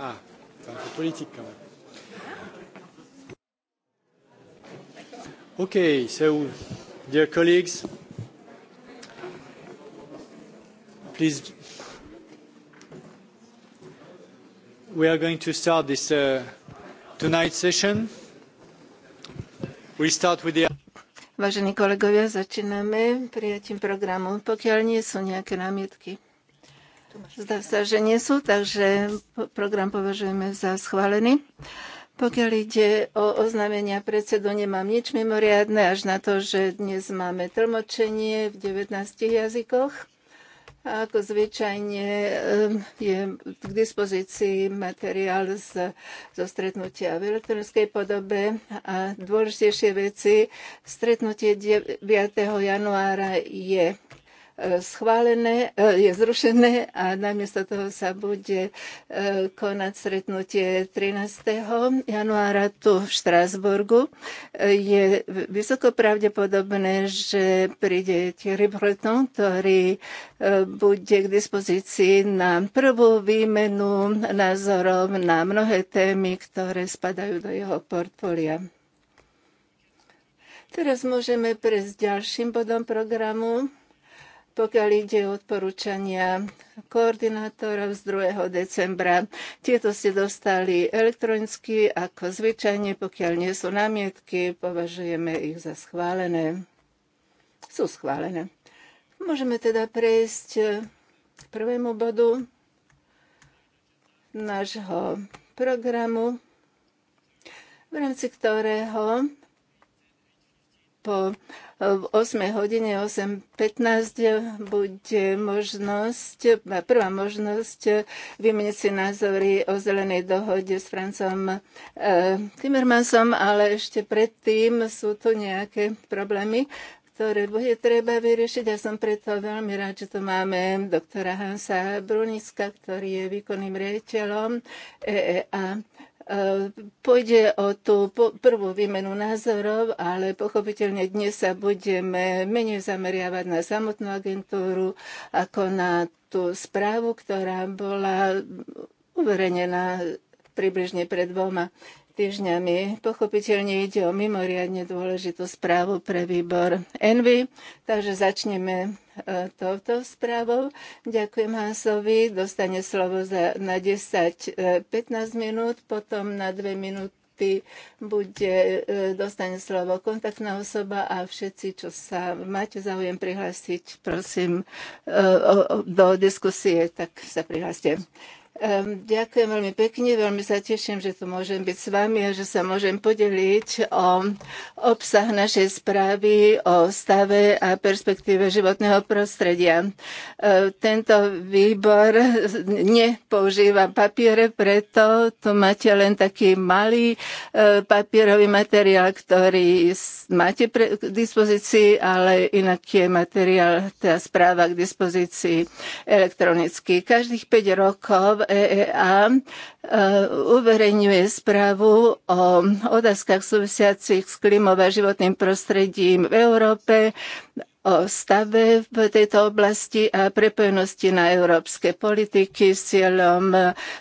Ah, c'est un peu politique quand même. Okay, so, dear colleagues, please, we are going to start this uh, tonight's session. We start with the Vážení kolegovia, začíname prijatím programu, pokiaľ nie sú nejaké námietky. Zdá sa, že nie sú, takže program považujeme za schválený. Pokiaľ ide o oznámenia predsedu, nemám nič mimoriadne, až na to, že dnes máme tlmočenie v 19 jazykoch. A ako zvyčajne je k dispozícii materiál z, zo stretnutia v elektronskej podobe a dôležitejšie veci. Stretnutie 9. januára je schválené, e, je zrušené a namiesto toho sa bude e, konať stretnutie 13. januára tu v Štrásburgu. E, je vysoko pravdepodobné, že príde Thierry Breton, ktorý bude k dispozícii na prvú výmenu názorov na mnohé témy, ktoré spadajú do jeho portfólia. Teraz môžeme prejsť ďalším bodom programu pokiaľ ide o odporúčania koordinátora z 2. decembra. Tieto ste dostali elektronicky, ako zvyčajne, pokiaľ nie sú námietky, považujeme ich za schválené. Sú schválené. Môžeme teda prejsť k prvému bodu nášho programu, v rámci ktorého po 8 hodine 8.15 bude možnosť, prvá možnosť vymeniť si názory o zelenej dohode s Francom eh, Timmermansom, ale ešte predtým sú tu nejaké problémy, ktoré bude treba vyriešiť ja som preto veľmi rád, že tu máme doktora Hansa Bruniska, ktorý je výkonným riaditeľom EEA. Eh, pôjde o tú prvú výmenu názorov, ale pochopiteľne dnes sa budeme menej zameriavať na samotnú agentúru ako na tú správu, ktorá bola uverejnená približne pred dvoma týždňami. Pochopiteľne ide o mimoriadne dôležitú správu pre výbor Envy, takže začneme touto správou. Ďakujem Hansovi, dostane slovo za, na 10-15 e, minút, potom na 2 minúty bude, e, dostane slovo kontaktná osoba a všetci, čo sa máte záujem prihlásiť, prosím, e, do diskusie, tak sa prihláste. Ďakujem veľmi pekne, veľmi sa teším, že tu môžem byť s vami a že sa môžem podeliť o obsah našej správy o stave a perspektíve životného prostredia. Tento výbor nepoužíva papiere, preto tu máte len taký malý e, papierový materiál, ktorý máte pre, k dispozícii, ale inak je materiál, tá správa k dispozícii elektronicky. Každých 5 rokov EEA e, uverejňuje správu o otázkach súvisiacich s klímou a životným prostredím v Európe o stave v tejto oblasti a prepojenosti na európske politiky s cieľom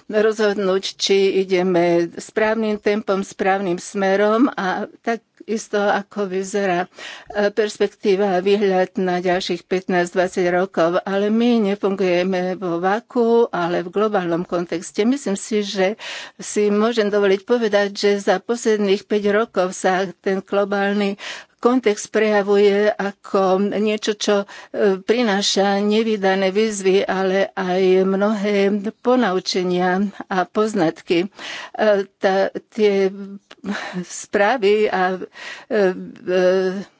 rozhodnúť, či ideme správnym tempom, správnym smerom a tak isto ako vyzerá e, perspektíva a výhľad na ďalších 15-20 rokov, ale my nefungujeme vo vaku, ale v globálnom kontexte. Myslím si, že si môžem dovoliť povedať, že za posledných 5 rokov sa ten globálny kontext prejavuje ako niečo, čo e, prináša nevydané výzvy, ale aj mnohé ponaučenia a poznatky. E, tá, tie správy a e, e,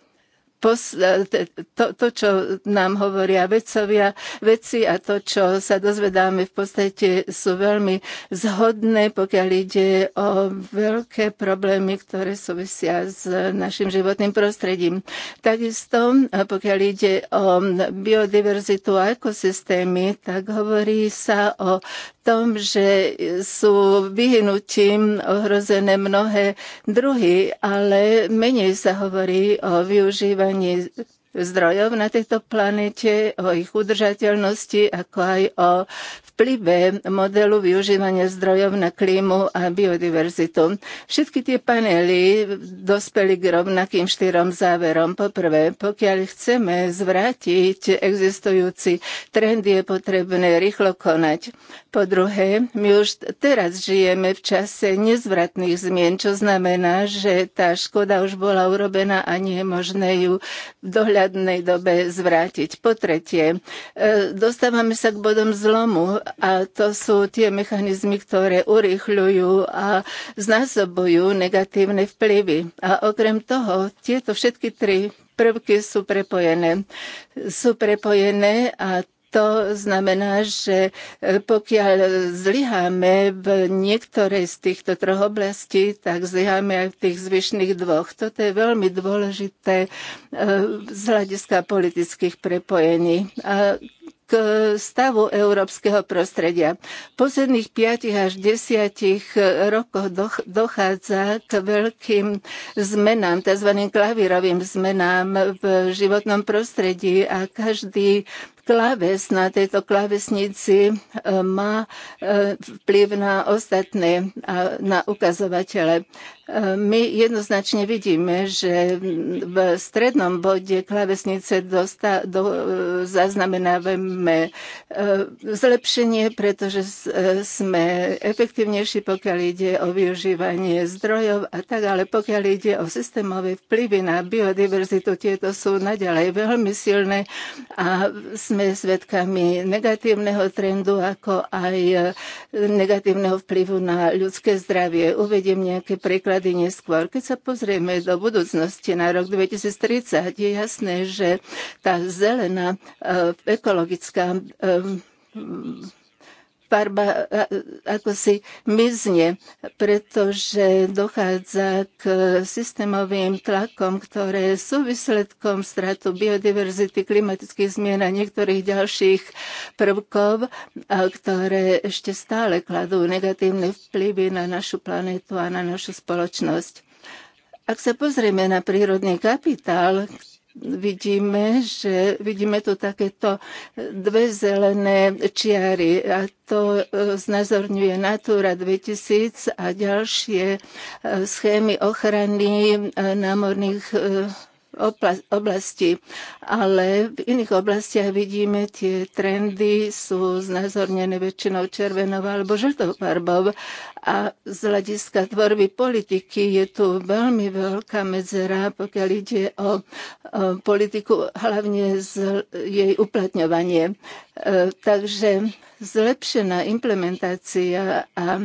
pos, e, to, to, čo nám hovoria vedcovia, vedci a to, čo sa dozvedáme v podstate sú veľmi zhodné, pokiaľ ide o veľké problémy, ktoré súvisia s našim životným prostredím. Takisto, pokiaľ ide o biodiverzitu a ekosystémy, tak hovorí sa o tom, že sú vyhnutím ohrozené mnohé druhy, ale menej sa hovorí o využívaní zdrojov na tejto planete, o ich udržateľnosti, ako aj o vplyve modelu využívania zdrojov na klímu a biodiverzitu. Všetky tie panely dospeli k rovnakým štyrom záverom. Poprvé, pokiaľ chceme zvrátiť existujúci trend, je potrebné rýchlo konať. Po druhé, my už teraz žijeme v čase nezvratných zmien, čo znamená, že tá škoda už bola urobená a nie je možné ju dohľadať dohľadnej dobe zvrátiť. Po tretie, e, dostávame sa k bodom zlomu a to sú tie mechanizmy, ktoré urýchľujú a znásobujú negatívne vplyvy. A okrem toho, tieto všetky tri prvky sú prepojené. Sú prepojené a to znamená, že e, pokiaľ zlyháme v niektorej z týchto troch oblastí, tak zlyháme aj v tých zvyšných dvoch. Toto je veľmi dôležité e, z hľadiska politických prepojení. A k stavu európskeho prostredia. V posledných 5 až 10 e, rokoch dochádza k veľkým zmenám, tzv. klavírovým zmenám v životnom prostredí a každý Kláves na tejto klávesnici e, má e, vplyv na ostatné, na ukazovatele. E, my jednoznačne vidíme, že v strednom bode klávesnice dosta, do, zaznamenávame zlepšenie, pretože sme efektívnejší, pokiaľ ide o využívanie zdrojov a tak, ale pokiaľ ide o systémové vplyvy na biodiverzitu, tieto sú naďalej veľmi silné a sme sme svedkami negatívneho trendu, ako aj e, negatívneho vplyvu na ľudské zdravie. Uvediem nejaké príklady neskôr. Keď sa pozrieme do budúcnosti na rok 2030, je jasné, že tá zelená e, ekologická e, farba e, e, ako si mizne, pretože dochádza k systémovým tlakom, ktoré sú výsledkom stratu biodiverzity, klimatických zmien a niektorých ďalších prvkov, ktoré ešte stále kladú negatívne vplyvy na našu planetu a na našu spoločnosť. Ak sa pozrieme na prírodný kapitál, vidíme, že vidíme tu takéto dve zelené čiary a to e, znázorňuje Natura 2000 a ďalšie e, schémy ochrany e, námorných oblasti, ale v iných oblastiach vidíme, tie trendy sú znázornené väčšinou červenou alebo žltou farbou a z hľadiska tvorby politiky je tu veľmi veľká medzera, pokiaľ ide o, o politiku, hlavne z, jej uplatňovanie. E, takže zlepšená implementácia a e,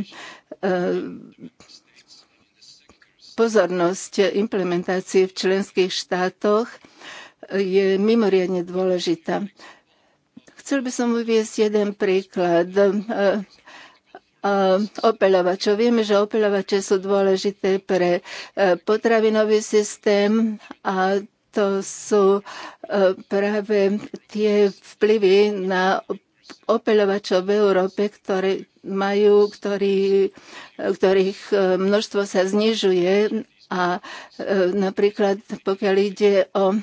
pozornosť implementácie v členských štátoch je mimoriadne dôležitá. Chcel by som uviesť jeden príklad e, e, opeľovačov. Vieme, že opeľovače sú dôležité pre e, potravinový systém a to sú práve tie vplyvy na opeľovačov v Európe, ktoré majú, ktorý, ktorých e, množstvo sa znižuje a e, napríklad pokiaľ ide o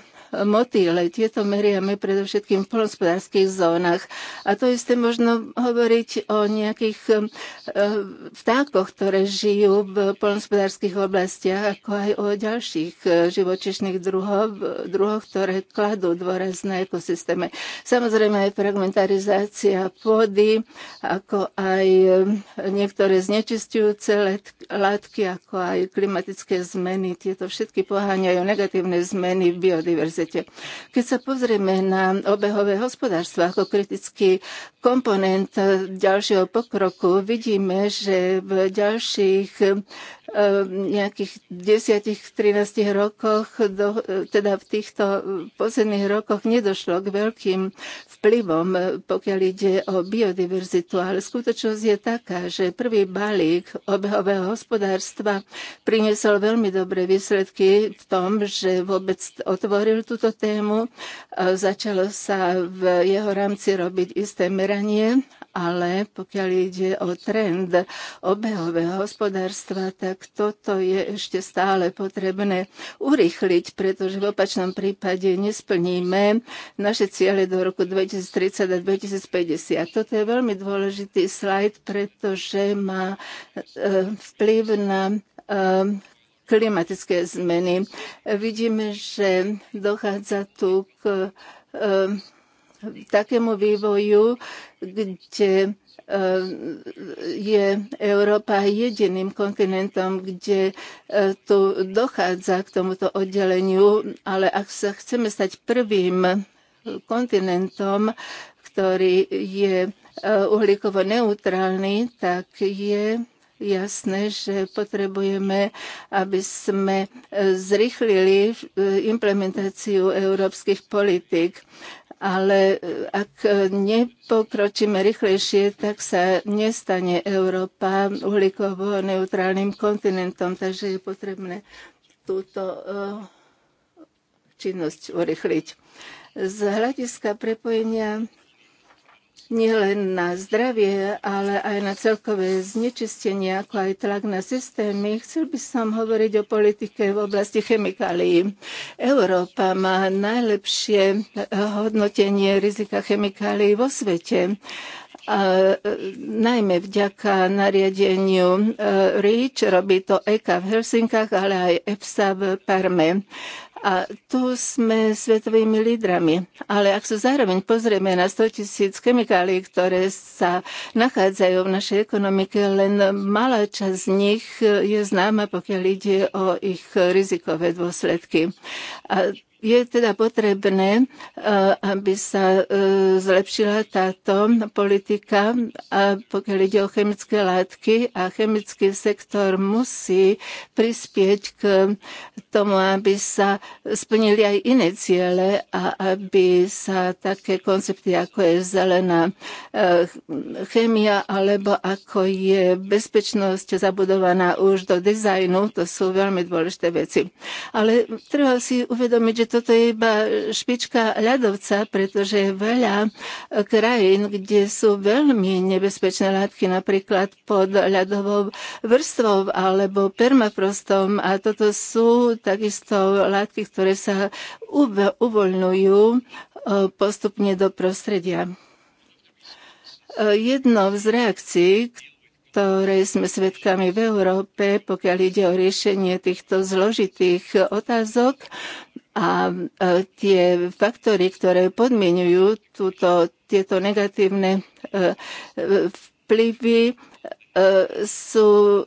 motýle. Tieto meriame predovšetkým v polnospodárských zónach. A to isté možno hovoriť o nejakých e, vtákoch, ktoré žijú v polnospodárských oblastiach, ako aj o ďalších e, živočišných druhov, druhoch, ktoré kladú dôraz na ekosystéme. Samozrejme aj fragmentarizácia pôdy, ako aj e, niektoré znečistujúce látky, ako aj klimatické zmeny. Tieto všetky poháňajú negatívne zmeny v biodiverzite chcete. Keď sa pozrieme na obehové hospodárstvo ako kritický komponent e, ďalšieho pokroku, vidíme, že v ďalších e, nejakých 10-13 rokoch, do, teda v týchto posledných rokoch nedošlo k veľkým vplyvom, e, pokiaľ ide o biodiverzitu, ale skutočnosť je taká, že prvý balík obehového hospodárstva priniesol veľmi dobré výsledky v tom, že vôbec otvoril túto tému. E, začalo sa v jeho rámci robiť isté meranie, ale pokiaľ ide o trend obehového hospodárstva, tak toto je ešte stále potrebné urychliť, pretože v opačnom prípade nesplníme naše ciele do roku 2030 a 2050. Toto je veľmi dôležitý slajd, pretože má e, vplyv na e, klimatické zmeny. Vidíme, že dochádza tu k eh, takému vývoju, kde eh, je Európa jediným kontinentom, kde eh, tu dochádza k tomuto oddeleniu, ale ak sa chceme stať prvým kontinentom, ktorý je uhlíkovo neutrálny, tak je jasné, že potrebujeme, aby sme e, zrychlili e, implementáciu európskych politik ale e, ak nepokročíme rýchlejšie, tak sa nestane Európa uhlíkovo neutrálnym kontinentom, takže je potrebné túto činnosť urychliť. Z hľadiska prepojenia nielen na zdravie, ale aj na celkové znečistenie, ako aj tlak na systémy. Chcel by som hovoriť o politike v oblasti chemikálií. Európa má najlepšie hodnotenie rizika chemikálií vo svete. A, najmä vďaka nariadeniu e, REACH, robí to EKA v Helsinkách, ale aj EFSA v Parme. A tu sme svetovými lídrami. Ale ak sa zároveň pozrieme na 100 tisíc chemikálií, ktoré sa nachádzajú v našej ekonomike, len malá časť z nich je známa, pokiaľ ide o ich rizikové dôsledky. A je teda potrebné, e, aby sa e, zlepšila táto politika, a pokiaľ ide o chemické látky a chemický sektor musí prispieť k tomu, aby sa splnili aj iné ciele a aby sa také koncepty, ako je zelená e, chemia alebo ako je bezpečnosť zabudovaná už do dizajnu, to sú veľmi dôležité veci. Ale treba si uvedomiť, že toto je iba špička ľadovca, pretože je veľa e, krajín, kde sú veľmi nebezpečné látky, napríklad pod ľadovou vrstvou alebo permafrostom a toto sú takisto látky, ktoré sa uvoľňujú e, postupne do prostredia. E, jednou z reakcií, ktorej sme svedkami v Európe, pokiaľ ide o riešenie týchto zložitých otázok a e, tie faktory, ktoré podmienujú túto, tieto negatívne e, vplyvy, e, sú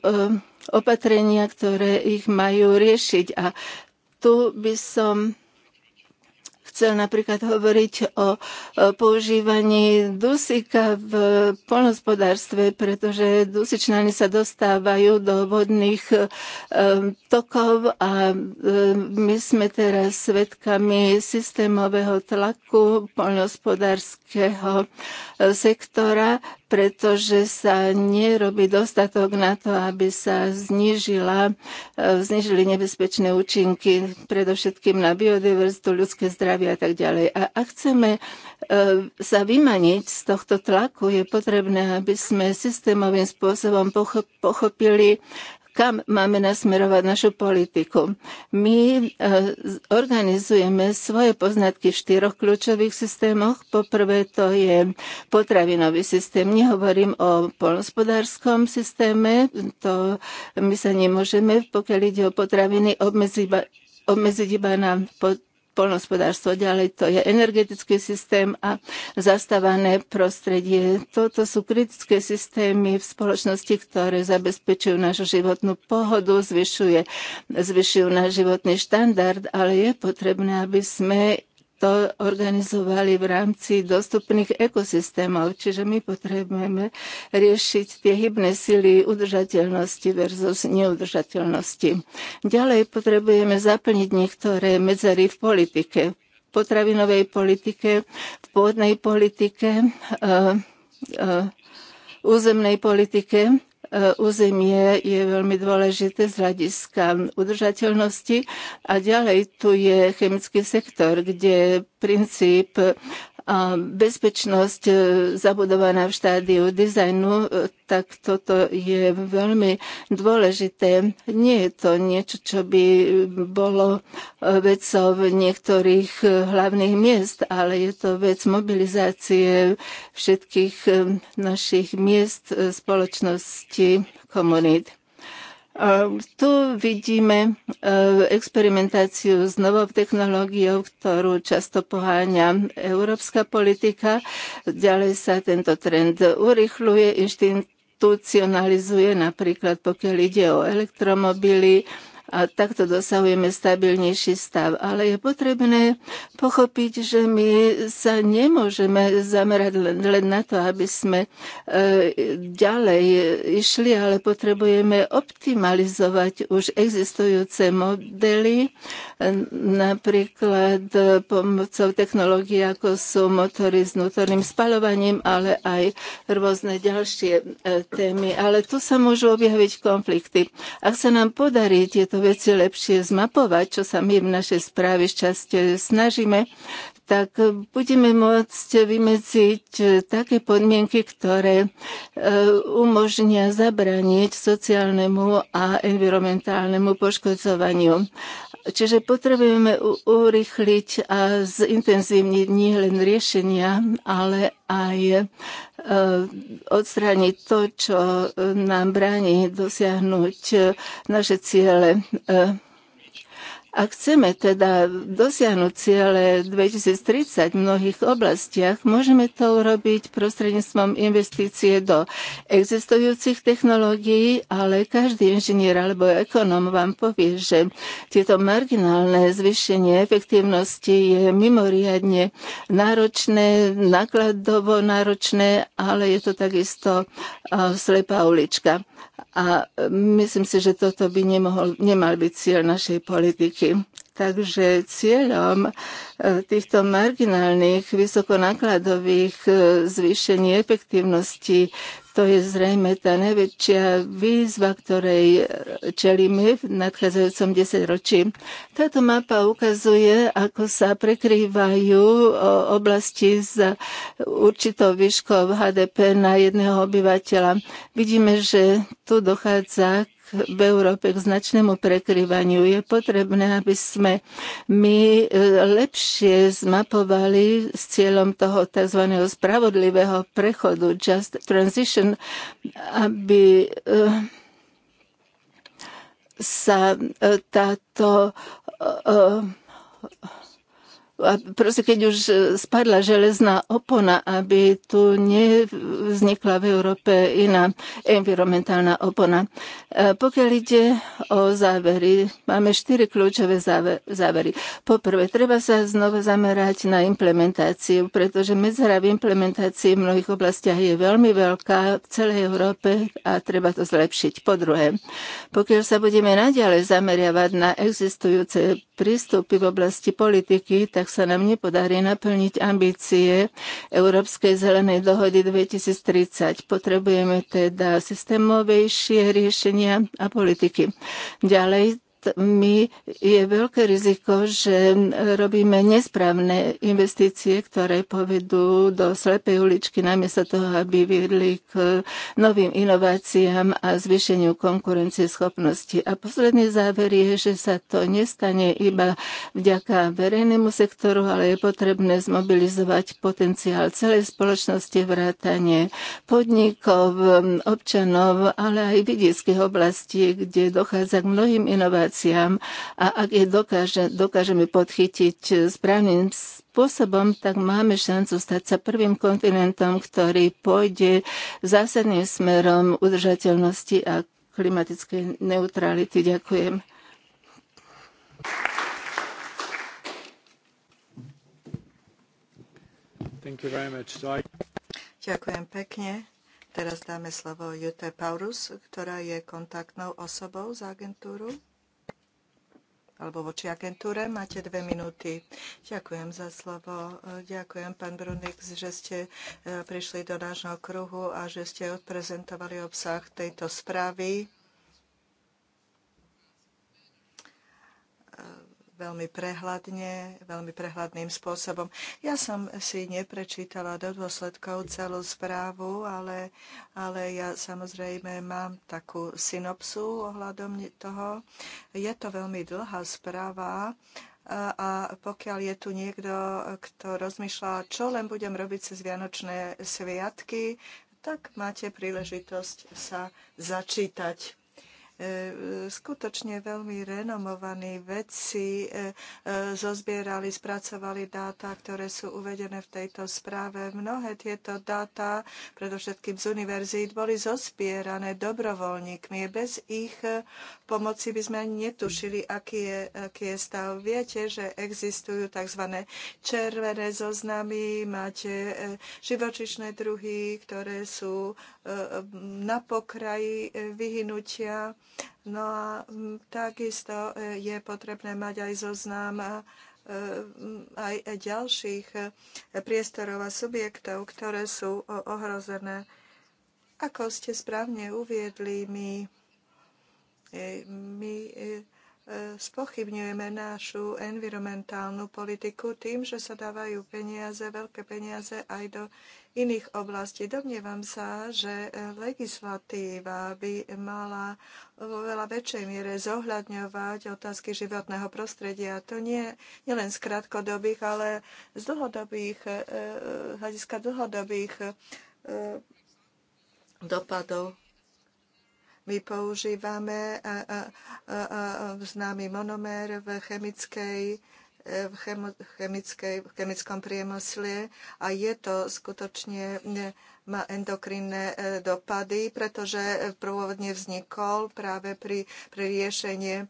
opatrenia, ktoré ich majú riešiť. A tu by som chcel napríklad hovoriť o používaní dusika v polnospodárstve, pretože dusičnany sa dostávajú do vodných e, tokov a e, my sme teraz svedkami systémového tlaku polnospodárskeho e, sektora, pretože sa nerobí dostatok na to, aby sa znižila, znižili nebezpečné účinky, predovšetkým na biodiverzitu, ľudské zdravie zdravia a tak ďalej. A ak chceme e, sa vymaniť z tohto tlaku, je potrebné, aby sme systémovým spôsobom pochopili, kam máme nasmerovať našu politiku. My e, organizujeme svoje poznatky v štyroch kľúčových systémoch. Poprvé to je potravinový systém. Nehovorím o polnospodárskom systéme, to my sa nemôžeme, pokiaľ ide o potraviny, obmedziť iba, na polnospodárstvo, ďalej to je energetický systém a zastávané prostredie. Toto sú kritické systémy v spoločnosti, ktoré zabezpečujú našu životnú pohodu, zvyšuje, zvyšujú náš životný štandard, ale je potrebné, aby sme to organizovali v rámci dostupných ekosystémov. Čiže my potrebujeme riešiť tie hybné sily udržateľnosti versus neudržateľnosti. Ďalej potrebujeme zaplniť niektoré medzery v politike, v potravinovej politike, v pôdnej politike, eh, eh, územnej politike E, územie je veľmi dôležité z hľadiska udržateľnosti. A ďalej tu je chemický sektor, kde princíp bezpečnosť e, zabudovaná v štádiu dizajnu, e, tak toto je veľmi dôležité. Nie je to niečo, čo by bolo e, vecou niektorých hlavných miest, ale je to vec mobilizácie všetkých našich miest, spoločnosti, komunít. Ehm, tu vidíme ehm, experimentáciu s novou technológiou, ktorú často poháňa európska politika. Ďalej sa tento trend urychluje, inštitucionalizuje, napríklad pokiaľ ide o elektromobily, a takto dosahujeme stabilnejší stav. Ale je potrebné pochopiť, že my sa nemôžeme zamerať len, len na to, aby sme e, ďalej išli, ale potrebujeme optimalizovať už existujúce modely, napríklad pomocou technológií, ako sú motory s vnútorným spalovaním, ale aj rôzne ďalšie e, témy. Ale tu sa môžu objaviť konflikty. Ak sa nám podarí tieto veci lepšie zmapovať, čo sa my v našej správe šťastie snažíme, tak budeme môcť vymedziť e, také podmienky, ktoré e, umožnia zabraniť sociálnemu a environmentálnemu poškodzovaniu. Čiže potrebujeme urychliť a zintenzívniť nie len riešenia, ale aj Eh, odstrániť to, čo nám bráni dosiahnuť eh, naše ciele. Eh, ak chceme teda dosiahnuť ciele 2030 v mnohých oblastiach, môžeme to urobiť prostredníctvom investície do existujúcich technológií, ale každý inžinier alebo ekonom vám povie, že tieto marginálne zvýšenie efektívnosti je mimoriadne náročné, nákladovo náročné, ale je to takisto slepá ulička. A myslím si, že toto by nemohol, nemal byť cieľ našej politiky. Takže cieľom e, týchto marginálnych vysokonákladových e, zvýšení efektívnosti to je zrejme tá najväčšia výzva, ktorej čelíme v nadchádzajúcom desaťročí. Táto mapa ukazuje, ako sa prekrývajú oblasti s určitou výškou HDP na jedného obyvateľa. Vidíme, že tu dochádza k v Európe k značnému prekryvaniu. Je potrebné, aby sme my e, lepšie zmapovali s cieľom toho tzv. spravodlivého prechodu, just transition, aby e, sa e, táto a proste keď už e, spadla železná opona, aby tu nevznikla v Európe iná environmentálna opona. E, pokiaľ ide o závery, máme štyri kľúčové závery. Poprvé, treba sa znova zamerať na implementáciu, pretože medzera v implementácii v mnohých oblastiach je veľmi veľká v celej Európe a treba to zlepšiť. Po druhé, pokiaľ sa budeme naďalej zameriavať na existujúce prístupy v oblasti politiky, tak sa nám nepodarí naplniť ambície Európskej zelenej dohody 2030. Potrebujeme teda systémovejšie riešenia a politiky. Ďalej my je veľké riziko, že robíme nesprávne investície, ktoré povedú do slepej uličky, namiesto toho, aby viedli k novým inováciám a zvýšeniu konkurencie schopnosti. A posledný záver je, že sa to nestane iba vďaka verejnému sektoru, ale je potrebné zmobilizovať potenciál celej spoločnosti, vrátanie podnikov, občanov, ale aj vidieckých oblastí, kde dochádza k mnohým inováciám situáciám a ak je dokáže, dokážeme podchytiť správnym spôsobom, tak máme šancu stať sa prvým kontinentom, ktorý pôjde zásadným smerom udržateľnosti a klimatickej neutrality. Ďakujem. So I... Ďakujem pekne. Teraz dáme slovo Jute Paurus, ktorá je kontaktnou osobou za agentúru alebo voči agentúre. Máte dve minúty. Ďakujem za slovo. Ďakujem, pán Brunix, že ste e, prišli do nášho kruhu a že ste odprezentovali obsah tejto správy. veľmi prehľadne, veľmi prehľadným spôsobom. Ja som si neprečítala do dôsledkov celú správu, ale, ale ja samozrejme mám takú synopsu ohľadom toho. Je to veľmi dlhá správa, a pokiaľ je tu niekto, kto rozmýšľa, čo len budem robiť cez Vianočné sviatky, tak máte príležitosť sa začítať. E, skutočne veľmi renomovaní vedci e, e, zozbierali, spracovali dáta, ktoré sú uvedené v tejto správe. Mnohé tieto dáta, predovšetkým z univerzít, boli zozbierané dobrovoľníkmi. Bez ich pomoci by sme ani netušili, aký je, aký je stav. Viete, že existujú tzv. červené zoznamy, máte živočišné druhy, ktoré sú E, na pokraji e, vyhnutia. No a takisto e, je potrebné mať aj zoznam aj ďalších priestorov a subjektov, ktoré sú ohrozené. Ako ste správne uviedli, my, my spochybňujeme našu environmentálnu politiku tým, že sa dávajú peniaze, veľké peniaze aj do iných oblastí. Domnievam sa, že eh, legislatíva by mala vo veľa väčšej miere zohľadňovať otázky životného prostredia. To nie, nie len z krátkodobých, ale z dlhodobých, z eh, eh, hľadiska dlhodobých dopadov. My používame známy monomér v chemickej E, v, chemickej, v chemickom priemysle a je to skutočne e, má endokrinné e, dopady, pretože prôvodne vznikol práve pri, pri riešenie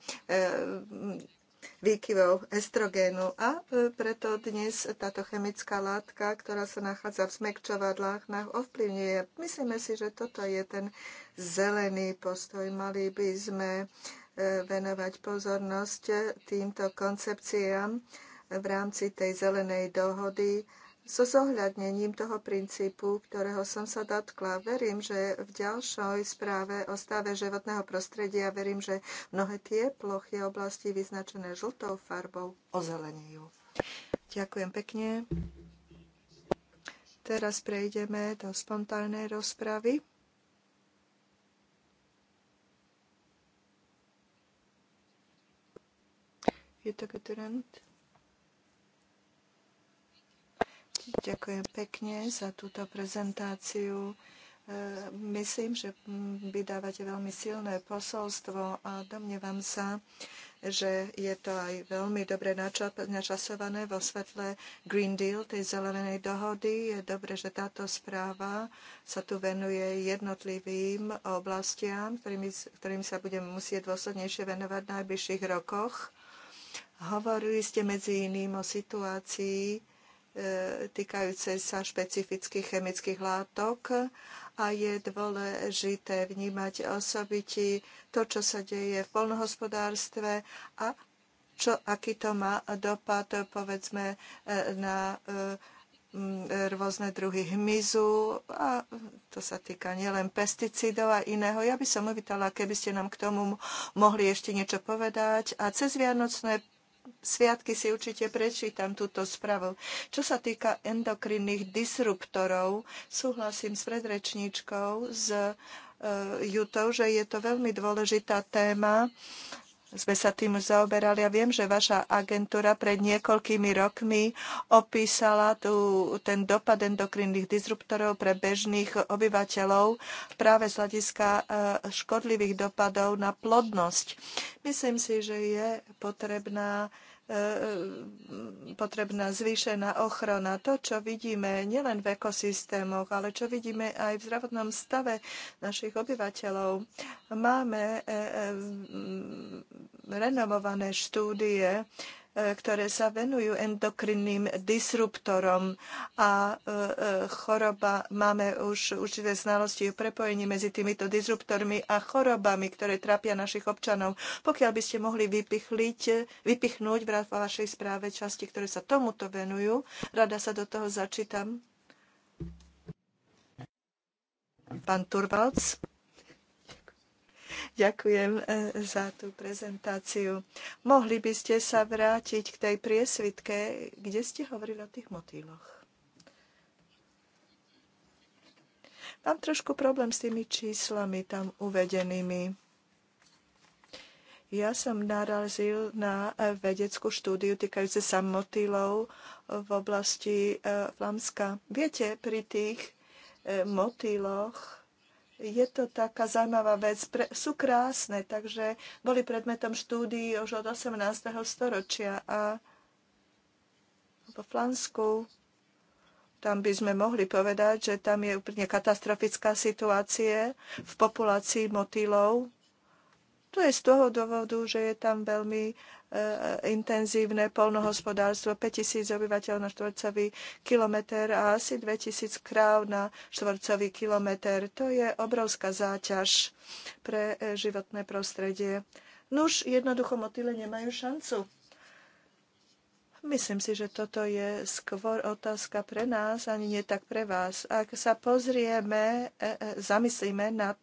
výkyvov estrogénu. A preto dnes táto chemická látka, ktorá sa nachádza v smekčovadlách, nám ovplyvňuje. Myslíme si, že toto je ten zelený postoj. Mali by sme uh, E, venovať pozornosť týmto koncepciám v rámci tej zelenej dohody so zohľadnením toho princípu, ktorého som sa dotkla. Verím, že v ďalšej správe o stave životného prostredia verím, že mnohé tie plochy oblasti vyznačené žltou farbou ozelenejú. Ďakujem pekne. Teraz prejdeme do spontánnej rozpravy. je to Gutterand. Ďakujem pekne za túto prezentáciu. E, myslím, že vy dávate veľmi silné posolstvo a domnievam sa, že je to aj veľmi dobre načasované vo svetle Green Deal, tej zelenej dohody. Je dobre, že táto správa sa tu venuje jednotlivým oblastiam, ktorým sa budeme musieť dôslednejšie venovať v najbližších rokoch. Hovorili ste medzi iným o situácii e, týkajúcej sa špecifických chemických látok a je dôležité vnímať osobití to, čo sa deje v polnohospodárstve a čo, aký to má dopad, povedzme, e, na e, rôzne druhy hmyzu a to sa týka nielen pesticídov a iného. Ja by som uvítala, keby ste nám k tomu mohli ešte niečo povedať. A cez vianocné sviatky si určite prečítam túto správu. Čo sa týka endokrinných disruptorov, súhlasím s predrečníčkou, s e, Jutou, že je to veľmi dôležitá téma sme sa tým zaoberali a viem, že vaša agentúra pred niekoľkými rokmi opísala tu ten dopad endokrinných disruptorov pre bežných obyvateľov práve z hľadiska e, škodlivých dopadov na plodnosť. Myslím si, že je potrebná E, e, potrebná zvýšená ochrana. To, čo vidíme nielen v ekosystémoch, ale čo vidíme aj v zdravotnom stave našich obyvateľov. Máme e, renovované štúdie, E, ktoré sa venujú endokrinným disruptorom a e, e, choroba, máme už určité znalosti o prepojení medzi týmito disruptormi a chorobami, ktoré trápia našich občanov. Pokiaľ by ste mohli vypichnúť v vašej správe časti, ktoré sa tomuto venujú, rada sa do toho začítam. Pán Turvalc. Ďakujem e, za tú prezentáciu. Mohli by ste sa vrátiť k tej priesvitke, kde ste hovorili o tých motýloch? Mám trošku problém s tými číslami tam uvedenými. Ja som narazil na e, vedeckú štúdiu týkajúce sa motýlov v oblasti e, Flamska. Viete, pri tých motýloch je to taká zaujímavá vec. Pre, sú krásne, takže boli predmetom štúdií už od 18. storočia a vo Flansku tam by sme mohli povedať, že tam je úplne katastrofická situácia v populácii motýlov to je z toho dôvodu, že je tam veľmi e, intenzívne polnohospodárstvo, 5000 obyvateľov na štvorcový kilometr a asi 2000 kráv na štvorcový kilometr. To je obrovská záťaž pre e, životné prostredie. Nuž, jednoducho motýle nemajú šancu. Myslím si, že toto je skôr otázka pre nás, ani nie tak pre vás. Ak sa pozrieme, e, zamyslíme nad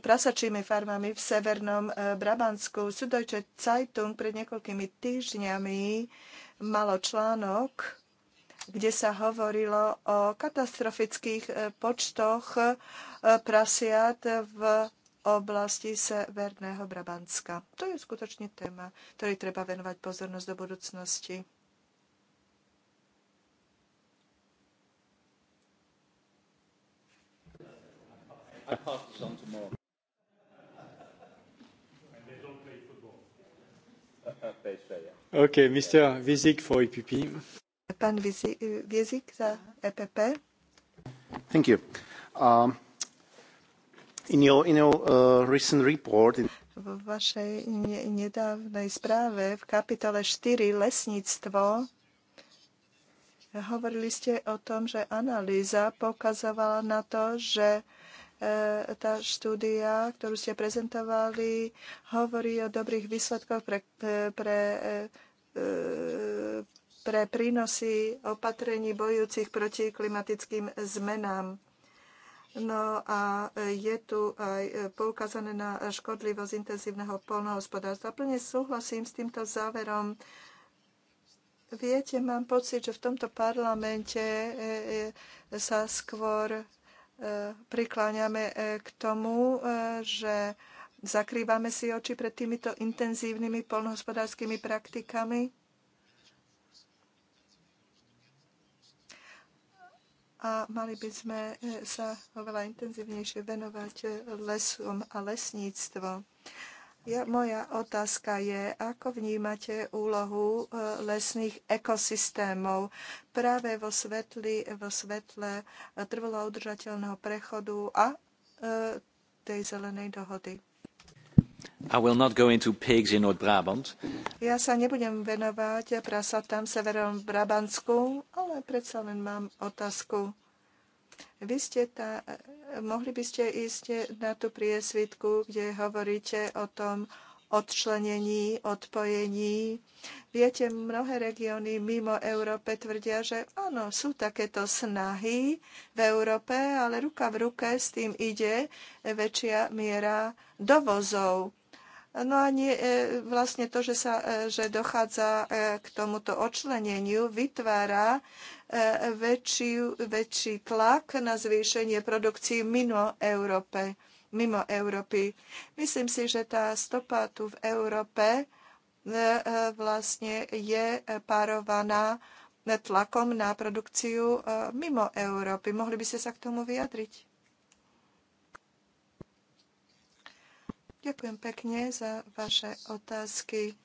prasačími farmami v severnom e, Brabansku. Süddeutsche Zeitung pred niekoľkými týždňami malo článok, kde sa hovorilo o katastrofických e, počtoch e, prasiat v oblasti Severného Brabantska. To je skutočne téma, ktorej treba venovať pozornosť do budúcnosti. I pass this on to And they don't tomorrow. OK, Mr. Vizik for EPP. Pan Vizik za EPP. Thank you. Um, in your, in your uh, recent report... In... V vašej ne- nedávnej správe v kapitole 4 Lesníctvo hovorili ste o tom, že analýza pokazovala na to, že E, tá štúdia, ktorú ste prezentovali, hovorí o dobrých výsledkoch pre, e, pre, e, pre prínosy opatrení bojúcich proti klimatickým zmenám. No a je tu aj poukázané na škodlivosť intenzívneho polnohospodárstva. Plne súhlasím s týmto záverom. Viete, mám pocit, že v tomto parlamente sa skôr prikláňame e, k tomu, e, že zakrývame si oči pred týmito intenzívnymi polnohospodárskymi praktikami. A mali by sme e, sa oveľa intenzívnejšie venovať lesom a lesníctvom ja, moja otázka je, ako vnímate úlohu e, lesných ekosystémov práve vo, svetli, vo svetle e, trvalo udržateľného prechodu a e, tej zelenej dohody? I will not go into pigs in North Brabant. Ja sa nebudem venovať prasatám severom Brabantsku, ale predsa len mám otázku. Vy ste tá, mohli by ste ísť na tú priesvitku, kde hovoríte o tom odčlenení, odpojení. Viete, mnohé regióny mimo Európe tvrdia, že áno, sú takéto snahy v Európe, ale ruka v ruke s tým ide väčšia miera dovozov. No a nie, e, vlastne to, že, sa, e, že dochádza e, k tomuto odčleneniu, vytvára E, väčší, väčší tlak na zvýšenie produkcií mimo Európe. Mimo Európy. Myslím si, že tá stopa tu v Európe e, e, vlastne je párovaná tlakom na produkciu mimo Európy. Mohli by ste sa k tomu vyjadriť? Ďakujem pekne za vaše otázky.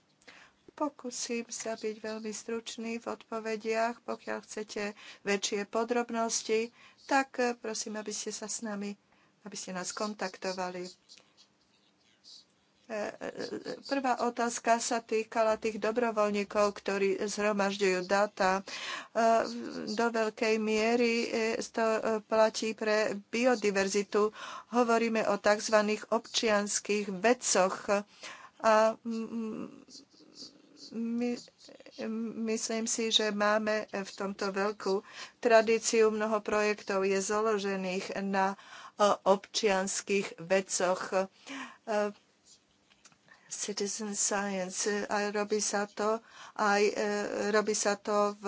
Pokúsim sa byť veľmi stručný v odpovediach. Pokiaľ chcete väčšie podrobnosti, tak eh, prosím, aby ste sa s nami, aby ste nás kontaktovali. Eh, eh, prvá otázka sa týkala tých dobrovoľníkov, ktorí zhromažďujú data. Do veľkej miery to platí pre biodiverzitu. Hovoríme o tzv. občianských vecoch. A mm, my, myslím si, že máme v tomto veľkú tradíciu. Mnoho projektov je založených na občianských vecoch. Citizen Science. A robí sa to, aj, e, robí sa to v,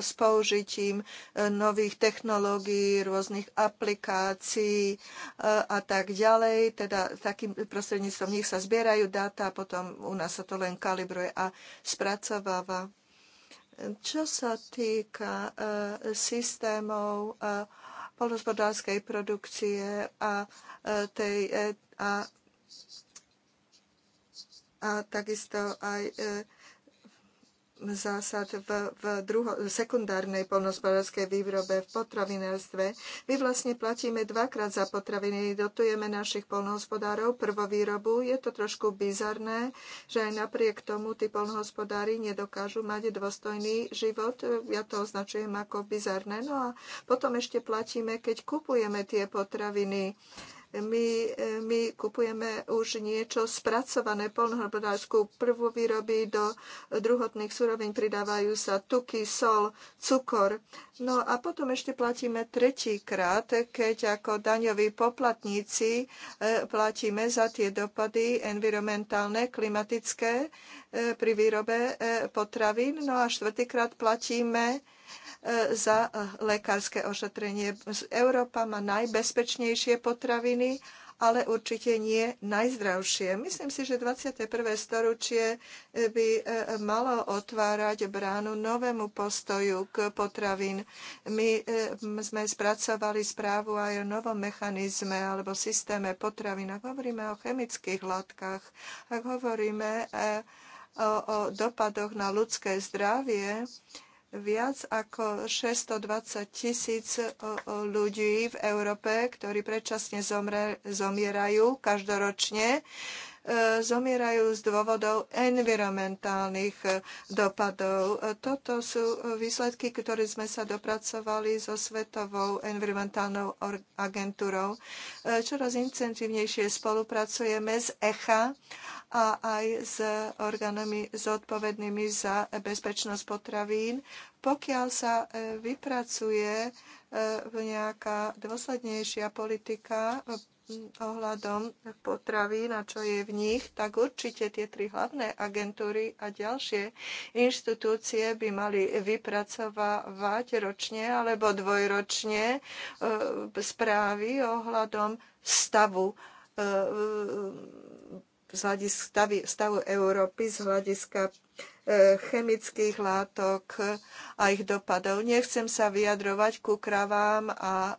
s použitím e, nových technológií, rôznych aplikácií e, a tak ďalej. Teda takým prostredníctvom nich sa zbierajú dáta a potom u nás sa to len kalibruje a spracováva. Čo sa týka systémov polnospodárskej produkcie a tej a a takisto aj e, zásad v, v druho, sekundárnej polnospodárskej výrobe v potravinárstve. My vlastne platíme dvakrát za potraviny, dotujeme našich polnohospodárov prvovýrobu. Je to trošku bizarné, že aj napriek tomu tí polnohospodári nedokážu mať dôstojný život. Ja to označujem ako bizarné. No a potom ešte platíme, keď kupujeme tie potraviny my, my kupujeme už niečo spracované, polnohospodárskú prvú výroby do druhotných surovín pridávajú sa tuky, sol, cukor. No a potom ešte platíme tretíkrát, keď ako daňoví poplatníci e, platíme za tie dopady environmentálne, klimatické e, pri výrobe e, potravín. No a štvrtýkrát platíme E, za e, lekárske ošetrenie. Európa má najbezpečnejšie potraviny, ale určite nie najzdravšie. Myslím si, že 21. storočie e, by malo otvárať bránu novému postoju k potravin. My sme spracovali správu aj o novom mechanizme alebo systéme potravin. Ak hovoríme o chemických látkach, ak hovoríme o, o dopadoch na ľudské zdravie, viac ako 620 tisíc e, e, ľudí v Európe, ktorí predčasne zomre, zomierajú každoročne. E, zomierajú z dôvodov environmentálnych dopadov. Toto sú výsledky, ktoré sme sa dopracovali so Svetovou environmentálnou agentúrou. Čoraz intenzívnejšie spolupracujeme s ECHA a aj s orgánmi zodpovednými za bezpečnosť potravín, pokiaľ sa e, vypracuje e, nejaká dôslednejšia politika ohľadom potravín a čo je v nich, tak určite tie tri hlavné agentúry a ďalšie inštitúcie by mali vypracovávať ročne alebo dvojročne e, správy ohľadom stavu z hľadiska stavu Európy, z hľadiska e, chemických látok a ich dopadov. Nechcem sa vyjadrovať ku kravám a e,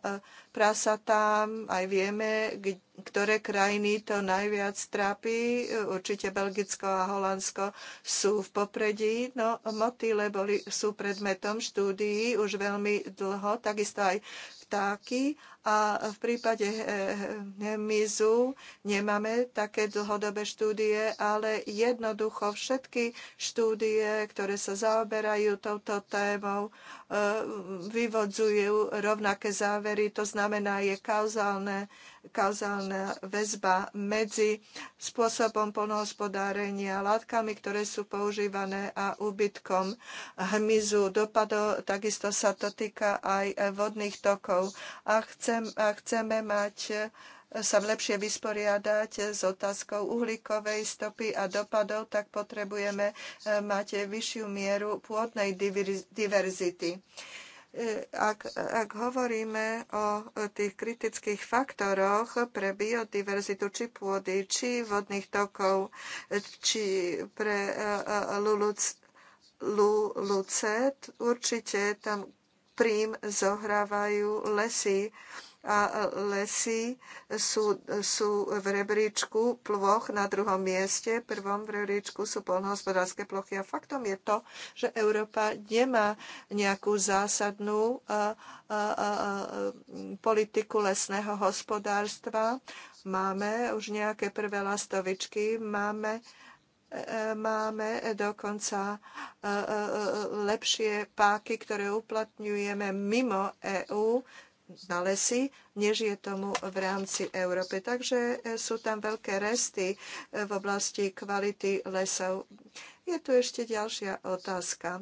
tam Aj vieme, ktoré krajiny to najviac trápi. Určite Belgicko a Holandsko sú v popredí. No, motýle boli, sú predmetom štúdií už veľmi dlho, takisto aj vtáky a v prípade hemizu eh, eh, nemáme také dlhodobé štúdie, ale jednoducho všetky štúdie, ktoré sa zaoberajú touto témou, E, vyvodzujú rovnaké závery. To znamená, je kauzálne, kauzálna väzba medzi spôsobom polnohospodárenia, látkami, ktoré sú používané a úbytkom hmyzu, dopadov. Takisto sa to týka aj vodných tokov. A, chcem, a chceme mať sa lepšie vysporiadať s otázkou uhlíkovej stopy a dopadov, tak potrebujeme e, mať vyššiu mieru pôdnej diverzity e, ak, ak hovoríme o tých kritických faktoroch pre biodiverzitu, či pôdy, či vodných tokov, e, či pre LULUC, LULUCET, určite tam prím zohrávajú lesy a lesy sú, sú v rebríčku ploch na druhom mieste. Prvom v rebríčku sú polnohospodárske plochy a faktom je to, že Európa nemá nejakú zásadnú a, a, a, politiku lesného hospodárstva. Máme už nejaké prvé lastovičky, máme e, máme dokonca e, e, lepšie páky, ktoré uplatňujeme mimo EÚ na lesy, než je tomu v rámci Európy. Takže e, sú tam veľké resty e, v oblasti kvality lesov. Je tu ešte ďalšia otázka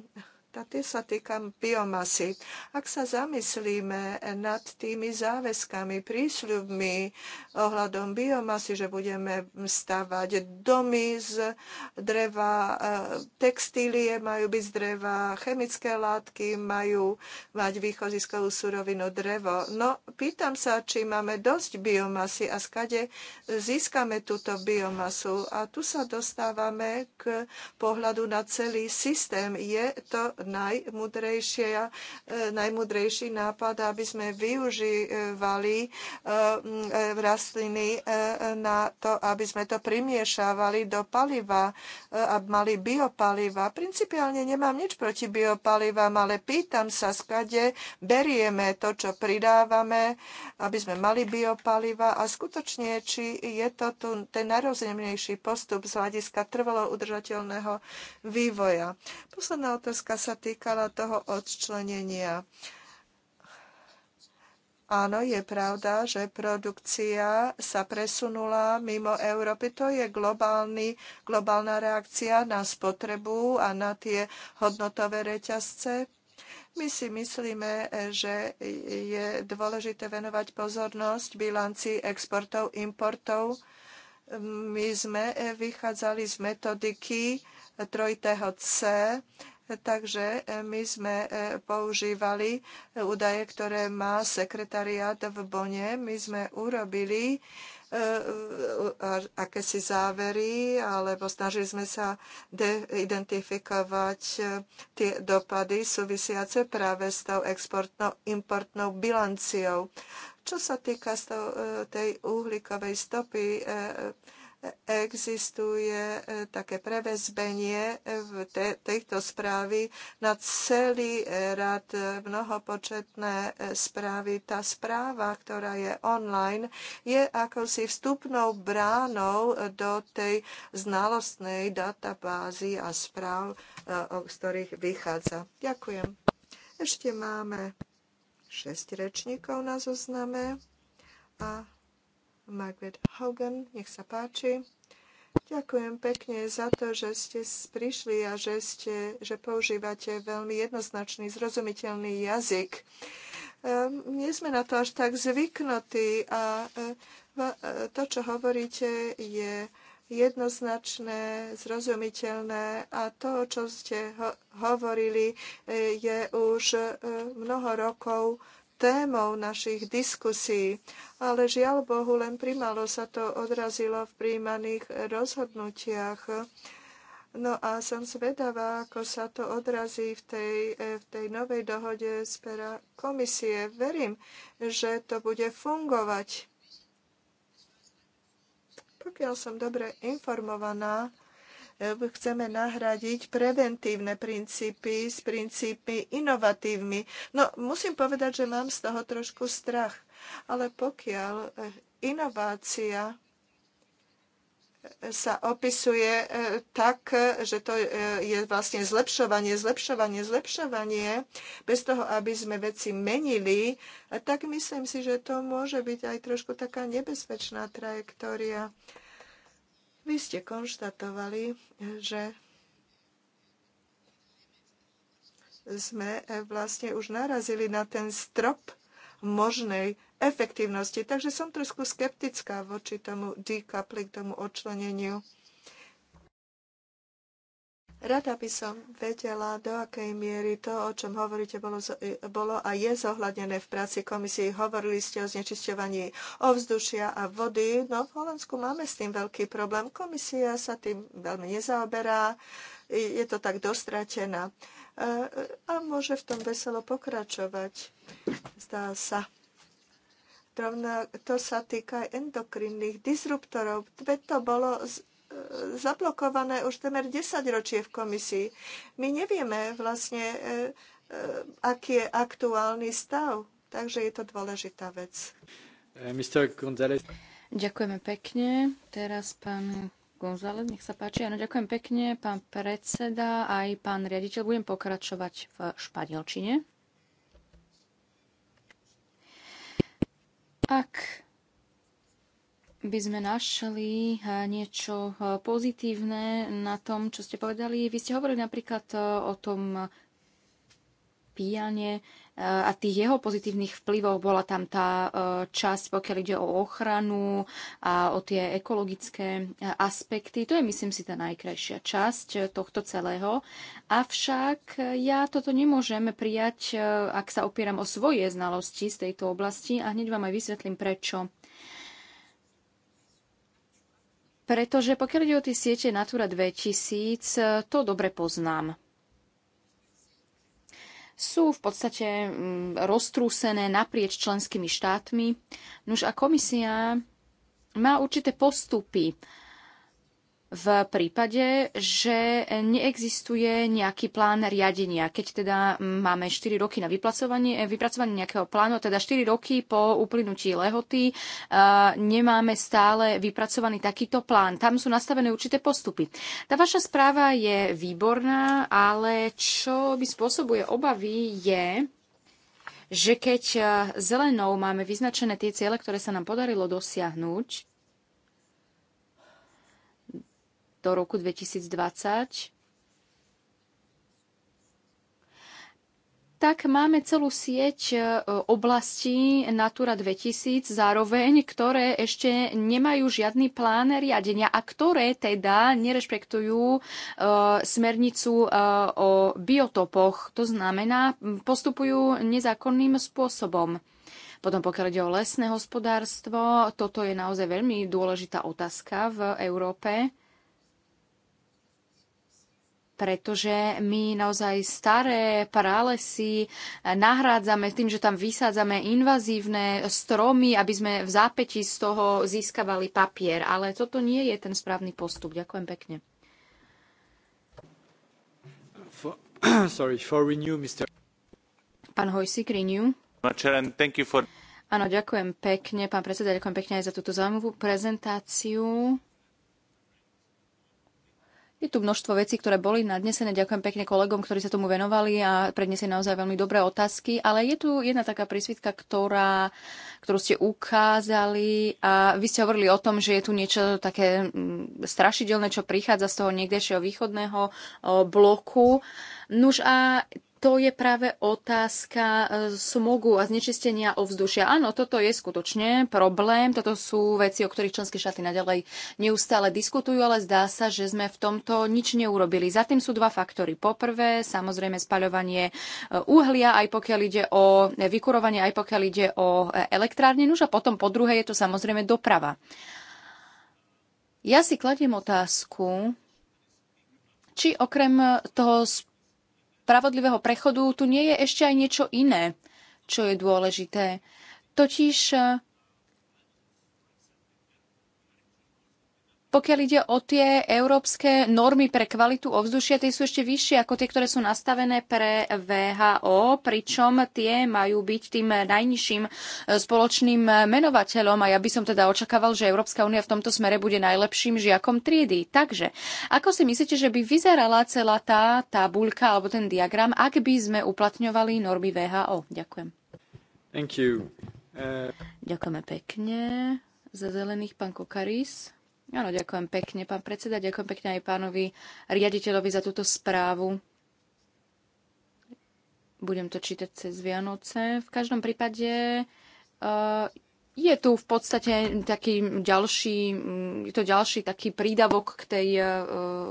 a tie sa týka biomasy. Ak sa zamyslíme nad tými záväzkami, prísľubmi ohľadom biomasy, že budeme stavať domy z dreva, e, textílie majú byť z dreva, chemické látky majú mať výchoziskovú surovinu drevo. No, pýtam sa, či máme dosť biomasy a skade získame túto biomasu. A tu sa dostávame k pohľadu na celý systém. Je to E, najmudrejší nápad, aby sme využívali e, e, rastliny na to, aby sme to primiešávali do paliva aby mali biopaliva. Principiálne nemám nič proti biopalivám, ale pýtam sa, skade berieme to, čo pridávame, aby sme mali biopaliva a skutočne, či je to tu ten najrozumnejší postup z hľadiska trvalo udržateľného vývoja. Posledná otázka sa týkala toho odčlenenia. Áno, je pravda, že produkcia sa presunula mimo Európy. To je globálny, globálna reakcia na spotrebu a na tie hodnotové reťazce. My si myslíme, že je dôležité venovať pozornosť bilanci exportov, importov. My sme vychádzali z metodiky trojitého C, Takže e, my sme e, používali e, údaje, ktoré má sekretariát v Bone. My sme urobili akési závery, alebo snažili sme sa identifikovať tie dopady súvisiace práve s tou exportnou, importnou bilanciou. Čo sa týka tej uhlíkovej stopy, existuje e, také prevezbenie e, v tejto správy na celý rad e, mnohopočetné správy. Tá správa, ktorá je online, je ako si vstupnou bránou do tej znalostnej databázy a správ, z ktorých vychádza. Ďakujem. Ešte máme šesť rečníkov na zozname a Margaret Hogan. Nech sa páči. Ďakujem pekne za to, že ste prišli a že, ste, že používate veľmi jednoznačný, zrozumiteľný jazyk. Ehm, nie sme na to až tak zvyknutí a e, e, to, čo hovoríte, je jednoznačné, zrozumiteľné a to, čo ste ho- hovorili, e, je už mnoho rokov témou našich diskusí, ale žiaľ Bohu, len primalo sa to odrazilo v príjmaných rozhodnutiach. No a som zvedavá, ako sa to odrazí v tej, v tej novej dohode z pera komisie. Verím, že to bude fungovať. Pokiaľ som dobre informovaná, Ehm, chceme nahradiť preventívne princípy s princípmi inovatívmi. No, musím povedať, že mám z toho trošku strach, ale pokiaľ eh, inovácia eh, sa opisuje eh, tak, že to je vlastne zlepšovanie, zlepšovanie, zlepšovanie, bez toho, aby sme veci menili, tak myslím si, že to môže byť aj trošku taká nebezpečná trajektória. Vy ste konštatovali, že sme eh, vlastne už narazili na ten strop možnej efektívnosti. Takže som trošku skeptická voči tomu decoupling, tomu odčleneniu. Rada by som vedela, do akej miery to, o čom hovoríte, bolo, e, bolo a je zohľadnené v práci komisie. Hovorili ste o znečisťovaní ovzdušia a vody. No v Holandsku máme s tým veľký problém. Komisia sa tým veľmi nezaoberá. Je to tak dostratená. E, a môže v tom veselo pokračovať, zdá sa. Rovno to sa týka endokrinných disruptorov. to bolo zablokované už temer 10 ročie v komisii. My nevieme vlastne, e, e, aký je aktuálny stav, takže je to dôležitá vec. E, Mr. González. Ďakujeme pekne. Teraz pán González, nech sa páči. Áno, ďakujem pekne, pán predseda, aj pán riaditeľ. Budem pokračovať v španielčine. Ak by sme našli eh, niečo eh, pozitívne na tom, čo ste povedali. Vy ste hovorili napríklad eh, o tom píjane a tých jeho pozitívnych vplyvov bola tam tá časť, pokiaľ ide o ochranu a o tie ekologické aspekty. To je, myslím si, tá najkrajšia časť tohto celého. Avšak ja toto nemôžem prijať, ak sa opieram o svoje znalosti z tejto oblasti a hneď vám aj vysvetlím prečo. Pretože pokiaľ ide o tie siete Natura 2000, e, to dobre poznám. Sú v podstate mm, roztrúsené naprieč členskými štátmi. Nuž a komisia má určité postupy, v prípade, že neexistuje nejaký plán riadenia. Keď teda máme 4 roky na eh, vypracovanie, nejakého plánu, teda 4 roky po uplynutí lehoty eh, nemáme stále vypracovaný takýto plán. Tam sú nastavené určité postupy. Tá vaša správa je výborná, ale čo by spôsobuje obavy je, že keď eh, zelenou máme vyznačené tie ciele, ktoré sa nám podarilo dosiahnuť, do roku 2020, tak máme celú sieť e, oblastí Natura 2000 zároveň, ktoré ešte nemajú žiadny plán riadenia a ktoré teda nerešpektujú e, smernicu e, o biotopoch. To znamená, postupujú nezákonným spôsobom. Potom pokiaľ ide o lesné hospodárstvo, toto je naozaj veľmi dôležitá otázka v Európe pretože my naozaj staré pralesy eh, nahrádzame tým, že tam vysádzame invazívne stromy, aby sme v zápäti z toho získavali papier. Ale toto nie je ten správny postup. Ďakujem pekne. Pán Hojsik, renew. Uh, Áno, ďakujem pekne, pán predseda, ďakujem pekne aj za túto zaujímavú prezentáciu. Je tu množstvo vecí, ktoré boli nadnesené. Ďakujem pekne kolegom, ktorí sa tomu venovali a predniesli naozaj veľmi dobré otázky. Ale je tu jedna taká prísvitka, ktorá, ktorú ste ukázali a vy ste hovorili o tom, že je tu niečo také mm, strašidelné, čo prichádza z toho niekdejšieho východného bloku. Nuž a to je práve otázka e, smogu a znečistenia ovzdušia. Áno, toto je skutočne problém, toto sú veci, o ktorých členské štáty naďalej neustále diskutujú, ale zdá sa, že sme v tomto nič neurobili. Za tým sú dva faktory. Poprvé, samozrejme spaľovanie e, uhlia, aj pokiaľ ide o e, vykurovanie, aj pokiaľ ide o elektrárne, nuž a potom po druhé je to samozrejme doprava. Ja si kladiem otázku, či okrem toho spravodlivého prechodu tu nie je ešte aj niečo iné, čo je dôležité. Totiž Pokiaľ ide o tie európske normy pre kvalitu ovzdušia, tie sú ešte vyššie ako tie, ktoré sú nastavené pre VHO, pričom tie majú byť tým najnižším e, spoločným menovateľom a ja by som teda očakával, že Európska únia v tomto smere bude najlepším žiakom triedy. Takže, ako si myslíte, že by vyzerala celá tá tabuľka alebo ten diagram, ak by sme uplatňovali normy VHO? Ďakujem. Thank you. Uh... Ďakujeme pekne. Za zelených pán Kokaris. Áno, ďakujem pekne, pán predseda. Ďakujem pekne aj pánovi riaditeľovi za túto správu. Budem to čítať cez Vianoce. V každom prípade eh, je tu v podstate taký ďalší, mm, je to ďalší taký prídavok k, tej, e,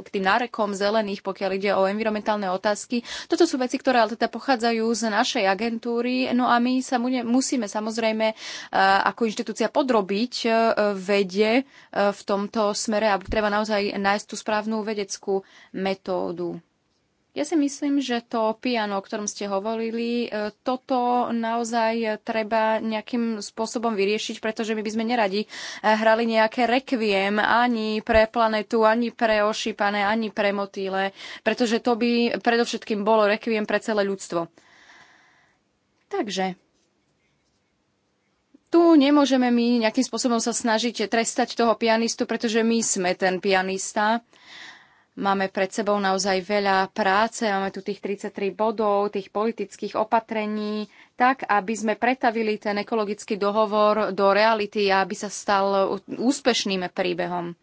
k tým nárekom zelených, pokiaľ ide o environmentálne otázky. Toto sú veci, ktoré ale teda pochádzajú z našej agentúry, no a my sa musíme samozrejme e, ako inštitúcia podrobiť e, vede v tomto smere a treba naozaj nájsť tú správnu vedeckú metódu. Ja si myslím, že to piano, o ktorom ste hovorili, e, toto naozaj treba nejakým spôsobom vyriešiť, pretože my by sme neradi e, hrali nejaké rekviem ani pre planetu, ani pre ošípané, ani pre motýle, pretože to by predovšetkým bolo rekviem pre celé ľudstvo. Takže tu nemôžeme my nejakým spôsobom sa snažiť trestať toho pianistu, pretože my sme ten pianista. Máme pred sebou naozaj veľa práce, máme tu tých 33 bodov, tých politických opatrení, tak aby sme pretavili ten ekologický dohovor do reality a aby sa stal úspešným príbehom.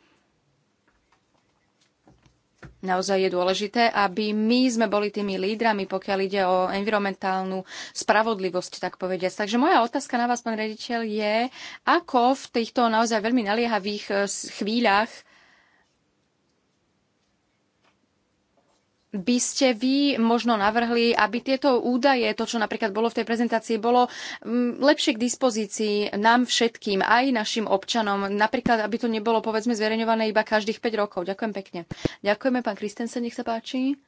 Naozaj je dôležité, aby my sme boli tými lídrami, pokiaľ ide o environmentálnu spravodlivosť, tak povediať. Takže moja otázka na vás, pán rediteľ, je, ako v týchto naozaj veľmi naliehavých eh, chvíľach by ste vy možno navrhli, aby tieto údaje, to, čo napríklad bolo v tej prezentácii, bolo mm, lepšie k dispozícii nám všetkým, aj našim občanom. Napríklad, aby to nebolo, povedzme, zverejňované iba každých 5 rokov. Ďakujem pekne. Ďakujeme, pán Kristensen, nech sa páči.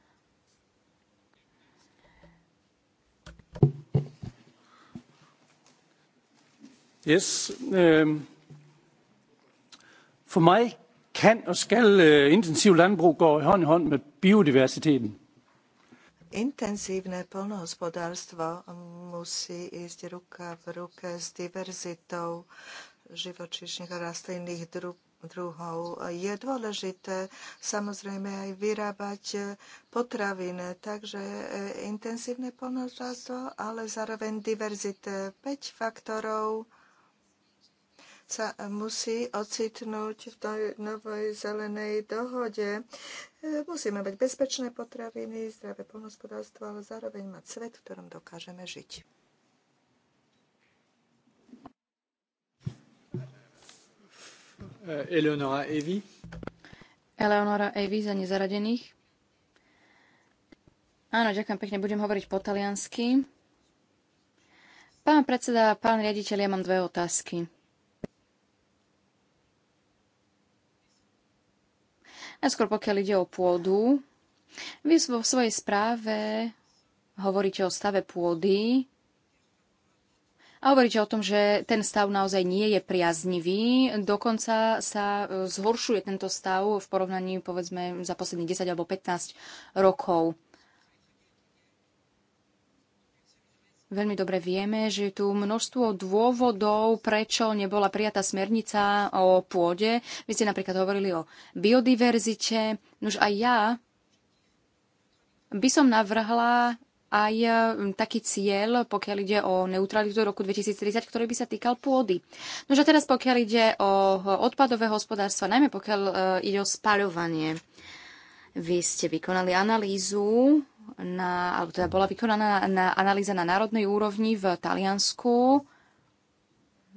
Yes, um, for my kan og skal øh, intensiv landbrug gå hånd i hånd med biodiversiteten? Intenzívne polnohospodárstvo musí ísť ruka v ruke s diverzitou živočíšnych a rastlinných druh druhov. Je dôležité samozrejme aj vyrábať potraviny, takže e, intenzívne polnohospodárstvo, ale zároveň diverzite. 5 faktorov sa musí ocitnúť v tej novej zelenej dohode. Musíme mať bezpečné potraviny, zdravé polnospodárstvo, ale zároveň mať svet, v ktorom dokážeme žiť. Eleonora Evi. Eleonora Evi za nezaradených. Áno, ďakujem pekne, budem hovoriť po taliansky. Pán predseda, pán riaditeľ, ja mám dve otázky. Najskôr pokiaľ ide o pôdu, vy vo svojej správe hovoríte o stave pôdy a hovoríte o tom, že ten stav naozaj nie je priaznivý. Dokonca sa e, zhoršuje tento stav v porovnaní povedzme za posledných 10 alebo 15 rokov. Veľmi dobre vieme, že je tu množstvo dôvodov, prečo nebola prijatá smernica o pôde. Vy ste napríklad hovorili o biodiverzite. Nož aj ja by som navrhla aj e, taký cieľ, pokiaľ ide o neutralitu roku 2030, ktorý by sa týkal pôdy. Nože teraz pokiaľ ide o odpadové hospodárstvo, najmä pokiaľ e, ide o spaľovanie. Vy ste vykonali analýzu na, alebo teda bola vykonaná na, analýza na národnej úrovni v Taliansku.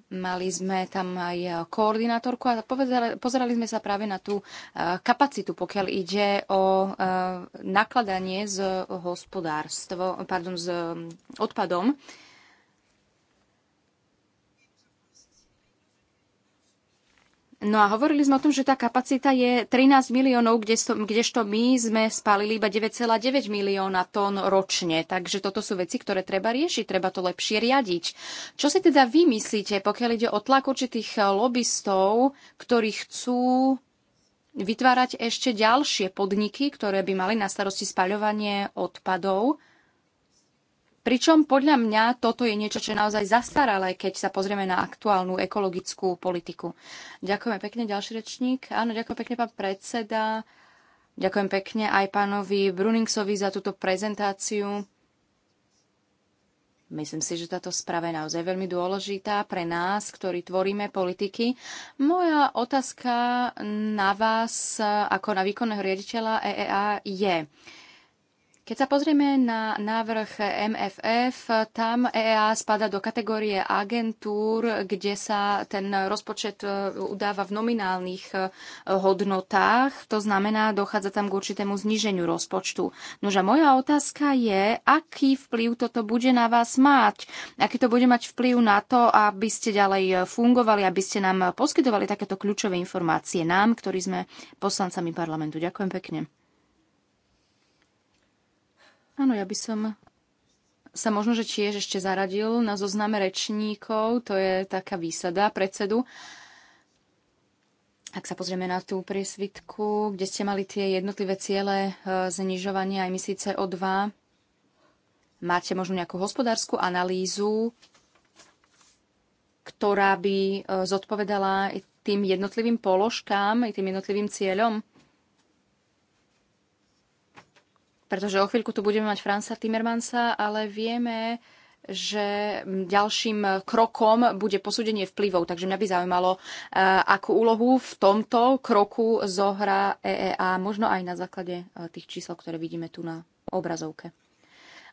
Mali sme tam aj koordinátorku a povedali, pozerali sme sa práve na tú e, kapacitu, pokiaľ ide o e, nakladanie s hospodárstvo, pardon, s odpadom No a hovorili sme o tom, že tá kapacita je 13 miliónov, kdežto my sme spálili iba 9,9 milióna tón ročne. Takže toto sú veci, ktoré treba riešiť, treba to lepšie riadiť. Čo si teda vy myslíte, pokiaľ ide o tlak určitých lobbystov, ktorí chcú vytvárať ešte ďalšie podniky, ktoré by mali na starosti spaľovanie odpadov? Pričom podľa mňa toto je niečo, čo je naozaj zastaralé, keď sa pozrieme na aktuálnu ekologickú politiku. Ďakujeme pekne, ďalší rečník. Áno, ďakujem pekne, pán predseda. Ďakujem pekne aj pánovi Bruningsovi za túto prezentáciu. Myslím si, že táto správa je naozaj veľmi dôležitá pre nás, ktorí tvoríme politiky. Moja otázka na vás ako na výkonného riaditeľa EEA je, keď sa pozrieme na návrh MFF, tam EA spada do kategórie agentúr, kde sa ten rozpočet e, udáva v nominálnych e, hodnotách. To znamená, dochádza tam k určitému zníženiu rozpočtu. Nože moja otázka je, aký vplyv toto bude na vás mať? Aký to bude mať vplyv na to, aby ste ďalej e, fungovali, aby ste nám poskytovali takéto kľúčové informácie nám, ktorí sme poslancami parlamentu. Ďakujem pekne. Áno, ja by som sa možno, že tiež ešte zaradil na zozname rečníkov, to je taká výsada predsedu. Ak sa pozrieme na tú priesvitku, kde ste mali tie jednotlivé ciele e, znižovania aj emisí o 2 máte možno nejakú hospodárskú analýzu, ktorá by e, zodpovedala tým jednotlivým položkám, tým jednotlivým cieľom? pretože o chvíľku tu budeme mať Franca Timmermansa, ale vieme, že ďalším krokom bude posúdenie vplyvov. Takže mňa by zaujímalo, e, akú úlohu v tomto kroku zohra e e EEA, možno aj na základe tých čísel, ktoré vidíme tu na obrazovke.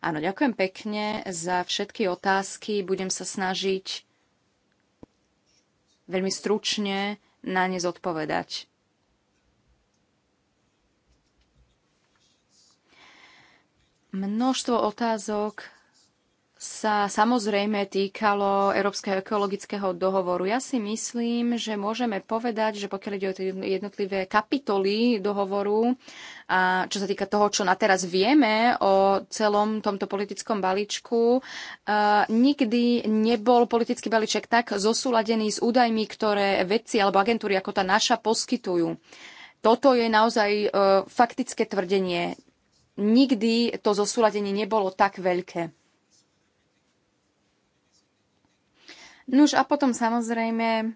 Áno, ďakujem pekne za všetky otázky. Budem sa snažiť veľmi stručne na ne zodpovedať. Množstvo otázok sa samozrejme týkalo Európskeho ekologického dohovoru. Ja si myslím, že môžeme povedať, že pokiaľ ide o tie jednotlivé kapitoly dohovoru, a čo sa týka toho, čo na teraz vieme o celom tomto politickom balíčku, e, nikdy nebol politický balíček tak zosúladený s údajmi, ktoré vedci alebo agentúry ako tá naša poskytujú. Toto je naozaj e, faktické tvrdenie nikdy to zosúladenie nebolo tak veľké. Nuž a potom samozrejme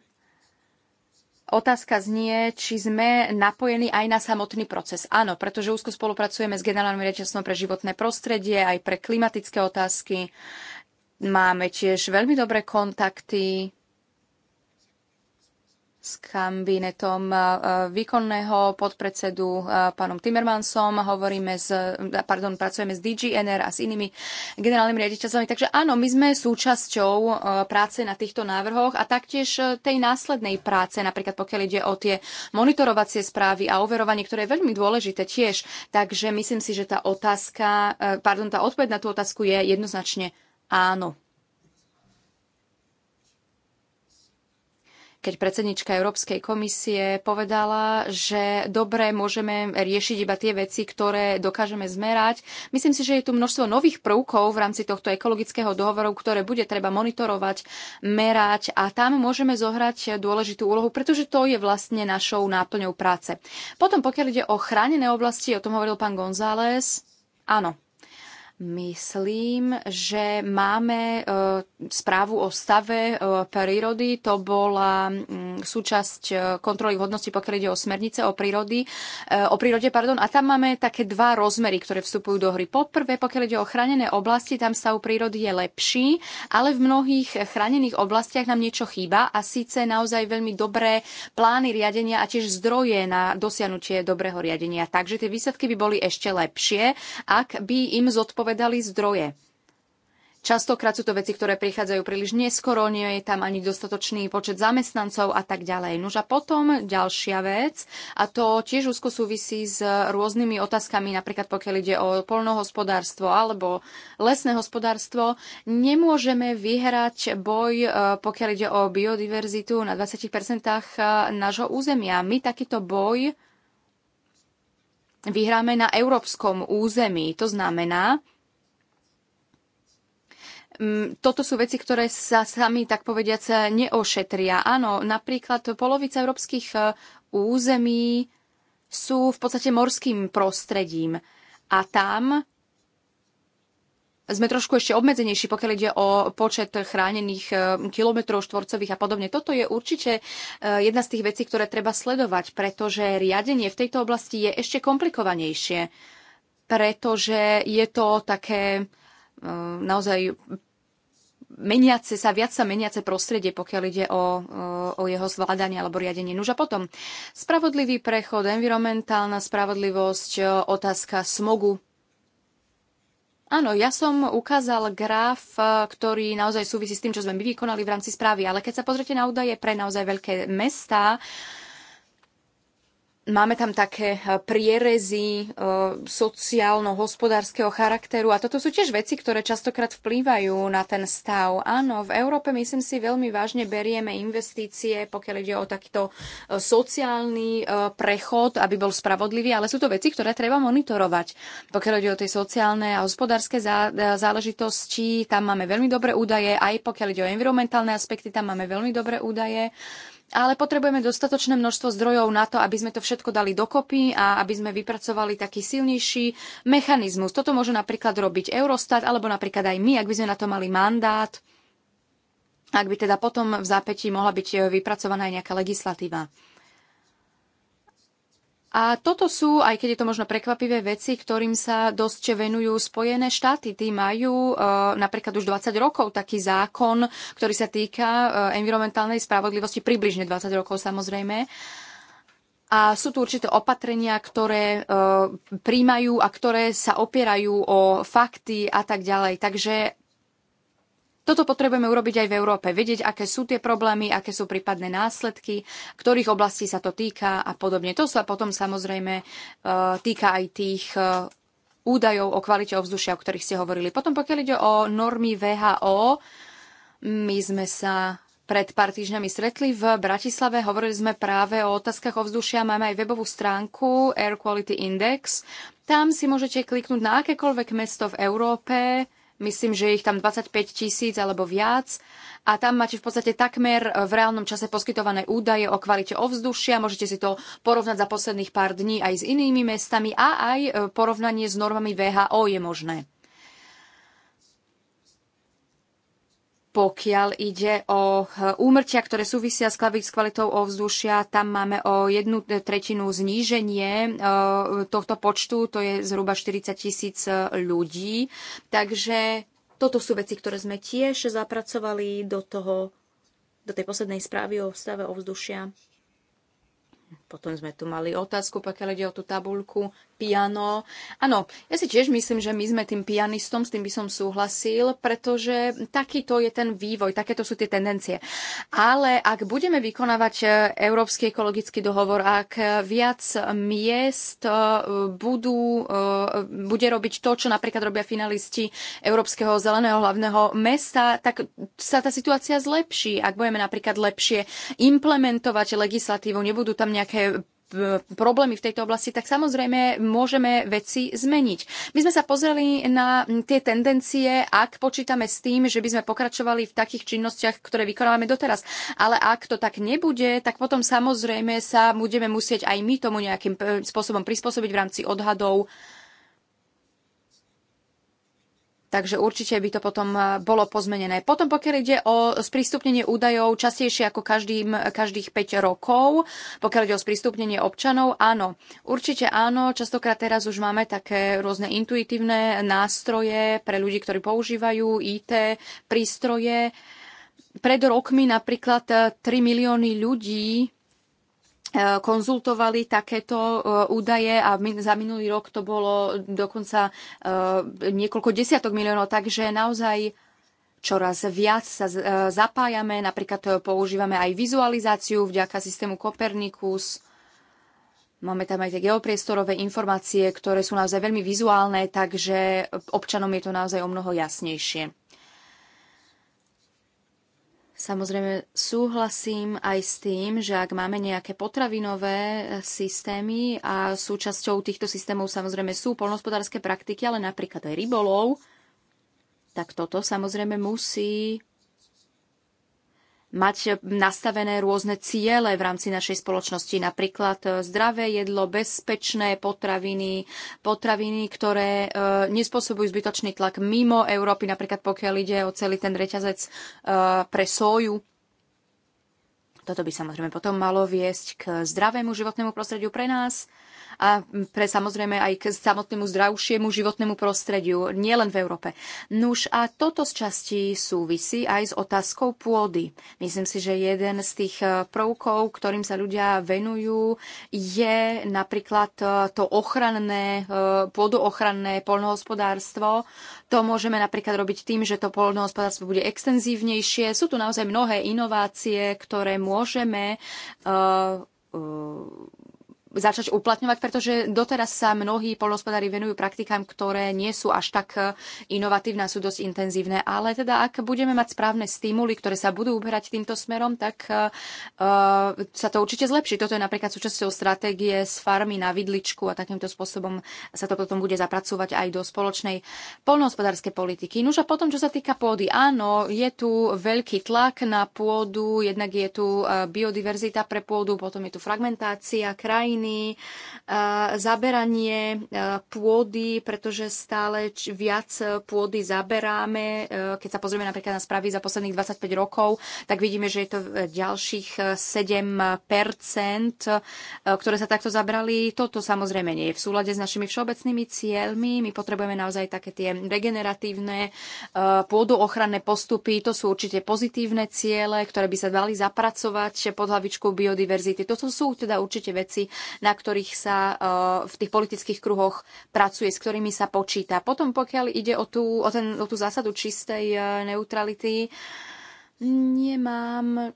otázka znie, či sme napojení aj na samotný proces. Áno, pretože úzko spolupracujeme s generálnym riaditeľstvom pre životné prostredie, aj pre klimatické otázky. Máme tiež veľmi dobré kontakty s kambinetom e, e, výkonného podpredsedu e, pánom Timmermansom, hovoríme s, pardon, pracujeme s DGNR a s inými generálnymi riaditeľmi. Takže áno, my sme súčasťou práce na týchto návrhoch a taktiež tej následnej práce, napríklad pokiaľ ide o tie monitorovacie správy a overovanie, ktoré je veľmi dôležité tiež. Takže myslím si, že tá otázka, pardon, tá odpoveď na tú otázku je jednoznačne áno. keď predsednička Európskej komisie povedala, že dobre môžeme riešiť iba tie veci, ktoré dokážeme zmerať. Myslím si, že je tu množstvo nových prvkov v rámci tohto ekologického dohovoru, ktoré bude treba monitorovať, merať a tam môžeme zohrať dôležitú úlohu, pretože to je vlastne našou náplňou práce. Potom, pokiaľ ide o chránené oblasti, o tom hovoril pán González, áno, Myslím, že máme e, správu o stave e, prírody. To bola mm, súčasť e, kontroly vhodnosti, pokiaľ ide o smernice o, prírody, o prírode. Pardon. A tam máme také dva rozmery, ktoré vstupujú do hry. Poprvé, pokiaľ ide o chránené oblasti, tam stav prírody je lepší, ale v mnohých chránených oblastiach nám niečo chýba a síce naozaj veľmi dobré plány riadenia a tiež zdroje na dosiahnutie dobrého riadenia. Takže tie výsledky by boli ešte lepšie, ak by im zodpovedali povedali zdroje. Častokrát sú to veci, ktoré prichádzajú príliš neskoro, nie je tam ani dostatočný počet zamestnancov a tak ďalej. Nož a potom ďalšia vec, a to tiež úzko súvisí s rôznymi otázkami, napríklad pokiaľ ide o polnohospodárstvo alebo lesné hospodárstvo, nemôžeme vyhrať boj, e, pokiaľ ide o biodiverzitu na 20% e, nášho územia. My takýto boj vyhráme na európskom území. To znamená, Mm, toto sú veci, ktoré sa sami, tak povediať neošetria. Áno, napríklad polovica európskych e, území sú v podstate morským prostredím. A tam sme trošku ešte obmedzenejší, pokiaľ ide o počet chránených e, kilometrov štvorcových a podobne. Toto je určite e, jedna z tých vecí, ktoré treba sledovať, pretože riadenie v tejto oblasti je ešte komplikovanejšie, pretože je to také naozaj meniace sa, viac sa meniace prostredie, pokiaľ ide o, o jeho zvládanie alebo riadenie. Nuž a potom spravodlivý prechod, environmentálna spravodlivosť, e, otázka smogu. Áno, ja som ukázal graf, e, ktorý naozaj súvisí s tým, čo sme my vykonali v rámci správy, ale keď sa pozrite na údaje pre naozaj veľké mestá, Máme tam také eh, prierezy eh, sociálno-hospodárskeho charakteru a toto sú tiež veci, ktoré častokrát vplývajú na ten stav. Áno, v Európe myslím si veľmi vážne berieme investície, pokiaľ ide o takýto eh, sociálny prechod, aby bol spravodlivý, ale sú to veci, ktoré treba monitorovať. Pokiaľ ide o tie sociálne a hospodárske záležitosti, tam máme veľmi dobré údaje, aj pokiaľ ide o environmentálne aspekty, tam máme veľmi dobré údaje ale potrebujeme dostatočné množstvo zdrojov na to, aby sme to všetko dali dokopy a aby sme vypracovali taký silnejší mechanizmus. Toto môže napríklad robiť Eurostat alebo napríklad aj my, ak by sme na to mali mandát, ak by teda potom v zápätí mohla byť vypracovaná aj nejaká legislatíva. A toto sú, aj keď je to možno prekvapivé veci, ktorým sa dosť venujú Spojené štáty. Tí majú e, napríklad už 20 rokov taký zákon, ktorý sa týka e, environmentálnej spravodlivosti, približne 20 rokov samozrejme. A sú tu určité opatrenia, ktoré e, príjmajú a ktoré sa opierajú o fakty a tak ďalej. Takže toto potrebujeme urobiť aj v Európe, vedieť, aké sú tie problémy, aké sú prípadné následky, ktorých oblastí sa to týka a podobne. To sa potom samozrejme e, týka aj tých e, údajov o kvalite ovzdušia, o ktorých ste hovorili. Potom pokiaľ ide o normy VHO, my sme sa pred pár týždňami stretli v Bratislave. Hovorili sme práve o otázkach ovzdušia. Máme aj webovú stránku Air Quality Index. Tam si môžete kliknúť na akékoľvek mesto v Európe Myslím, že ich tam 25 tisíc alebo viac. A tam máte v podstate takmer v reálnom čase poskytované údaje o kvalite ovzdušia. Môžete si to porovnať za posledných pár dní aj s inými mestami a aj e, porovnanie s normami VHO je možné. pokiaľ ide o e, úmrtia, ktoré súvisia s kvalitou ovzdušia, tam máme o jednu e, tretinu zníženie e, tohto počtu, to je zhruba 40 tisíc ľudí. Takže toto sú veci, ktoré sme tiež zapracovali do, toho, do tej poslednej správy o stave ovzdušia. Potom sme tu mali otázku, pokiaľ ide o tú tabulku piano. Áno, ja si tiež myslím, že my sme tým pianistom, s tým by som súhlasil, pretože takýto je ten vývoj, takéto sú tie tendencie. Ale ak budeme vykonávať e, Európsky ekologický dohovor, ak viac miest e, budú, e, bude robiť to, čo napríklad robia finalisti Európskeho zeleného hlavného mesta, tak sa tá situácia zlepší. Ak budeme napríklad lepšie implementovať legislatívu, nebudú tam nejaké nejaké eh, problémy v tejto oblasti, tak samozrejme môžeme veci zmeniť. My sme sa pozreli na tie tendencie, ak počítame s tým, že by sme pokračovali v takých činnostiach, ktoré vykonávame doteraz. Ale ak to tak nebude, tak potom samozrejme sa budeme musieť aj my tomu nejakým eh, spôsobom prispôsobiť v rámci odhadov Takže určite by to potom eh, bolo pozmenené. Potom pokiaľ ide o sprístupnenie údajov častejšie ako každým, každých 5 rokov, pokiaľ ide o sprístupnenie občanov, áno, určite áno. Častokrát teraz už máme také rôzne intuitívne nástroje pre ľudí, ktorí používajú IT, prístroje. Pred rokmi napríklad 3 eh, milióny ľudí E, konzultovali takéto e, údaje a za minulý rok to bolo dokonca e, niekoľko desiatok miliónov, takže naozaj čoraz viac sa zapájame, napríklad používame aj vizualizáciu vďaka systému Copernicus. Máme tam aj tie geopriestorové informácie, ktoré sú naozaj veľmi vizuálne, takže občanom je to naozaj o mnoho jasnejšie. Samozrejme súhlasím aj s tým, že ak máme nejaké potravinové e, systémy a súčasťou týchto systémov samozrejme sú polnospodárske praktiky, ale napríklad aj rybolov, tak toto samozrejme musí mať e, nastavené rôzne ciele v rámci našej spoločnosti, napríklad e, zdravé jedlo, bezpečné potraviny, potraviny, ktoré e, nespôsobujú zbytočný tlak mimo Európy, napríklad pokiaľ ide o celý ten reťazec pre soju. Toto by samozrejme potom malo viesť k zdravému životnému prostrediu pre nás a pre samozrejme aj k samotnému zdravšiemu životnému prostrediu, nielen v Európe. Nuž a toto z časti súvisí aj s otázkou pôdy. Myslím si, že jeden z tých e, prvkov, ktorým sa ľudia venujú, je napríklad e, to ochranné, e, pôdoochranné polnohospodárstvo. To môžeme napríklad robiť tým, že to polnohospodárstvo bude extenzívnejšie. Sú tu naozaj mnohé inovácie, ktoré môžeme uh, uh, začať uplatňovať, pretože doteraz sa mnohí polnospodári venujú praktikám, ktoré nie sú až tak e, inovatívne a sú dosť intenzívne. Ale teda, ak budeme mať správne stimuly, ktoré sa budú uberať týmto smerom, tak uh, sa to určite zlepší. Toto je napríklad súčasťou stratégie z farmy na vidličku a takýmto spôsobom sa to potom bude zapracovať aj do spoločnej polnohospodárskej politiky. Nuž a potom, čo sa týka pôdy. Áno, je tu veľký tlak na pôdu, jednak je tu biodiverzita pre pôdu, potom je tu fragmentácia krajín, rastliny, e, zaberanie e, pôdy, pretože stále viac pôdy zaberáme. E, keď sa pozrieme napríklad na správy za posledných 25 rokov, tak vidíme, že je to ďalších 7 ktoré sa takto zabrali. Toto samozrejme nie je v súlade s našimi všeobecnými cieľmi. My potrebujeme naozaj také tie regeneratívne pôdoochranné postupy. To sú určite pozitívne ciele, ktoré by sa dali zapracovať pod hlavičkou biodiverzity. Toto sú teda určite veci, na ktorých sa eh, v tých politických kruhoch pracuje, s ktorými sa počíta. Potom, pokiaľ ide o tú, o ten, o tú zásadu čistej eh, neutrality, nemám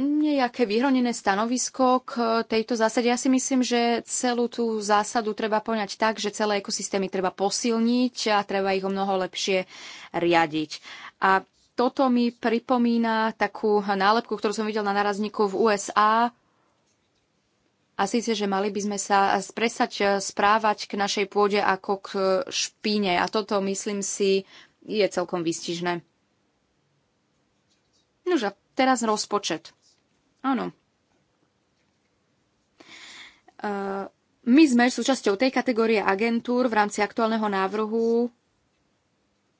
nejaké vyhronené stanovisko k tejto zásade. Ja si myslím, že celú tú zásadu treba poňať tak, že celé ekosystémy treba posilniť a treba ich o mnoho lepšie riadiť. A toto mi pripomína takú nálepku, ktorú som videl na narazníku v USA a síce, že mali by sme sa presať eh, správať k našej pôde ako k špíne. A toto, myslím si, je celkom výstižné. Nož a teraz rozpočet. Áno. Eh, my sme súčasťou tej kategórie agentúr v rámci aktuálneho návrhu,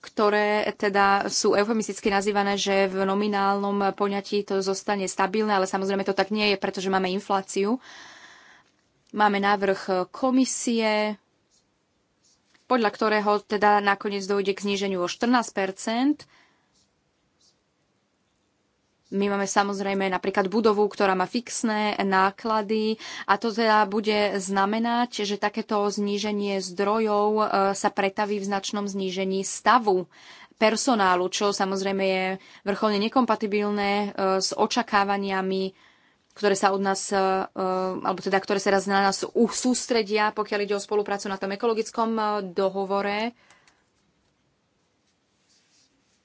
ktoré teda sú eufemisticky nazývané, že v nominálnom poňatí to zostane stabilné, ale samozrejme to tak nie je, pretože máme infláciu. Uh, Máme návrh komisie, podľa ktorého teda nakoniec dojde k zníženiu o 14 my máme samozrejme napríklad budovu, ktorá má fixné náklady a to teda bude znamenať, že takéto zníženie zdrojov e, sa pretaví v značnom znížení stavu personálu, čo samozrejme je vrcholne nekompatibilné e, s očakávaniami ktoré sa od nás, eh, eh, alebo teda ktoré sa raz na nás sústredia, pokiaľ ide o spoluprácu na tom ekologickom eh, dohovore.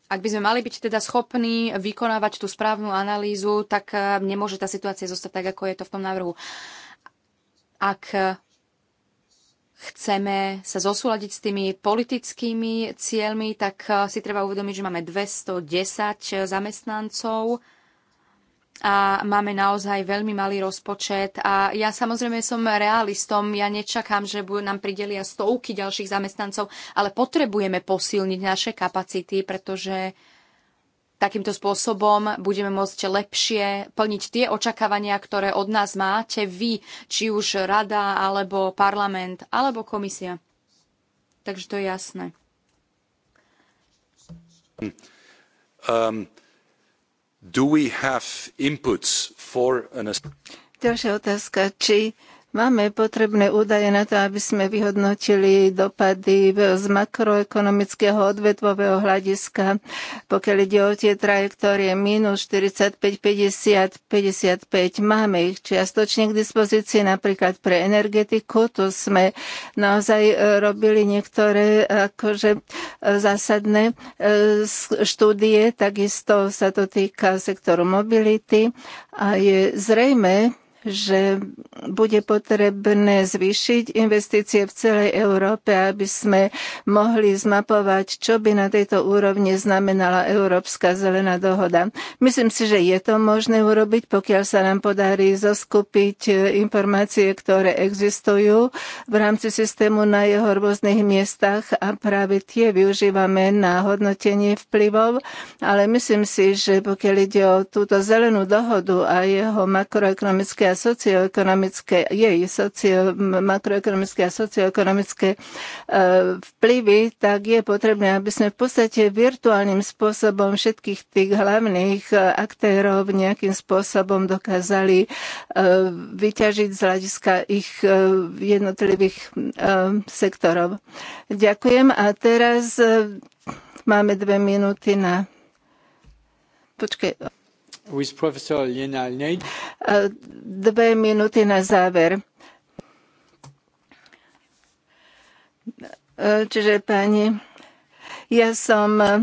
Ak by sme mali byť teda schopní vykonávať tú správnu analýzu, tak nemôže tá situácia zostať tak, ako je to v tom návrhu. Ak chceme sa zosúľadiť s tými politickými cieľmi, tak si treba uvedomiť, že máme 210 zamestnancov a máme naozaj veľmi malý rozpočet a ja samozrejme som realistom, ja nečakám, že nám pridelia stovky ďalších zamestnancov, ale potrebujeme posilniť naše kapacity, pretože takýmto spôsobom budeme môcť lepšie plniť tie očakávania, ktoré od nás máte vy, či už rada, alebo parlament, alebo komisia. Takže to je jasné. Hm. Um do we have inputs for an... Ďalšia otázka, či Máme potrebné údaje na to, aby sme vyhodnotili dopady z makroekonomického odvetvového hľadiska, pokiaľ ide o tie trajektórie minus 45, 50, 55. Máme ich čiastočne k dispozícii napríklad pre energetiku. Tu sme naozaj e, robili niektoré akože e, zásadné e, štúdie, takisto sa to týka sektoru mobility a je zrejme, že bude potrebné zvýšiť investície v celej Európe, aby sme mohli zmapovať, čo by na tejto úrovni znamenala Európska zelená dohoda. Myslím si, že je to možné urobiť, pokiaľ sa nám podarí zoskupiť informácie, ktoré existujú v rámci systému na jeho rôznych miestach a práve tie využívame na hodnotenie vplyvov, ale myslím si, že pokiaľ ide o túto zelenú dohodu a jeho makroekonomické a socioekonomické, jej socio, makroekonomické a socioekonomické e, vplyvy, tak je potrebné, aby sme v podstate virtuálnym spôsobom všetkých tých hlavných e, aktérov nejakým spôsobom dokázali e, vyťažiť z hľadiska ich jednotlivých sektorov. Ďakujem a teraz máme dve minúty na... Počkej, Uh, dve minúty na záver. Uh, čiže pani, ja som uh,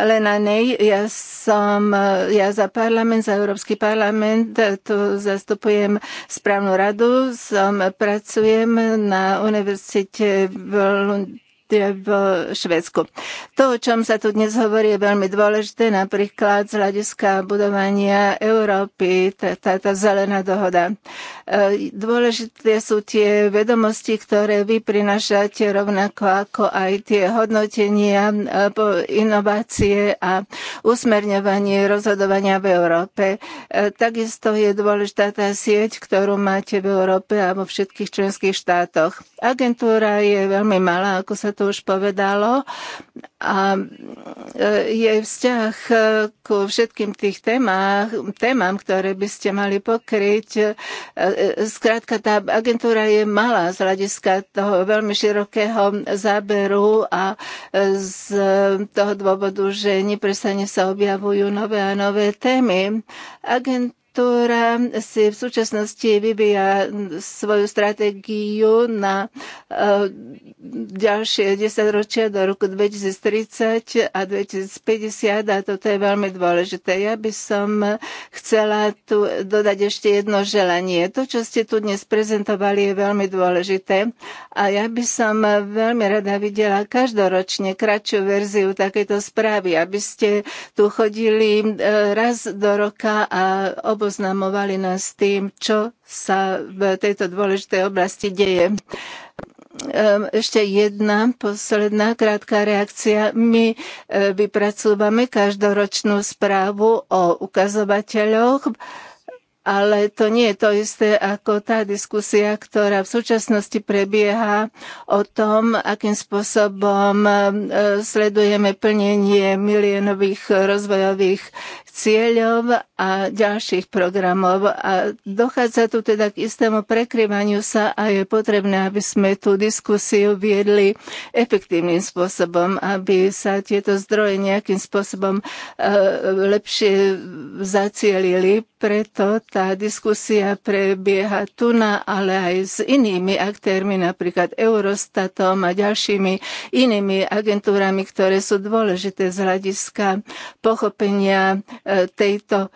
Lena Nej, ja som ja za parlament, za Európsky parlament, tu zastupujem správnu radu, som, pracujem na univerzite v existuje v Švedsku. To, o čom sa tu dnes hovorí, je veľmi dôležité, napríklad z hľadiska budovania Európy, táto zelená dohoda. E, dôležité sú tie vedomosti, ktoré vy prinášate, rovnako ako aj tie hodnotenia, e, inovácie a usmerňovanie rozhodovania v Európe. E, takisto je dôležitá tá sieť, ktorú máte v Európe a vo všetkých členských štátoch. Agentúra je veľmi malá, ako sa tu to už povedalo. A e, jej vzťah e, ku všetkým tých témach, témam, ktoré by ste mali pokryť. E, zkrátka, tá agentúra je malá z hľadiska toho veľmi širokého záberu a z toho dôvodu, že neprestane sa objavujú nové a nové témy. Agent ktorá si v súčasnosti vyvíja svoju stratégiu na e, ďalšie 10 ročia do roku 2030 a 2050 a toto je veľmi dôležité. Ja by som chcela tu dodať ešte jedno želanie. To, čo ste tu dnes prezentovali, je veľmi dôležité a ja by som veľmi rada videla každoročne kratšiu verziu takéto správy, aby ste tu chodili e, raz do roka a ob oboznamovali nás s tým, čo sa v tejto dôležitej oblasti deje ehm, ešte jedna posledná krátka reakcia. My ehm, vypracúvame každoročnú správu o ukazovateľoch, ale to nie je to isté ako tá diskusia, ktorá v súčasnosti prebieha o tom, akým spôsobom ehm, sledujeme plnenie milienových rozvojových cieľov a ďalších programov. A dochádza tu teda k istému prekryvaniu sa a je potrebné, aby sme tú diskusiu viedli efektívnym spôsobom, aby sa tieto zdroje nejakým spôsobom e, lepšie zacielili. Preto tá diskusia prebieha tu na, ale aj s inými aktérmi, napríklad Eurostatom a ďalšími inými agentúrami, ktoré sú dôležité z hľadiska pochopenia tejto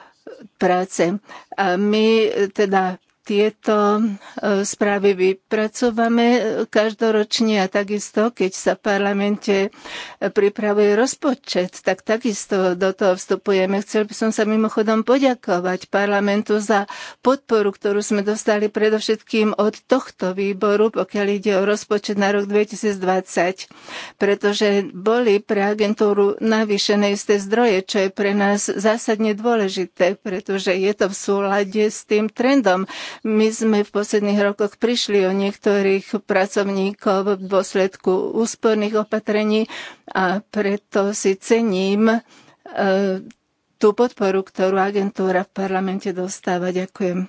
práce. A my teda tieto e, správy vypracovame e, každoročne a takisto, keď sa v parlamente e, pripravuje rozpočet, tak takisto do toho vstupujeme. Chcel by som sa mimochodom poďakovať parlamentu za podporu, ktorú sme dostali predovšetkým od tohto výboru, pokiaľ ide o rozpočet na rok 2020, pretože boli pre agentúru navýšené isté zdroje, čo je pre nás zásadne dôležité, pretože je to v súlade s tým trendom, my sme v posledných rokoch prišli o niektorých pracovníkov v dôsledku úsporných opatrení a preto si cením e, tú podporu, ktorú agentúra v parlamente dostáva. Ďakujem.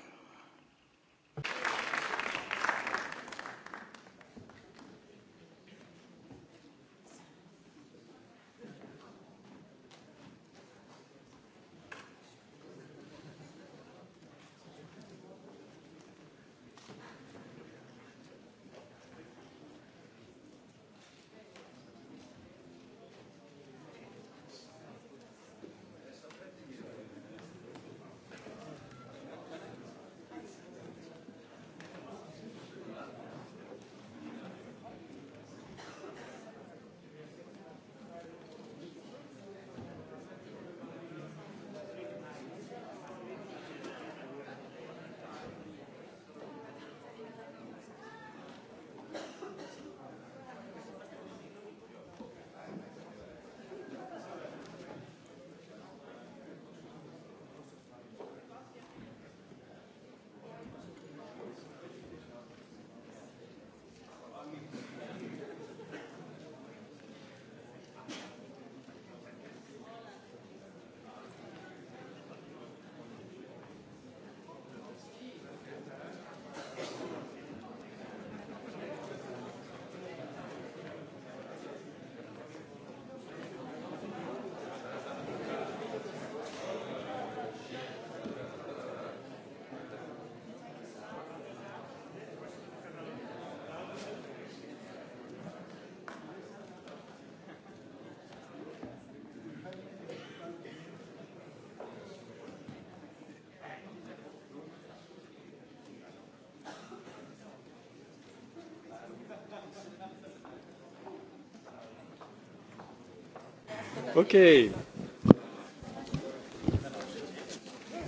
Okay.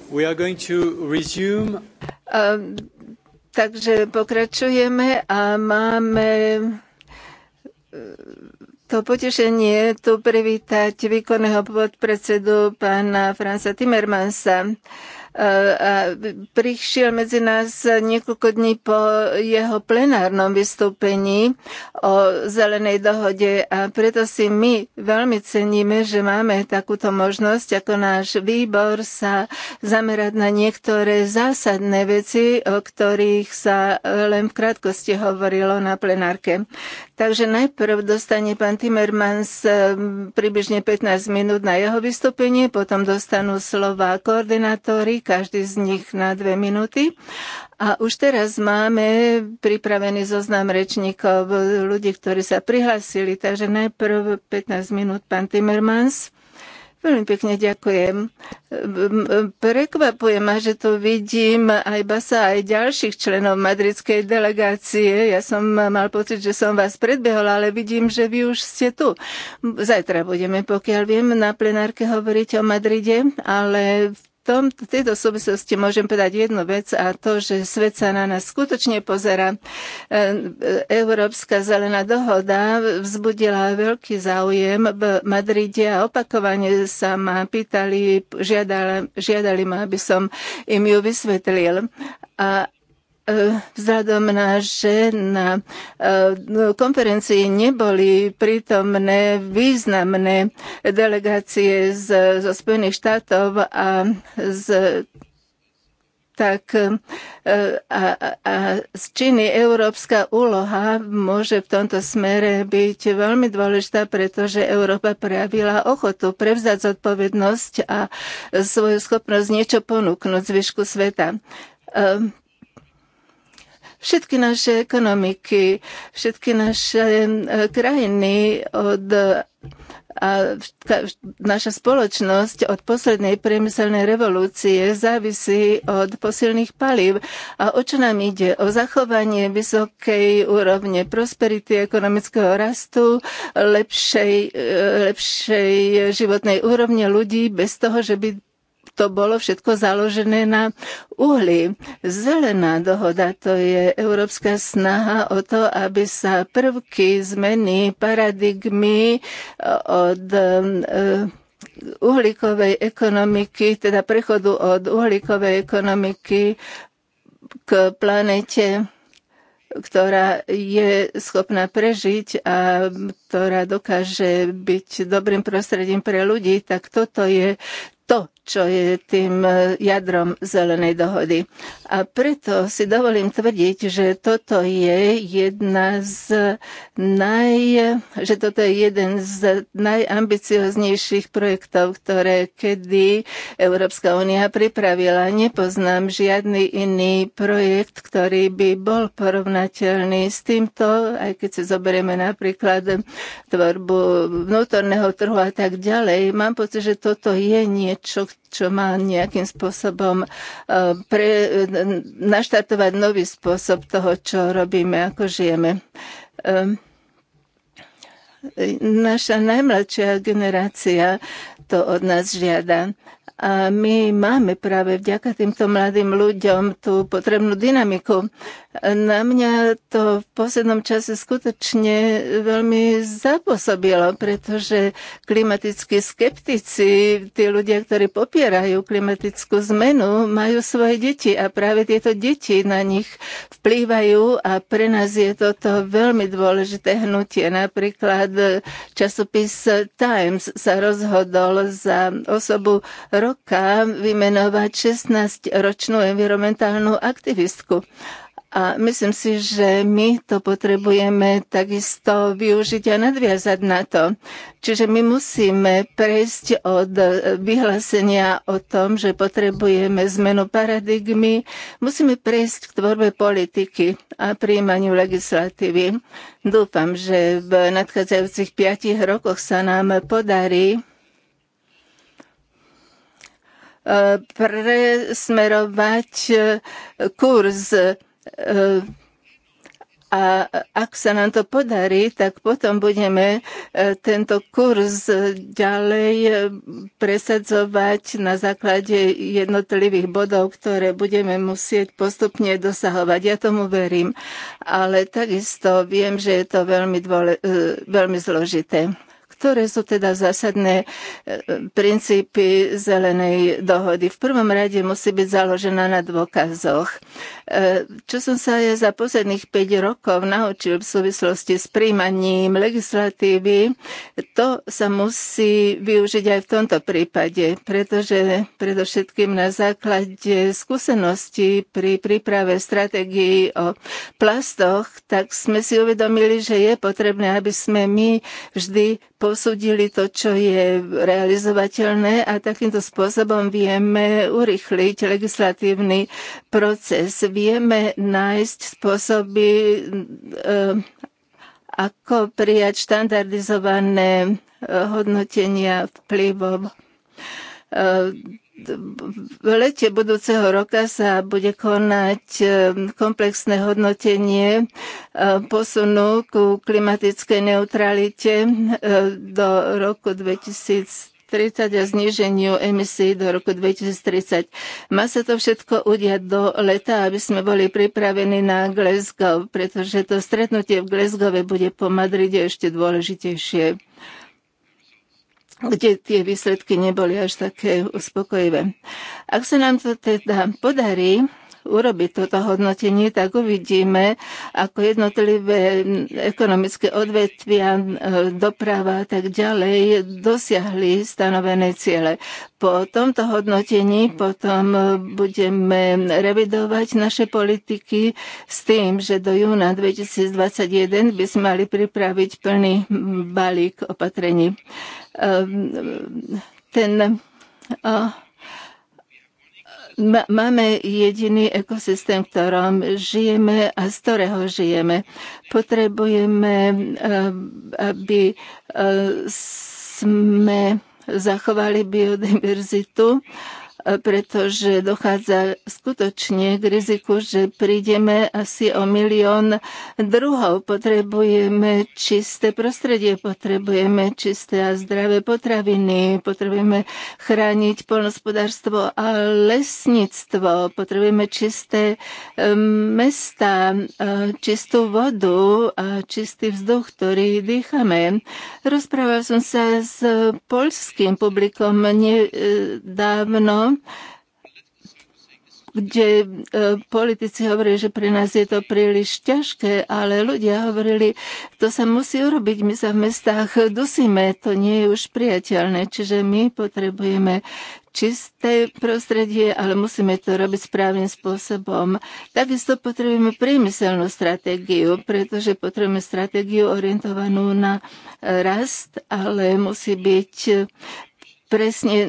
We are going to resume. Um, takže pokračujeme a máme eh, to potešenie tu privítať výkonného podpredsedu pána Franca Timmermansa. Prišiel medzi nás niekoľko dní po jeho plenárnom vystúpení o zelenej dohode a preto si my veľmi ceníme, že máme takúto možnosť ako náš výbor sa zamerať na niektoré zásadné veci, o ktorých sa len v krátkosti hovorilo na plenárke. Takže najprv dostane pán Timmermans e, približne 15 minút na jeho vystúpenie, potom dostanú slova koordinátori, každý z nich na dve minúty. A už teraz máme pripravený zoznam rečníkov, ľudí, ktorí sa prihlasili, takže najprv 15 minút pán Timmermans. Veľmi pekne ďakujem. Prekvapuje ma, že tu vidím aj Basa, aj ďalších členov madridskej delegácie. Ja som mal pocit, že som vás predbehol, ale vidím, že vy už ste tu. Zajtra budeme, pokiaľ viem, na plenárke hovoriť o Madride, ale v tom, tejto súvislosti môžem povedať jednu vec a to, že svet sa na nás skutočne pozera. E, e, Európska zelená dohoda vzbudila veľký záujem v Madride a opakovane sa ma pýtali, žiadali, žiadali ma, aby som im ju vysvetlil. A Eh, vzhľadom na, že na eh, konferencii neboli prítomné významné delegácie z, zo Spojených štátov a z tak eh, a, a z Číny európska úloha môže v tomto smere byť veľmi dôležitá, pretože Európa prejavila ochotu prevzať zodpovednosť a svoju schopnosť niečo ponúknuť zvyšku sveta Všetky naše ekonomiky, všetky naše eh, krajiny od a naša spoločnosť od poslednej priemyselnej revolúcie závisí od posilných palív. A o čo nám ide? O zachovanie vysokej úrovne prosperity, ekonomického rastu, lepšej, eh, lepšej životnej úrovne ľudí bez toho, že by to bolo všetko založené na uhli. Zelená dohoda to je európska snaha o to, aby sa prvky zmeny paradigmy e, od e, uhlíkovej ekonomiky, teda prechodu od uhlíkovej ekonomiky k planete ktorá je schopná prežiť a ktorá dokáže byť dobrým prostredím pre ľudí, tak toto je to, čo je tým e, jadrom zelenej dohody. A preto si dovolím tvrdiť, že toto je jedna z naj, že toto je jeden z najambicioznejších projektov, ktoré kedy Európska únia pripravila. Nepoznám žiadny iný projekt, ktorý by bol porovnateľný s týmto, aj keď si zoberieme napríklad tvorbu vnútorného trhu a tak ďalej. Mám pocit, že toto je niečo, niečo, čo má nejakým spôsobom e, pre, naštartovať nový spôsob toho, čo robíme, ako žijeme. E, e, naša najmladšia generácia to od nás žiada. A my máme práve vďaka týmto mladým ľuďom tú potrebnú dynamiku. Na mňa to v poslednom čase skutočne veľmi zapôsobilo, pretože klimatickí skeptici, tí ľudia, ktorí popierajú klimatickú zmenu, majú svoje deti a práve tieto deti na nich vplývajú a pre nás je toto veľmi dôležité hnutie. Napríklad časopis Times sa rozhodol za osobu roka vymenovať 16-ročnú environmentálnu aktivistku. A myslím si, že my to potrebujeme takisto využiť a nadviazať na to. Čiže my musíme prejsť od vyhlásenia o tom, že potrebujeme zmenu paradigmy, musíme prejsť k tvorbe politiky a príjmaniu legislatívy. Dúfam, že v nadchádzajúcich piatich rokoch sa nám podarí presmerovať e, kurz e, a ak sa nám to podarí, tak potom budeme e, tento kurz ďalej presadzovať na základe jednotlivých bodov, ktoré budeme musieť postupne dosahovať. Ja tomu verím, ale takisto viem, že je to veľmi, veľmi zložité. Ktoré sú teda zásadné e, princípy zelenej dohody? V prvom rade musí byť založená na dôkazoch. E, čo som sa ja za posledných 5 rokov naučil v súvislosti s príjmaním legislatívy, to sa musí využiť aj v tomto prípade, pretože predovšetkým na základe skúseností pri príprave stratégií o plastoch, tak sme si uvedomili, že je potrebné, aby sme my vždy po posúdili to, čo je realizovateľné a takýmto spôsobom vieme urychliť legislatívny proces. Vieme nájsť spôsoby, eh, ako prijať štandardizované eh, hodnotenia vplyvov eh, v lete budúceho roka sa bude konať ehm, komplexné hodnotenie ehm, posunu ku klimatickej neutralite ehm, do roku 2030 a zniženiu emisí do roku 2030. Má sa to všetko udiať do leta, aby sme boli pripravení na Glasgow, pretože to stretnutie v Glasgowe bude po Madride ešte dôležitejšie kde tie výsledky neboli až také uspokojivé. Ak sa nám to teda podarí, urobiť toto hodnotenie, tak uvidíme, ako jednotlivé ekonomické odvetvia, e, doprava a tak ďalej dosiahli stanovené ciele. Po tomto hodnotení potom e, budeme revidovať naše politiky s tým, že do júna 2021 by sme mali pripraviť plný balík opatrení. E, ten máme jediný ekosystém, v ktorom žijeme a z ktorého žijeme. Potrebujeme, eh, aby eh, sme zachovali biodiverzitu pretože dochádza skutočne k riziku, že prídeme asi o milión druhov. Potrebujeme čisté prostredie, potrebujeme čisté a zdravé potraviny, potrebujeme chrániť polnospodárstvo a lesníctvo, potrebujeme čisté mesta, čistú vodu a čistý vzduch, ktorý dýchame. Rozprával som sa s polským publikom nedávno kde e, politici hovorili, že pre nás je to príliš ťažké, ale ľudia hovorili, to sa musí urobiť, my sa v mestách dusíme, to nie je už priateľné, čiže my potrebujeme čisté prostredie, ale musíme to robiť správnym spôsobom. Takisto potrebujeme priemyselnú stratégiu, pretože potrebujeme stratégiu orientovanú na e, rast, ale musí byť presne e,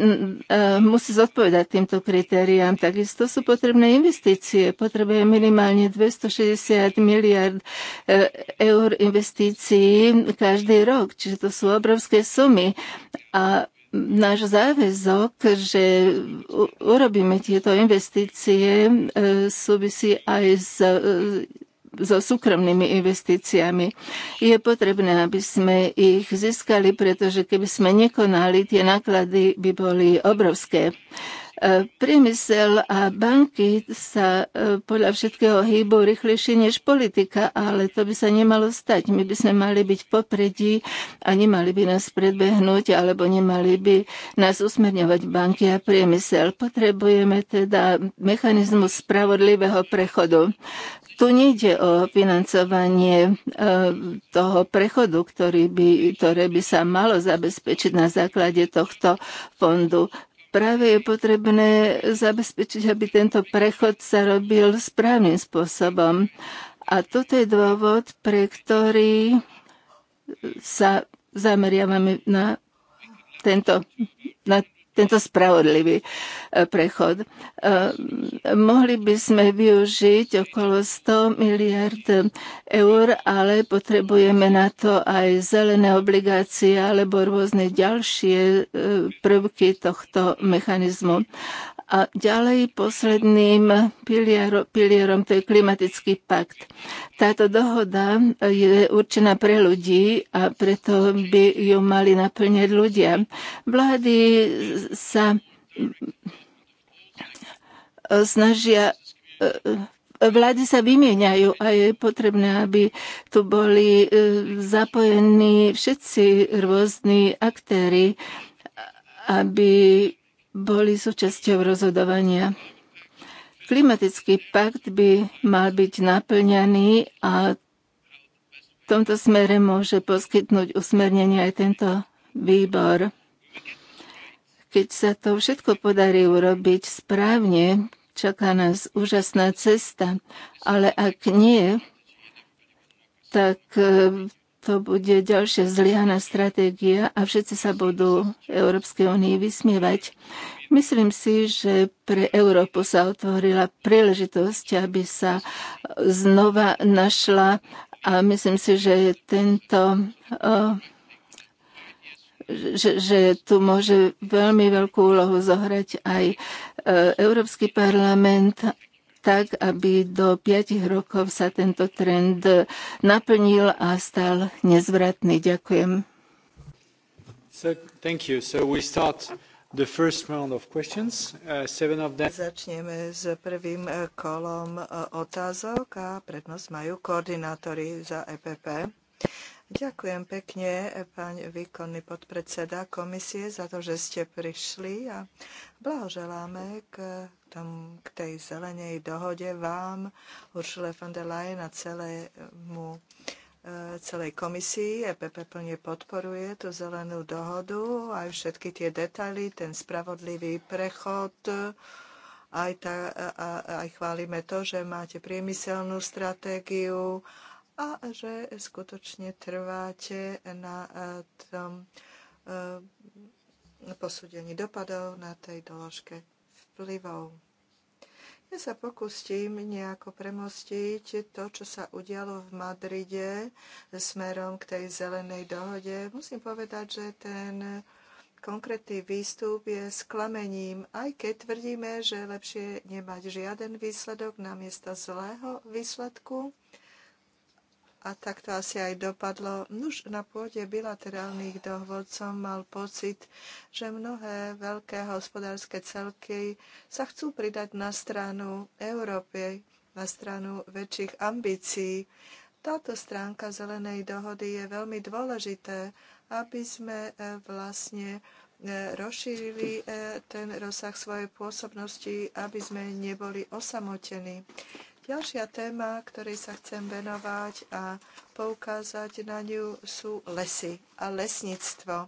musí zodpovedať týmto kritériám. Takisto sú potrebné investície. Potrebuje minimálne 260 miliard e, eur investícií každý rok. Čiže to sú obrovské sumy. A náš záväzok, že urobíme tieto investície, e, súvisí aj s so súkromnými investíciami. Je potrebné, aby sme ich získali, pretože keby sme nekonali, tie náklady by boli obrovské. E, priemysel a banky sa e, podľa všetkého hýbu rýchlejšie než politika, ale to by sa nemalo stať. My by sme mali byť popredí a nemali by nás predbehnúť alebo nemali by nás usmerňovať banky a priemysel. Potrebujeme teda mechanizmus spravodlivého prechodu. Tu nejde o financovanie e, toho prechodu, ktorý by, ktoré by sa malo zabezpečiť na základe tohto fondu. Práve je potrebné zabezpečiť, aby tento prechod sa robil správnym spôsobom. A toto je dôvod, pre ktorý sa zameriavame na tento, na tento spravodlivý e, prechod. E, mohli by sme využiť okolo 100 miliard eur, ale potrebujeme na to aj zelené obligácie alebo rôzne ďalšie e, prvky tohto mechanizmu. A ďalej posledným pilierom, pilierom to je klimatický pakt. Táto dohoda je určená pre ľudí a preto by ju mali naplňať ľudia. Vlády sa snažia e, e, vlády sa vymieňajú a je potrebné, aby tu boli e, zapojení všetci rôzni aktéry, aby boli súčasťou rozhodovania. Klimatický pakt by mal byť naplňaný a v tomto smere môže poskytnúť usmernenie aj tento výbor. Keď sa to všetko podarí urobiť správne, čaká nás úžasná cesta, ale ak nie, tak eh, to bude ďalšia zlyhaná stratégia a všetci sa budú Európskej únii vysmievať. Myslím si, že pre Európu sa otvorila príležitosť, aby sa znova našla a myslím si, že tento eh, že, že tu môže veľmi veľkú úlohu zohrať aj eh, Európsky parlament tak, aby do 5 rokov sa tento trend naplnil a stal nezvratný. Ďakujem. Uh, Začneme s prvým uh, kolom uh, otázok a prednosť majú koordinátori za EPP. Ďakujem pekne, pán výkonný podpredseda komisie, za to, že ste prišli a blahoželáme k, tom, k tej zelenej dohode vám, Uršule von der Leyen a celému e, celej komisii. EPP plne podporuje tú zelenú dohodu, aj všetky tie detaily, ten spravodlivý prechod, aj, tá, aj chválime to, že máte priemyselnú stratégiu, a že skutočne trváte na e, tom e, posúdení dopadov na tej doložke vplyvov. Ja sa pokúsim nejako premostiť to, čo sa udialo v Madride smerom k tej zelenej dohode. Musím povedať, že ten konkrétny výstup je sklamením, aj keď tvrdíme, že lepšie nemať žiaden výsledok namiesto zlého výsledku. A tak to asi aj dopadlo. Nuž na pôde bilaterálnych dohôd som mal pocit, že mnohé veľké hospodárske celky sa chcú pridať na stranu Európy, na stranu väčších ambícií. Táto stránka zelenej dohody je veľmi dôležité, aby sme e, vlastne e, rozšírili e, ten rozsah svojej pôsobnosti, aby sme neboli osamotení. Ďalšia téma, ktorej sa chcem venovať a poukázať na ňu sú lesy a lesníctvo.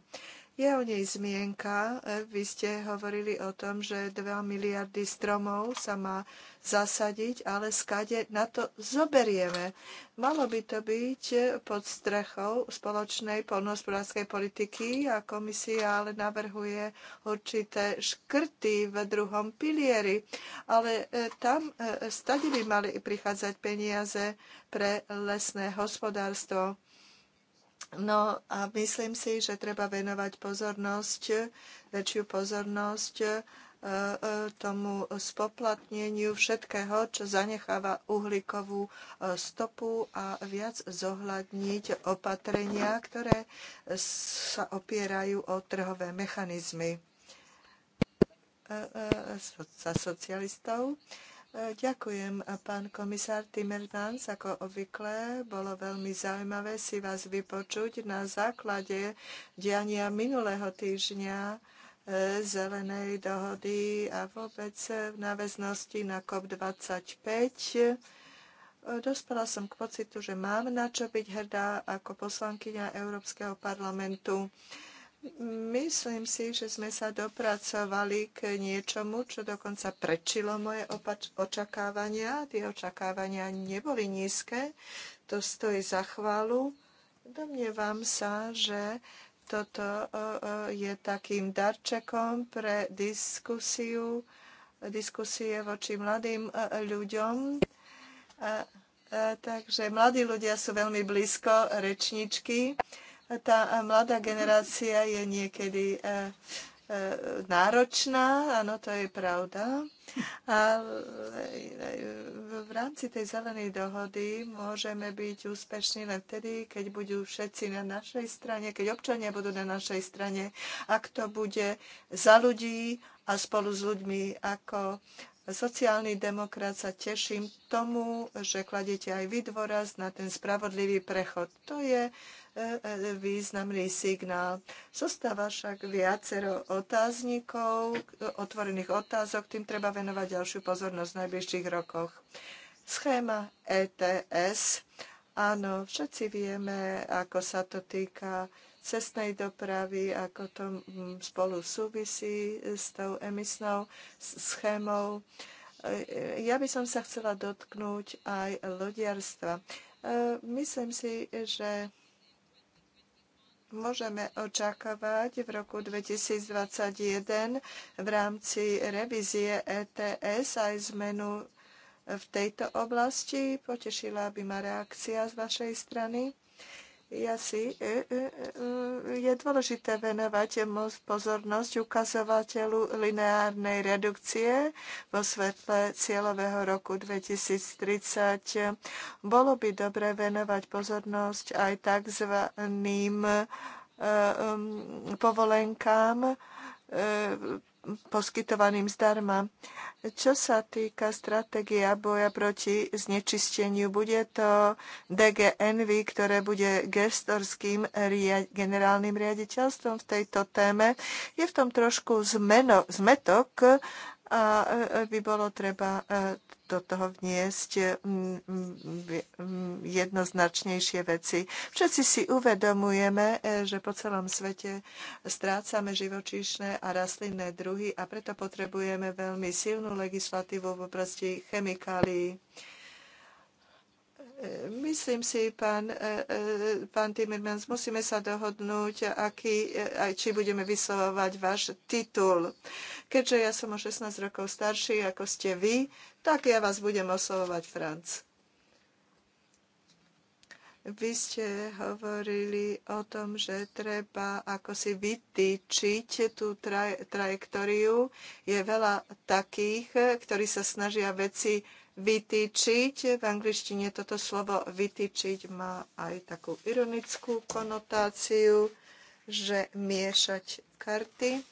Je o nej zmienka. E, vy ste hovorili o tom, že 2 miliardy stromov sa má zasadiť, ale skade na to zoberieme. Malo by to byť pod strechou spoločnej poľnohospodárskej politiky a komisia ale navrhuje určité škrty v druhom pilieri. Ale e, tam e, stade by mali prichádzať peniaze pre lesné hospodárstvo No a myslím si, že treba venovať pozornosť, väčšiu pozornosť e, e, tomu spoplatneniu všetkého, čo zanecháva uhlíkovú e, stopu a viac zohľadniť opatrenia, ktoré sa opierajú o trhové mechanizmy za socialistov. Ďakujem, pán komisár Timmermans. Ako obvykle, bolo veľmi zaujímavé si vás vypočuť na základe diania minulého týždňa e, zelenej dohody a vôbec v náväznosti na COP25. Dospela som k pocitu, že mám na čo byť hrdá ako poslankyňa Európskeho parlamentu. Myslím si, že sme sa dopracovali k niečomu, čo dokonca prečilo moje opač- očakávania. Tie očakávania neboli nízke, to stojí za chválu. Domnievam sa, že toto e, e, je takým darčekom pre diskusiu, diskusie voči mladým e, ľuďom. Takže mladí ľudia sú veľmi blízko rečničky tá mladá generácia je niekedy e, e, náročná, áno, to je pravda. A e, v rámci tej zelenej dohody môžeme byť úspešní len vtedy, keď budú všetci na našej strane, keď občania budú na našej strane, ak to bude za ľudí a spolu s ľuďmi ako sociálny demokrat sa teším tomu, že kladete aj vy dôraz na ten spravodlivý prechod. To je E, e, významný signál. Zostáva však viacero otáznikov, otvorených otázok, tým treba venovať ďalšiu pozornosť v najbližších rokoch. Schéma ETS. Áno, všetci vieme, ako sa to týka cestnej dopravy, ako to spolu súvisí s tou emisnou schémou. E, ja by som sa chcela dotknúť aj lodiarstva. Myslím si, že môžeme očakávať v roku 2021 v rámci revízie ETS aj zmenu v tejto oblasti? Potešila by ma reakcia z vašej strany ja si, e, e, e, je dôležité venovať pozornosť ukazovateľu lineárnej redukcie vo svetle cieľového roku 2030. Bolo by dobre venovať pozornosť aj tzv. Um, povolenkám poskytovaným zdarma. Čo sa týka stratégia boja proti znečisteniu, bude to DGNV, ktoré bude gestorským generálnym riaditeľstvom v tejto téme. Je v tom trošku zmeno, zmetok a e, e, by bolo treba e, do toho vniesť jednoznačnejšie veci. Všetci si uvedomujeme, že po celom svete strácame živočíšne a rastlinné druhy a preto potrebujeme veľmi silnú legislatívu v oblasti chemikálií. Myslím si, pán, pán Timmermans, musíme sa dohodnúť, aký, či budeme vyslovovať váš titul. Keďže ja som o 16 rokov starší ako ste vy, tak ja vás budem oslovovať Franc. Vy ste hovorili o tom, že treba ako si vytýčiť tú traj- trajektóriu. Je veľa takých, ktorí sa snažia veci vytýčiť. V angličtine toto slovo vytýčiť má aj takú ironickú konotáciu, že miešať karty.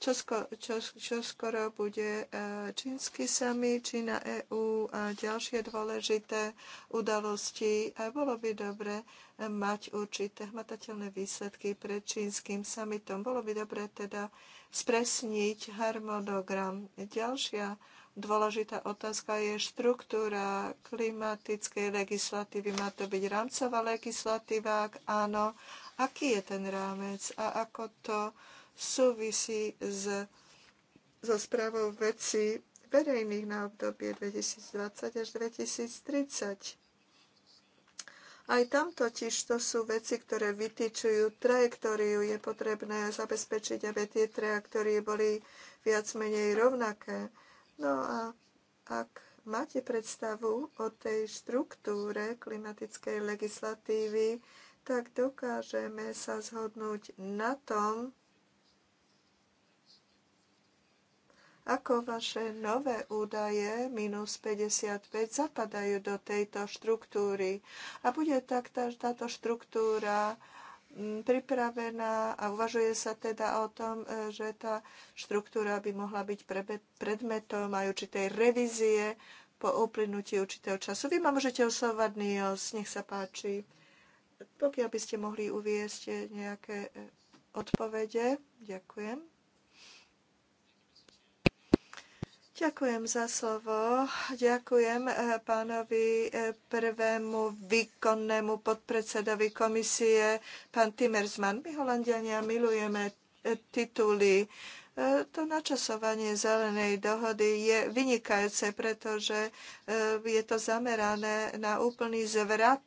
Čo, sko- čo, čo skoro bude e, čínsky sami, Čína EU a ďalšie dôležité udalosti. A bolo by dobre e, mať určité hmatateľné výsledky pred čínskym samitom. Bolo by dobre teda spresniť harmonogram. Ďalšia Dôležitá otázka je štruktúra klimatickej legislatívy. Má to byť rámcová legislatíva? Ak áno, aký je ten rámec a ako to súvisí s, so správou veci verejných na obdobie 2020 až 2030. Aj tam totiž to sú veci, ktoré vytýčujú trajektóriu. Je potrebné zabezpečiť, aby tie trajektórie boli viac menej rovnaké. No a ak máte predstavu o tej štruktúre klimatickej legislatívy, tak dokážeme sa zhodnúť na tom, Ako vaše nové údaje minus 55 zapadajú do tejto štruktúry a bude tak tá, táto štruktúra mm, pripravená a uvažuje sa teda o tom, e, že tá štruktúra by mohla byť predmetom aj určitej revízie po uplynutí určitého času. Vy ma môžete oslovať NIOS, nech sa páči. Pokiaľ by ste mohli uviesť nejaké e, odpovede, ďakujem. Ďakujem za slovo. Ďakujem eh, pánovi eh, prvému výkonnému podpredsedovi komisie, pán Timmersman. My Holandiania milujeme eh, tituly. To načasovanie zelenej dohody je vynikajúce, pretože je to zamerané na úplný zvrat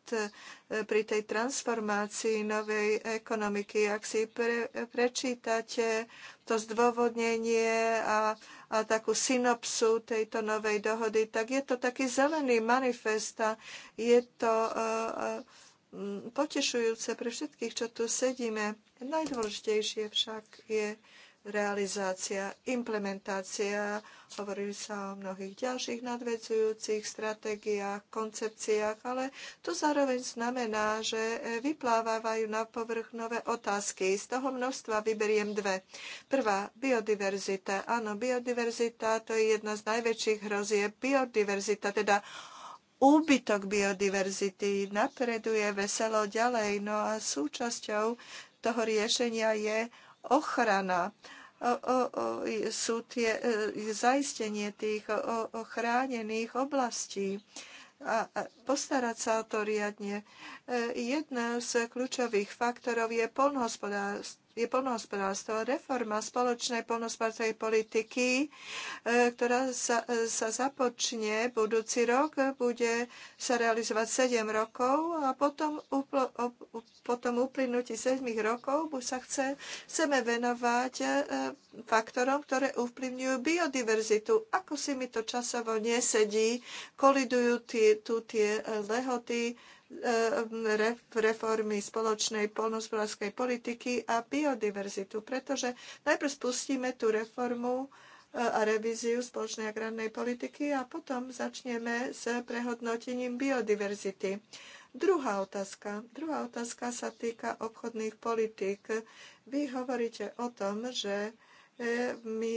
pri tej transformácii novej ekonomiky. Ak si pre, prečítate to zdôvodnenie a a takú synopsu tejto novej dohody, tak je to taký zelený manifest a je to e, e, potešujúce pre všetkých, čo tu sedíme. Najdôležitejšie však je realizácia, implementácia. hovorí sa o mnohých ďalších nadvedzujúcich stratégiách, koncepciách, ale to zároveň znamená, že vyplávajú na povrch nové otázky. Z toho množstva vyberiem dve. Prvá, biodiverzita. Áno, biodiverzita to je jedna z najväčších hrozie. Biodiverzita, teda úbytok biodiverzity napreduje veselo ďalej, no a súčasťou toho riešenia je ochrana sú tie e, zaistenie tých chránených oblastí a postarať sa o to riadne. E, jedna z kľúčových faktorov je je polnohospodárstvo. Reforma spoločnej polnohospodárskej politiky, e, ktorá sa, e, sa započne budúci rok, bude sa realizovať 7 rokov a potom, potom uplynutí 7 rokov sa chce, chceme venovať e, faktorom, ktoré ovplyvňujú biodiverzitu. Ako si mi to časovo nesedí, kolidujú tie, tu tie lehoty, E, reformy spoločnej polnospodárskej politiky a biodiverzitu, pretože najprv spustíme tú reformu e, a revíziu spoločnej agrárnej politiky a potom začneme s prehodnotením biodiverzity. Druhá otázka. Druhá otázka sa týka obchodných politík. Vy hovoríte o tom, že e, my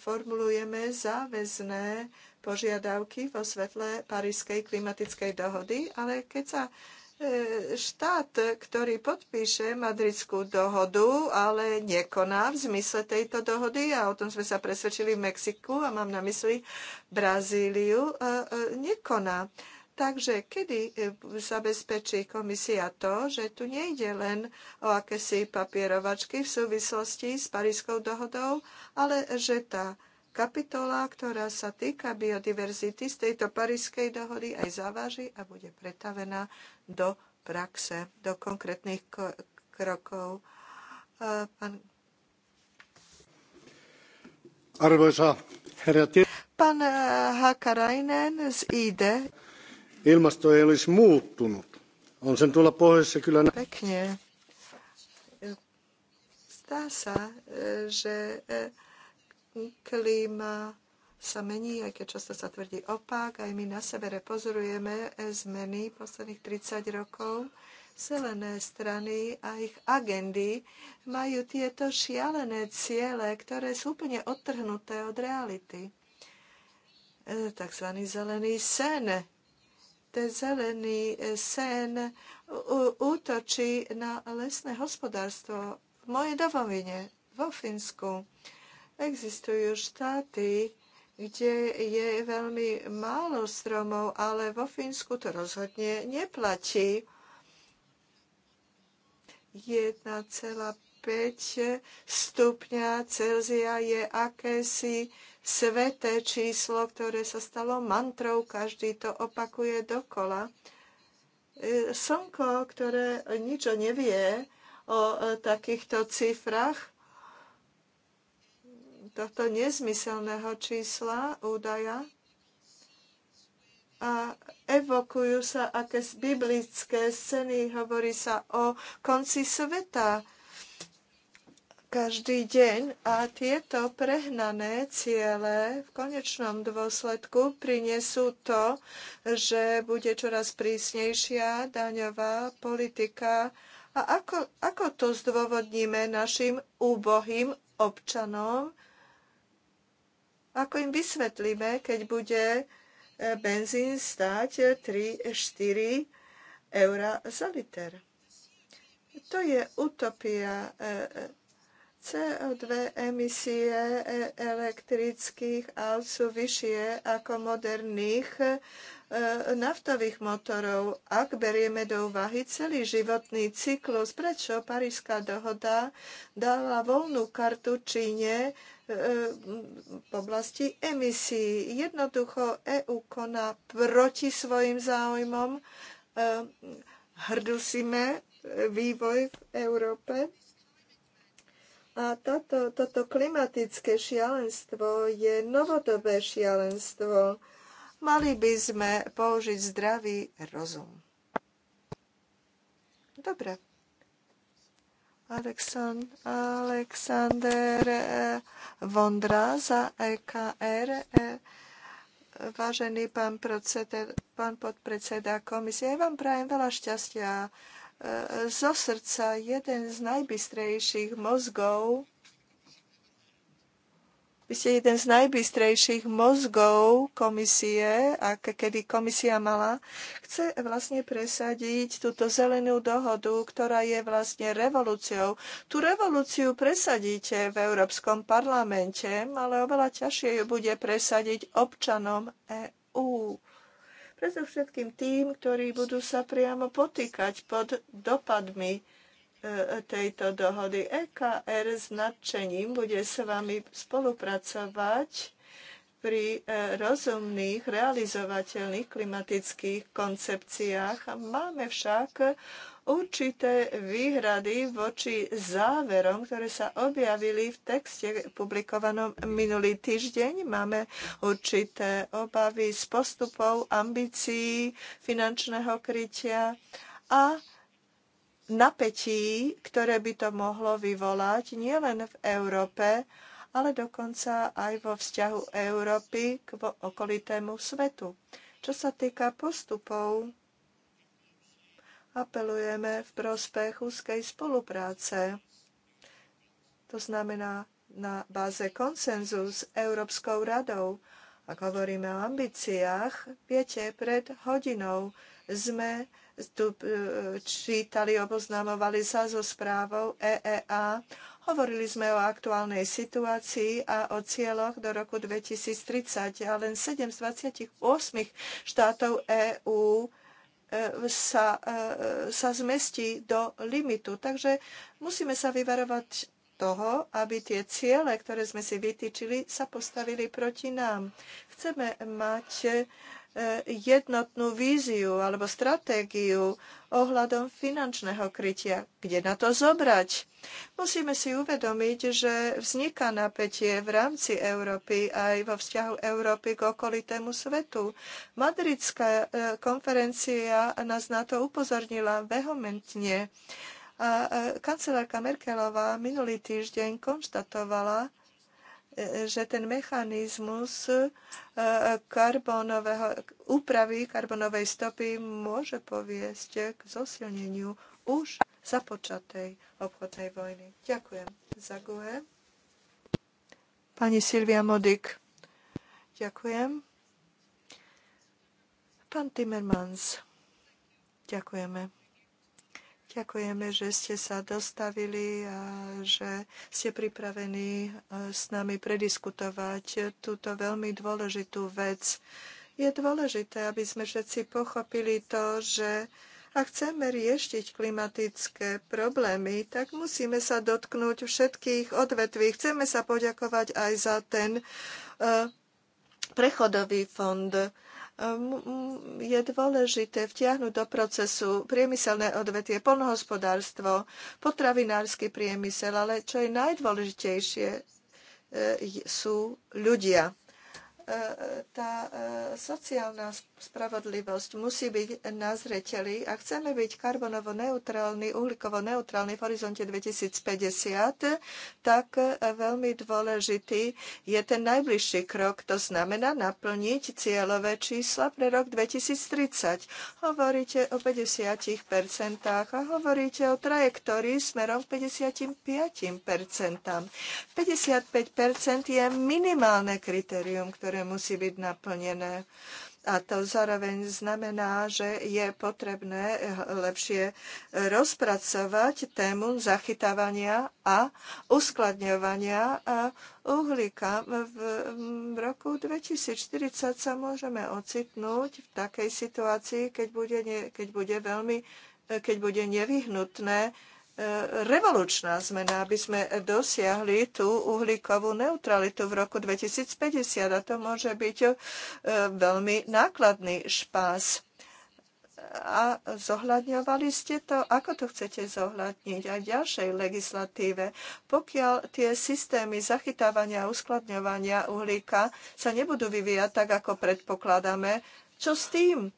formulujeme záväzné požiadavky vo svetle Parískej klimatickej dohody, ale keď sa e, štát, ktorý podpíše Madridskú dohodu, ale nekoná v zmysle tejto dohody, a o tom sme sa presvedčili v Mexiku a mám na mysli Brazíliu, e, e, nekoná. Takže kedy zabezpečí komisia to, že tu nejde len o akési papierovačky v súvislosti s Parískou dohodou, ale že tá kapitola, ktorá sa týka biodiverzity z tejto parískej dohody aj zaváži a bude pretavená do praxe, do konkrétnych krokov. E, pán Arvoisa herra Pán e, Hakarainen z ID. Ilmasto ei olisi muuttunut. On sen tuolla pohjoisessa kyllä... Pekne. E, zdá sa, že klíma sa mení, aj keď často sa tvrdí opak. Aj my na severe pozorujeme zmeny posledných 30 rokov. Zelené strany a ich agendy majú tieto šialené ciele, ktoré sú úplne odtrhnuté od reality. E, takzvaný zelený sen. Ten zelený e, sen útočí na lesné hospodárstvo v mojej domovine, vo Fínsku Existujú štáty, kde je veľmi málo stromov, ale vo Fínsku to rozhodne neplatí. 1,5 stupňa Celzia je akési sveté číslo, ktoré sa stalo mantrou, každý to opakuje dokola. E, slnko, ktoré ničo nevie o e, takýchto cifrach tohto nezmyselného čísla údaja a evokujú sa aké biblické scény, hovorí sa o konci sveta každý deň a tieto prehnané ciele v konečnom dôsledku prinesú to, že bude čoraz prísnejšia daňová politika. A ako, ako to zdôvodníme našim úbohým občanom, ako im vysvetlíme, keď bude e, benzín stáť 3-4 eur za liter? To je utopia e, e, CO2 emisie elektrických aut sú vyššie ako moderných naftových motorov, ak berieme do úvahy celý životný cyklus, prečo Parížská dohoda dala voľnú kartu Číne E, v oblasti emisí. Jednoducho EU koná proti svojim záujmom. E, hrdusíme vývoj v Európe. A táto, toto klimatické šialenstvo je novodobé šialenstvo. Mali by sme použiť zdravý rozum. Dobre. Aleksandr, Alexander e, Vondra za EKR. E, vážený pán, pán podpredseda komisie, ja vám prajem veľa šťastia e, zo srdca jeden z najbystrejších mozgov vy ste jeden z najbystrejších mozgov komisie, a kedy komisia mala, chce vlastne presadiť túto zelenú dohodu, ktorá je vlastne revolúciou. Tú revolúciu presadíte v Európskom parlamente, ale oveľa ťažšie ju bude presadiť občanom EÚ predovšetkým tým, ktorí budú sa priamo potýkať pod dopadmi tejto dohody. EKR s nadšením bude s vami spolupracovať pri e, rozumných, realizovateľných klimatických koncepciách. Máme však určité výhrady voči záverom, ktoré sa objavili v texte publikovanom minulý týždeň. Máme určité obavy z postupov, ambícií finančného krytia a napätí, ktoré by to mohlo vyvolať nielen v Európe, ale dokonca aj vo vzťahu Európy k okolitému svetu. Čo sa týka postupov, apelujeme v prospech úzkej spolupráce. To znamená na báze konsenzu s Európskou radou ak hovoríme o ambíciách, viete, pred hodinou sme tu e, čítali, oboznamovali sa so správou EEA. Hovorili sme o aktuálnej situácii a o cieľoch do roku 2030 a len 7 z 28 štátov EÚ e e, sa, sa zmestí do limitu. Takže musíme sa vyvarovať toho, aby tie ciele, ktoré sme si vytýčili, sa postavili proti nám. Chceme mať e, jednotnú víziu alebo stratégiu ohľadom finančného krytia. Kde na to zobrať? Musíme si uvedomiť, že vzniká napätie v rámci Európy aj vo vzťahu Európy k okolitému svetu. Madridská e, konferencia nás na to upozornila vehementne a e, kancelárka Merkelová minulý týždeň konštatovala, e, že ten mechanizmus e, karbonového, úpravy karbonovej stopy môže poviesť k zosilneniu už započatej obchodnej vojny. Ďakujem. Za guhe. Pani Silvia Modik. Ďakujem. Pán Timmermans. Ďakujeme. Ďakujeme, že ste sa dostavili a že ste pripravení e, s nami prediskutovať túto veľmi dôležitú vec. Je dôležité, aby sme všetci pochopili to, že ak chceme riešiť klimatické problémy, tak musíme sa dotknúť všetkých odvetví. Chceme sa poďakovať aj za ten e, prechodový fond je dôležité vtiahnuť do procesu priemyselné odvetie, polnohospodárstvo, potravinársky priemysel, ale čo je najdôležitejšie, e, sú ľudia. E, e, tá sociálna spravodlivosť musí byť na zreteli. Ak chceme byť karbonovo neutrálny, uhlíkovo neutrálny v horizonte 2050, tak veľmi dôležitý je ten najbližší krok. To znamená naplniť cieľové čísla pre rok 2030. Hovoríte o 50 a hovoríte o trajektórii smerom k 55 percentám. 55 je minimálne kritérium, ktoré musí byť naplnené. A to zároveň znamená, že je potrebné lepšie rozpracovať tému zachytávania a uskladňovania uhlíka. V roku 2040 sa môžeme ocitnúť v takej situácii, keď bude, keď bude veľmi keď bude nevyhnutné revolučná zmena, aby sme dosiahli tú uhlíkovú neutralitu v roku 2050 a to môže byť e, veľmi nákladný špás a zohľadňovali ste to, ako to chcete zohľadniť aj v ďalšej legislatíve. Pokiaľ tie systémy zachytávania a uskladňovania uhlíka sa nebudú vyvíjať tak, ako predpokladáme, čo s tým? E,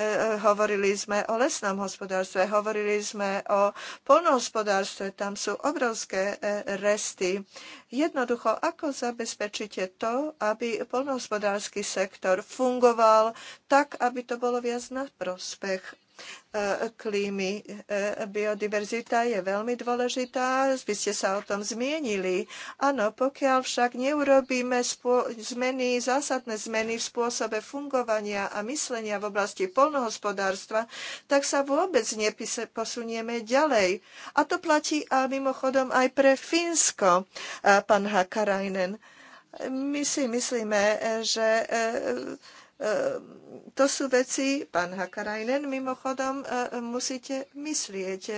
e, hovorili sme o lesnom hospodárstve, hovorili sme o polnohospodárstve, tam sú obrovské e, resty. Jednoducho, ako zabezpečíte to, aby polnohospodársky sektor fungoval tak, aby to bolo viac na prospech klímy. Eh, biodiverzita je veľmi dôležitá, vy ste sa o tom zmienili. Áno, pokiaľ však neurobíme zmeny, zásadné zmeny v spôsobe fungovania a myslenia v oblasti polnohospodárstva, tak sa vôbec neposunieme ďalej. A to platí a mimochodom aj pre Fínsko, eh, pán Hakarainen. My si myslíme, eh, že Ehm, to sú veci, pán Hakarajnen, mimochodom e, musíte myslieť, e,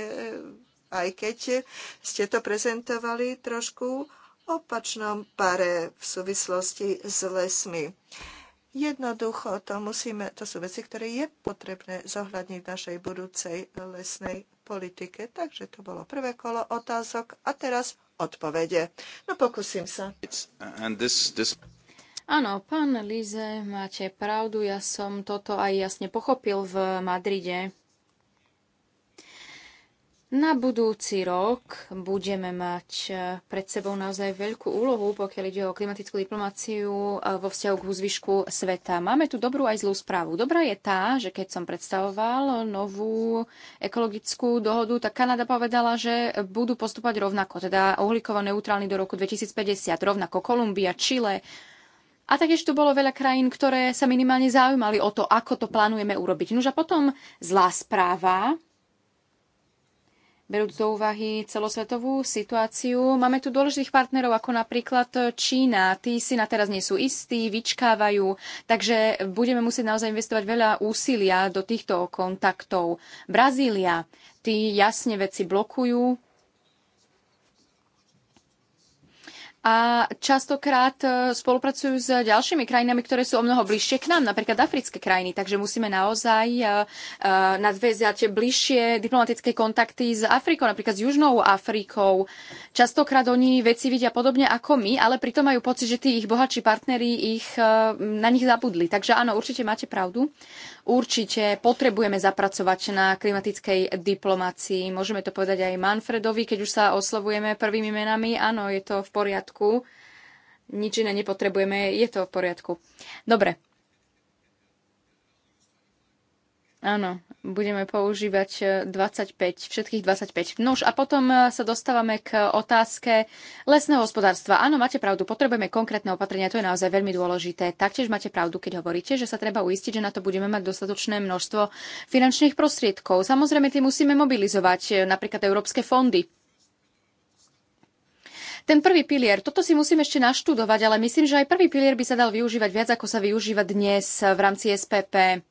aj keď ste to prezentovali trošku opačnom pare v súvislosti s lesmi. Jednoducho, to, musíme, to sú veci, ktoré je potrebné zohľadniť v našej budúcej lesnej politike. Takže to bolo prvé kolo otázok a teraz odpovede. No pokúsim sa. This, this... Áno, pán Lize, máte pravdu, ja som toto aj jasne pochopil v Madride. Na budúci rok budeme mať eh, pred sebou naozaj veľkú úlohu, pokiaľ ide o klimatickú diplomáciu eh, vo vzťahu k zvyšku sveta. Máme tu dobrú aj zlú správu. Dobrá je tá, že keď som predstavoval novú ekologickú dohodu, tak Kanada povedala, že budú postupovať rovnako, teda uhlíkovo neutrálny do roku 2050, rovnako Kolumbia, Čile, a taktiež tu bolo veľa krajín, ktoré sa minimálne zaujímali o to, ako to plánujeme urobiť. Nož a potom zlá správa, berúc do úvahy celosvetovú situáciu. Máme tu dôležitých partnerov, ako napríklad Čína. Tí si na teraz nie sú istí, vyčkávajú, takže budeme musieť naozaj investovať veľa úsilia do týchto kontaktov. Brazília, tí jasne veci blokujú, a častokrát e, spolupracujú s ďalšími krajinami, ktoré sú o mnoho bližšie k nám, napríklad africké krajiny. Takže musíme naozaj e, e, nadviezať bližšie diplomatické kontakty s Afrikou, napríklad s Južnou Afrikou. Častokrát oni veci vidia podobne ako my, ale pritom majú pocit, že tí ich bohatší partneri ich na nich zabudli. Takže áno, určite máte pravdu určite potrebujeme zapracovať na klimatickej diplomácii. Môžeme to povedať aj Manfredovi, keď už sa oslovujeme prvými menami. Áno, je to v poriadku. Nič iné nepotrebujeme, je to v poriadku. Dobre, Áno, budeme používať 25, e, všetkých 25. No už a potom e, sa dostávame k otázke lesného hospodárstva. Áno, máte pravdu, potrebujeme konkrétne opatrenia, to je naozaj veľmi dôležité. Taktiež máte pravdu, keď hovoríte, že sa treba uistiť, že na to budeme mať dostatočné množstvo finančných prostriedkov. Samozrejme, tým musíme mobilizovať, e, napríklad európske fondy. Ten prvý pilier, toto si musím ešte naštudovať, ale myslím, že aj prvý pilier by sa dal využívať viac, ako sa využíva dnes v rámci SPP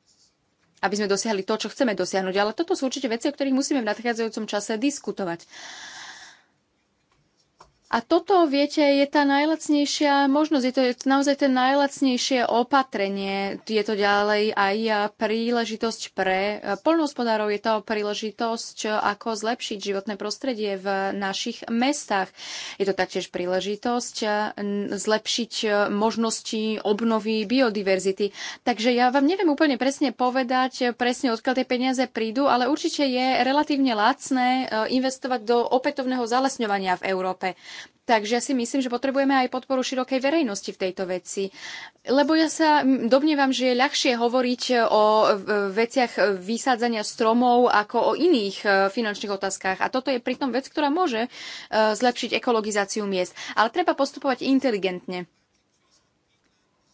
aby sme dosiahli to, čo chceme dosiahnuť. Ale toto sú určite veci, o ktorých musíme v nadchádzajúcom čase diskutovať. A toto, viete, je tá najlacnejšia možnosť, je to naozaj to najlacnejšie opatrenie. Je to ďalej aj príležitosť pre polnohospodárov, je to príležitosť, ako zlepšiť životné prostredie v našich mestách. Je to taktiež príležitosť eh, zlepšiť eh, možnosti obnovy biodiverzity. Takže ja vám neviem úplne presne povedať, eh, presne odkiaľ tie peniaze prídu, ale určite je relatívne lacné investovať do opätovného zalesňovania v Európe. Takže ja si myslím, že potrebujeme aj podporu širokej verejnosti v tejto veci. Lebo ja sa domnievam, že je ľahšie hovoriť o veciach vysádzania stromov ako o iných e, finančných otázkach. A toto je pritom vec, ktorá môže e, zlepšiť ekologizáciu miest. Ale treba postupovať inteligentne.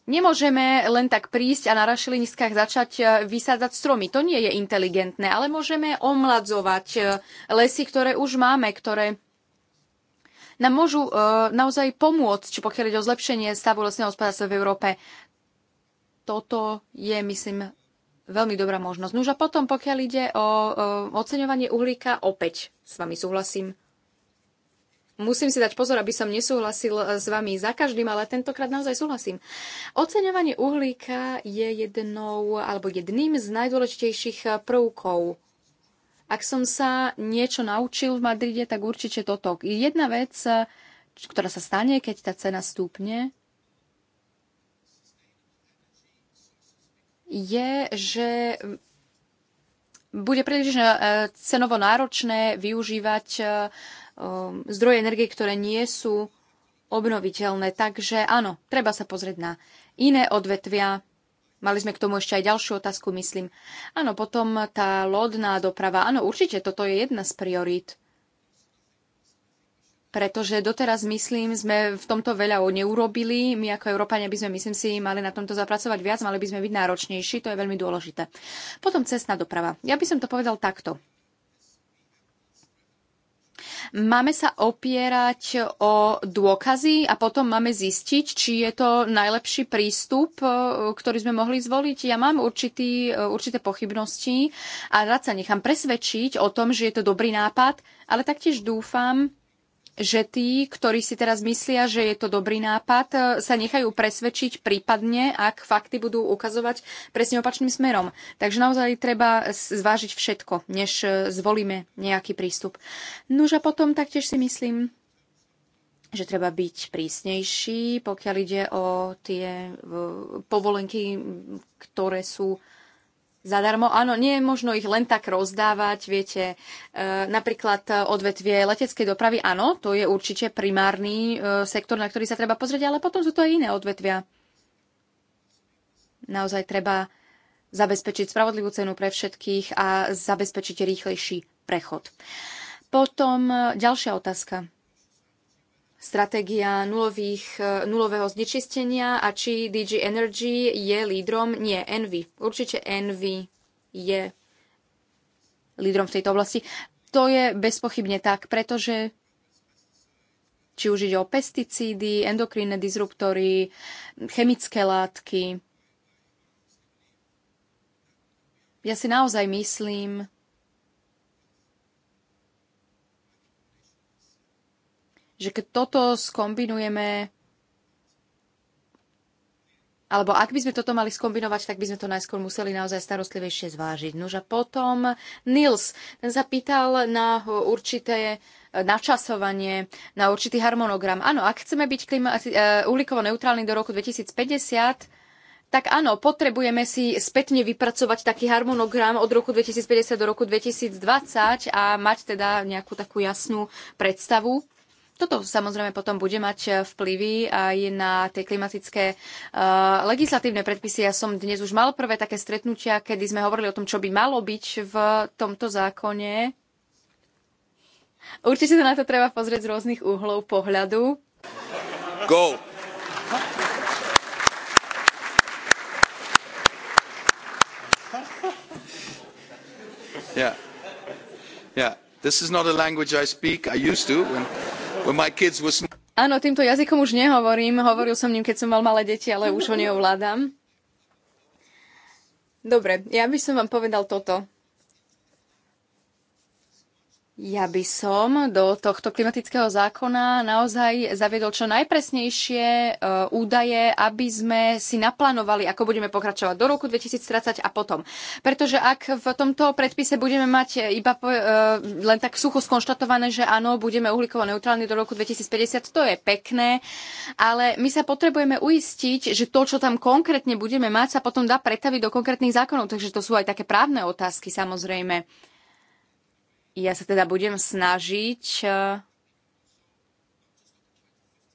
Nemôžeme len tak prísť a na rašeliniskách začať e, vysádzať stromy. To nie je inteligentné, ale môžeme omladzovať lesy, ktoré už máme, ktoré nám môžu e, naozaj pomôcť, či pokiaľ ide o zlepšenie stavu lesného hospodárstva v Európe. Toto je, myslím, veľmi dobrá možnosť. No už a potom, pokiaľ ide o e, oceňovanie uhlíka, opäť s vami súhlasím. Musím si dať pozor, aby som nesúhlasil e, s vami za každým, ale tentokrát naozaj súhlasím. Oceňovanie uhlíka je jednou alebo jedným z najdôležitejších prvkov ak som sa niečo naučil v Madride, tak určite toto. Jedna vec, e, ktorá sa stane, keď tá cena stúpne, je, že bude príliš e, cenovo náročné využívať e, zdroje energie, ktoré nie sú obnoviteľné. Takže áno, treba sa pozrieť na iné odvetvia, Mali sme k tomu ešte aj ďalšiu otázku, myslím. Áno, potom tá lodná doprava. Áno, určite, toto je jedna z priorít. Pretože doteraz, myslím, sme v tomto veľa neurobili. My ako Európania by sme, myslím si, mali na tomto zapracovať viac, mali by sme byť náročnejší, to je veľmi dôležité. Potom cestná doprava. Ja by som to povedal takto. Máme sa opierať o dôkazy a potom máme zistiť, či je to najlepší prístup, e, ktorý sme mohli zvoliť. Ja mám určitý, e, určité pochybnosti a rád sa nechám presvedčiť o tom, že je to dobrý nápad, ale taktiež dúfam, že tí, ktorí si teraz myslia, že je to dobrý nápad, e, sa nechajú presvedčiť prípadne, ak fakty budú ukazovať presne opačným smerom. Takže naozaj treba zvážiť všetko, než e, zvolíme nejaký prístup. Nuž a potom taktiež si myslím, že treba byť prísnejší, pokiaľ ide o tie povolenky, ktoré sú zadarmo. Áno, nie je možno ich len tak rozdávať, viete, e, napríklad e, odvetvie leteckej dopravy, áno, to je určite primárny e, sektor, na ktorý sa treba pozrieť, ale potom sú to aj iné odvetvia. Naozaj treba zabezpečiť spravodlivú cenu pre všetkých a zabezpečiť rýchlejší prechod. Potom ďalšia otázka stratégia nulových, eh, nulového znečistenia a či DG Energy je lídrom? Nie, Envy. Určite Envy je lídrom v tejto oblasti. To je bezpochybne tak, pretože či už ide o pesticídy, endokrinné disruptory, chemické látky. Ja si naozaj myslím, že keď toto skombinujeme, alebo ak by sme toto mali skombinovať, tak by sme to najskôr museli naozaj starostlivejšie zvážiť. Nož a potom Nils, ten sa pýtal na určité eh, načasovanie, na určitý harmonogram. Áno, ak chceme byť klima- eh, uhlíkovo neutrálni do roku 2050, tak áno, potrebujeme si spätne vypracovať taký harmonogram od roku 2050 do roku 2020 a mať teda nejakú takú jasnú predstavu toto samozrejme potom bude mať eh, vplyvy aj na tie klimatické uh, legislatívne predpisy. Ja som dnes už mal prvé také stretnutia, kedy sme hovorili o tom, čo by malo byť v tomto zákone. Určite sa na to treba pozrieť z rôznych uhlov pohľadu. Go! Yeah. Yeah. This is not a language I speak. I used to. When... Áno, týmto jazykom už nehovorím. Hovoril som ním, keď som mal malé deti, ale už ho neovládam. Dobre, ja by som vám povedal toto. Ja by som do tohto klimatického zákona naozaj zaviedol čo najpresnejšie e, údaje, aby sme si naplánovali, ako budeme pokračovať do roku 2030 a potom. Pretože ak v tomto predpise budeme mať iba e, len tak sucho skonštatované, že áno, budeme uhlíkovo neutrálni do roku 2050, to je pekné, ale my sa potrebujeme uistiť, že to, čo tam konkrétne budeme mať, sa potom dá pretaviť do konkrétnych zákonov. Takže to sú aj také právne otázky samozrejme. Ja sa teda budem snažiť eh,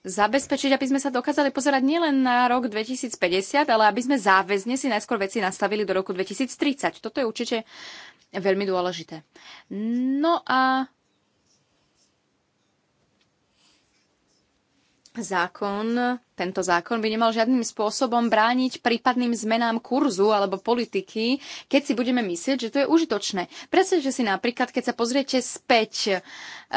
zabezpečiť, aby sme sa dokázali pozerať nielen na rok 2050, ale aby sme záväzne si najskôr veci nastavili do roku 2030. Toto je určite veľmi dôležité. No a zákon, tento zákon by nemal žiadnym spôsobom brániť prípadným zmenám kurzu alebo politiky, keď si budeme myslieť, že to je užitočné. Predstavte si napríklad, keď sa pozriete späť eh,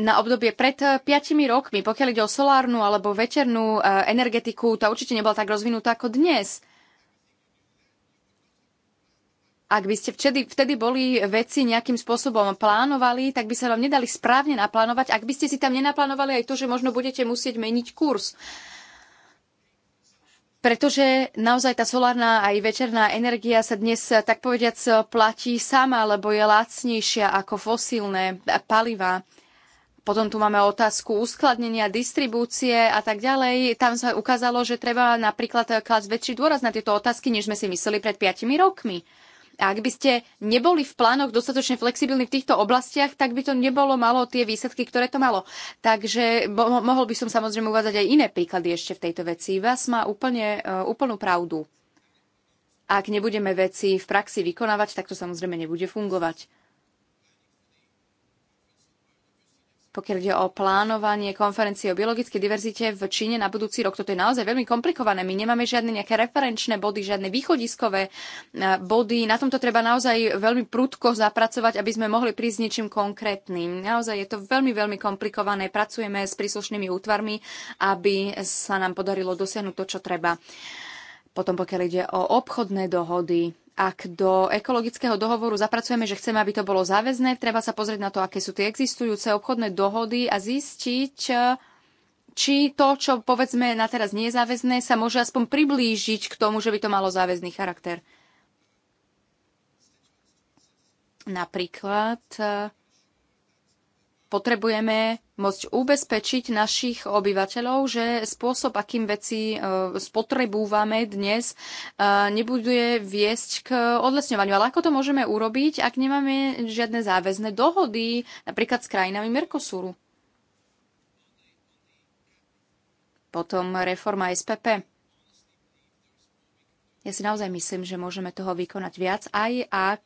na obdobie pred 5 rokmi, pokiaľ ide o solárnu alebo veternú eh, energetiku, tá určite nebola tak rozvinutá ako dnes ak by ste vtedy, vtedy boli veci nejakým spôsobom plánovali, tak by sa vám nedali správne naplánovať, ak by ste si tam nenaplánovali aj to, že možno budete musieť meniť kurz. Pretože naozaj tá solárna aj večerná energia sa dnes, tak povediac, platí sama, lebo je lacnejšia ako fosílne paliva. Potom tu máme otázku uskladnenia, distribúcie a tak ďalej. Tam sa ukázalo, že treba napríklad klásť väčší dôraz na tieto otázky, než sme si mysleli pred 5 rokmi. A ak by ste neboli v plánoch dostatočne flexibilní v týchto oblastiach, tak by to nebolo malo tie výsledky, ktoré to malo. Takže mo- mohol by som samozrejme uvádzať aj iné príklady ešte v tejto veci. Vás má úplne, uh, úplnú pravdu. Ak nebudeme veci v praxi vykonávať, tak to samozrejme nebude fungovať. pokiaľ ide o plánovanie konferencie o biologickej diverzite v Číne na budúci rok. Toto je naozaj veľmi komplikované. My nemáme žiadne nejaké referenčné body, žiadne východiskové e, body. Na tomto treba naozaj veľmi prudko zapracovať, aby sme mohli prísť s niečím konkrétnym. Naozaj je to veľmi, veľmi komplikované. Pracujeme s príslušnými útvarmi, aby sa nám podarilo dosiahnuť to, čo treba. Potom pokiaľ ide o obchodné dohody, ak do ekologického dohovoru zapracujeme, že chceme, aby to bolo záväzné, treba sa pozrieť na to, aké sú tie existujúce obchodné dohody a zistiť, či to, čo povedzme na teraz nie je záväzné, sa môže aspoň priblížiť k tomu, že by to malo záväzný charakter. Napríklad potrebujeme môcť ubezpečiť našich obyvateľov, že spôsob, akým veci e, spotrebúvame dnes, e, nebude viesť k odlesňovaniu. Ale ako to môžeme urobiť, ak nemáme žiadne záväzné dohody, napríklad s krajinami Mercosuru? Potom reforma SPP. Ja si naozaj myslím, že môžeme toho vykonať viac, aj ak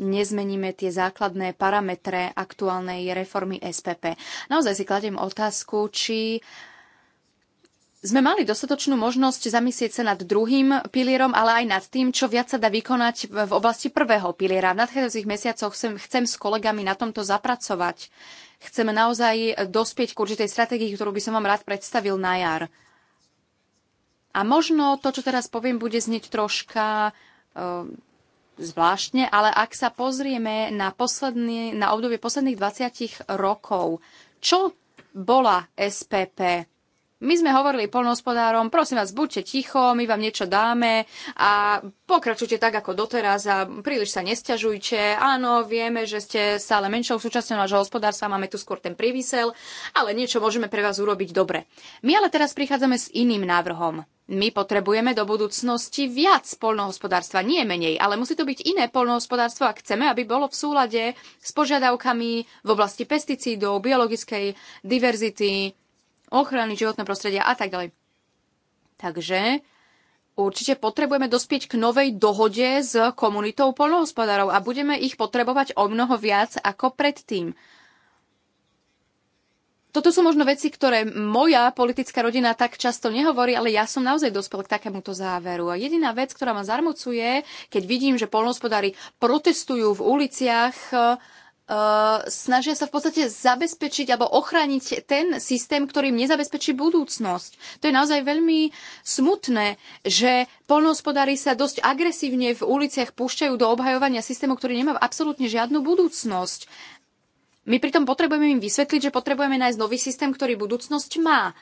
nezmeníme tie základné parametre aktuálnej reformy SPP. Naozaj si kladiem otázku, či sme mali dostatočnú možnosť zamyslieť sa nad druhým pilierom, ale aj nad tým, čo viac sa dá vykonať v oblasti prvého piliera. V nadchádzajúcich mesiacoch chcem, chcem s kolegami na tomto zapracovať. Chceme naozaj dospieť k určitej stratégii, ktorú by som vám rád predstavil na jar. A možno to, čo teraz poviem, bude znieť troška zvláštne, ale ak sa pozrieme na, posledný, na obdobie posledných 20 rokov, čo bola SPP? My sme hovorili polnohospodárom, prosím vás, buďte ticho, my vám niečo dáme a pokračujte tak ako doteraz a príliš sa nestiažujte. Áno, vieme, že ste stále menšou súčasťou nášho hospodárstva, máme tu skôr ten prívisel, ale niečo môžeme pre vás urobiť dobre. My ale teraz prichádzame s iným návrhom. My potrebujeme do budúcnosti viac polnohospodárstva, nie menej, ale musí to byť iné polnohospodárstvo, ak chceme, aby bolo v súlade s požiadavkami v oblasti pesticídov, biologickej diverzity, ochrany životného prostredia a tak ďalej. Takže určite potrebujeme dospieť k novej dohode s komunitou polnohospodárov a budeme ich potrebovať o mnoho viac ako predtým toto sú možno veci, ktoré moja politická rodina tak často nehovorí, ale ja som naozaj dospel k takémuto záveru. A jediná vec, ktorá ma zarmucuje, keď vidím, že polnospodári protestujú v uliciach, e, e, snažia sa v podstate zabezpečiť alebo ochrániť ten systém, ktorý im nezabezpečí budúcnosť. To je naozaj veľmi smutné, že polnohospodári sa dosť agresívne v uliciach púšťajú do obhajovania systému, ktorý nemá absolútne žiadnu budúcnosť. My pritom potrebujeme im vysvetliť, že potrebujeme nájsť nový systém, ktorý budúcnosť má.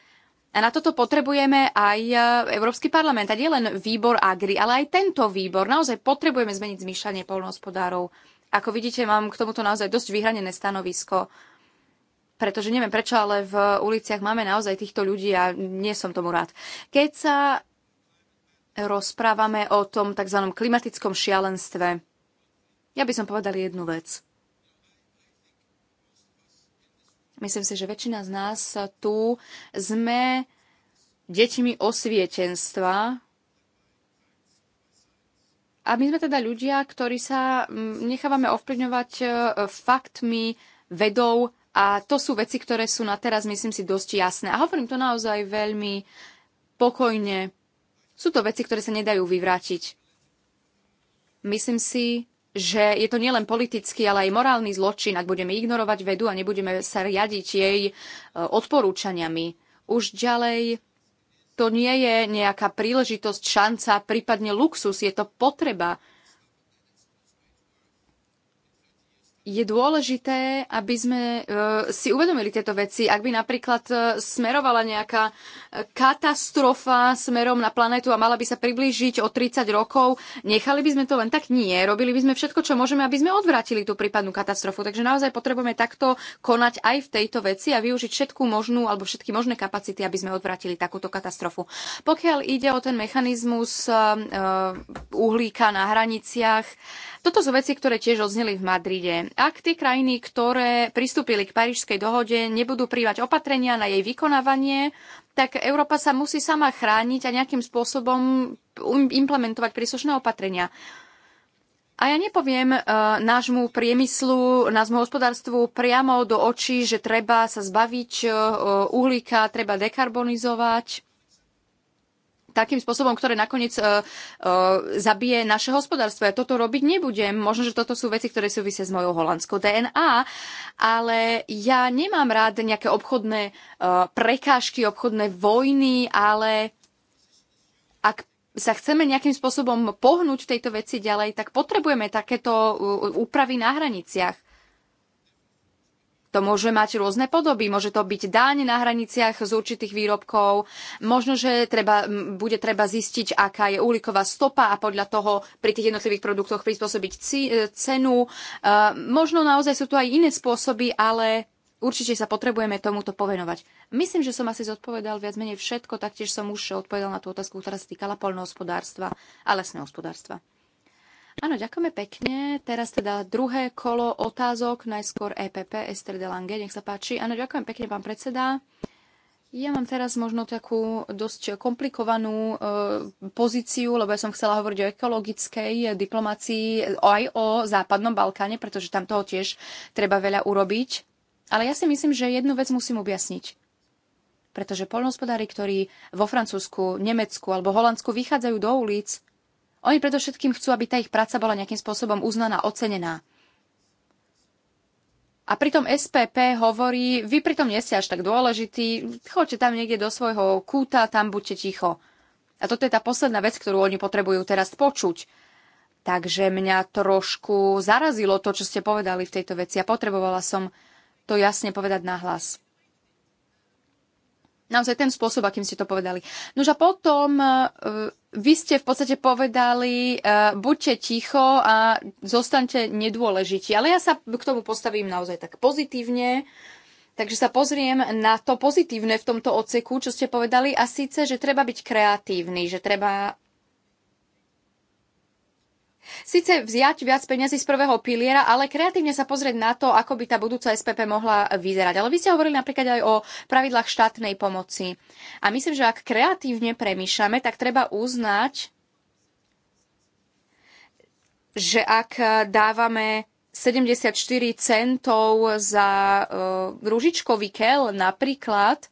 A na toto potrebujeme aj e, Európsky parlament. A nie len výbor Agri, ale aj tento výbor. Naozaj potrebujeme zmeniť zmýšľanie polnohospodárov. Ako vidíte, mám k tomuto naozaj dosť vyhranené stanovisko. Pretože neviem prečo, ale v uliciach máme naozaj týchto ľudí a nie som tomu rád. Keď sa rozprávame o tom tzv. klimatickom šialenstve, ja by som povedal jednu vec. Myslím si, že väčšina z nás tu sme deťmi osvietenstva, a my sme teda ľudia, ktorí sa mm, nechávame ovplyvňovať e, faktmi, vedou a to sú veci, ktoré sú na teraz, myslím si, dosť jasné. A hovorím to naozaj veľmi pokojne. Sú to veci, ktoré sa nedajú vyvrátiť. Myslím si, že je to nielen politický, ale aj morálny zločin, ak budeme ignorovať vedu a nebudeme sa riadiť jej e, odporúčaniami. Už ďalej to nie je nejaká príležitosť, šanca, prípadne luxus, je to potreba. je dôležité, aby sme e, si uvedomili tieto veci. Ak by napríklad e, smerovala nejaká e, katastrofa smerom na planetu a mala by sa priblížiť o 30 rokov, nechali by sme to len tak? Nie. Robili by sme všetko, čo môžeme, aby sme odvratili tú prípadnú katastrofu. Takže naozaj potrebujeme takto konať aj v tejto veci a využiť všetkú možnú alebo všetky možné kapacity, aby sme odvratili takúto katastrofu. Pokiaľ ide o ten mechanizmus uhlíka na hraniciach, toto sú veci, ktoré tiež odzneli v Madride. Ak tie krajiny, ktoré pristúpili k Parížskej dohode, nebudú prívať opatrenia na jej vykonávanie, tak Európa sa musí sama chrániť a nejakým spôsobom implementovať príslušné opatrenia. A ja nepoviem e, nášmu priemyslu, nášmu hospodárstvu priamo do očí, že treba sa zbaviť e, e uhlíka, treba dekarbonizovať takým spôsobom, ktoré nakoniec uh, uh, zabije naše hospodárstvo. Ja toto robiť nebudem. Možno, že toto sú veci, ktoré súvisia s mojou holandskou DNA, ale ja nemám rád nejaké obchodné uh, prekážky, obchodné vojny, ale ak sa chceme nejakým spôsobom pohnúť v tejto veci ďalej, tak potrebujeme takéto úpravy na hraniciach. To môže mať rôzne podoby. Môže to byť dáň na hraniciach z určitých výrobkov. Možno, že treba, bude treba zistiť, aká je uhlíková stopa a podľa toho pri tých jednotlivých produktoch prispôsobiť e, cenu. E, možno naozaj sú tu aj iné spôsoby, ale určite sa potrebujeme tomuto povenovať. Myslím, že som asi zodpovedal viac menej všetko, taktiež som už odpovedal na tú otázku, ktorá sa týkala poľnohospodárstva a lesného hospodárstva. Áno, ďakujeme pekne. Teraz teda druhé kolo otázok, najskôr EPP, Ester Lange, nech sa páči. Áno, ďakujem pekne, pán predseda. Ja mám teraz možno takú dosť komplikovanú e, pozíciu, lebo ja som chcela hovoriť o ekologickej diplomácii aj o západnom Balkáne, pretože tam toho tiež treba veľa urobiť. Ale ja si myslím, že jednu vec musím objasniť. Pretože polnohospodári, ktorí vo Francúzsku, Nemecku alebo Holandsku vychádzajú do ulic oni predovšetkým chcú, aby tá ich práca bola nejakým spôsobom uznaná, ocenená. A pritom SPP hovorí, vy pritom nie ste až tak dôležití, choďte tam niekde do svojho kúta, tam buďte ticho. A toto je tá posledná vec, ktorú oni potrebujú teraz počuť. Takže mňa trošku zarazilo to, čo ste povedali v tejto veci a potrebovala som to jasne povedať nahlas naozaj ten spôsob, akým ste to povedali. No a potom e, e, vy ste v podstate povedali, e, buďte ticho a zostaňte nedôležití. Ale ja sa k tomu postavím naozaj tak pozitívne. Takže sa pozriem na to pozitívne v tomto odseku, čo ste povedali, a síce, že treba byť kreatívny, že treba síce vziať viac peniazy z prvého piliera, ale kreatívne sa pozrieť na to, ako by tá budúca SPP mohla vyzerať. Ale vy ste hovorili napríklad aj o pravidlách štátnej pomoci. A myslím, že ak kreatívne premýšľame, tak treba uznať, že ak dávame 74 centov za e, rúžičkový kel napríklad,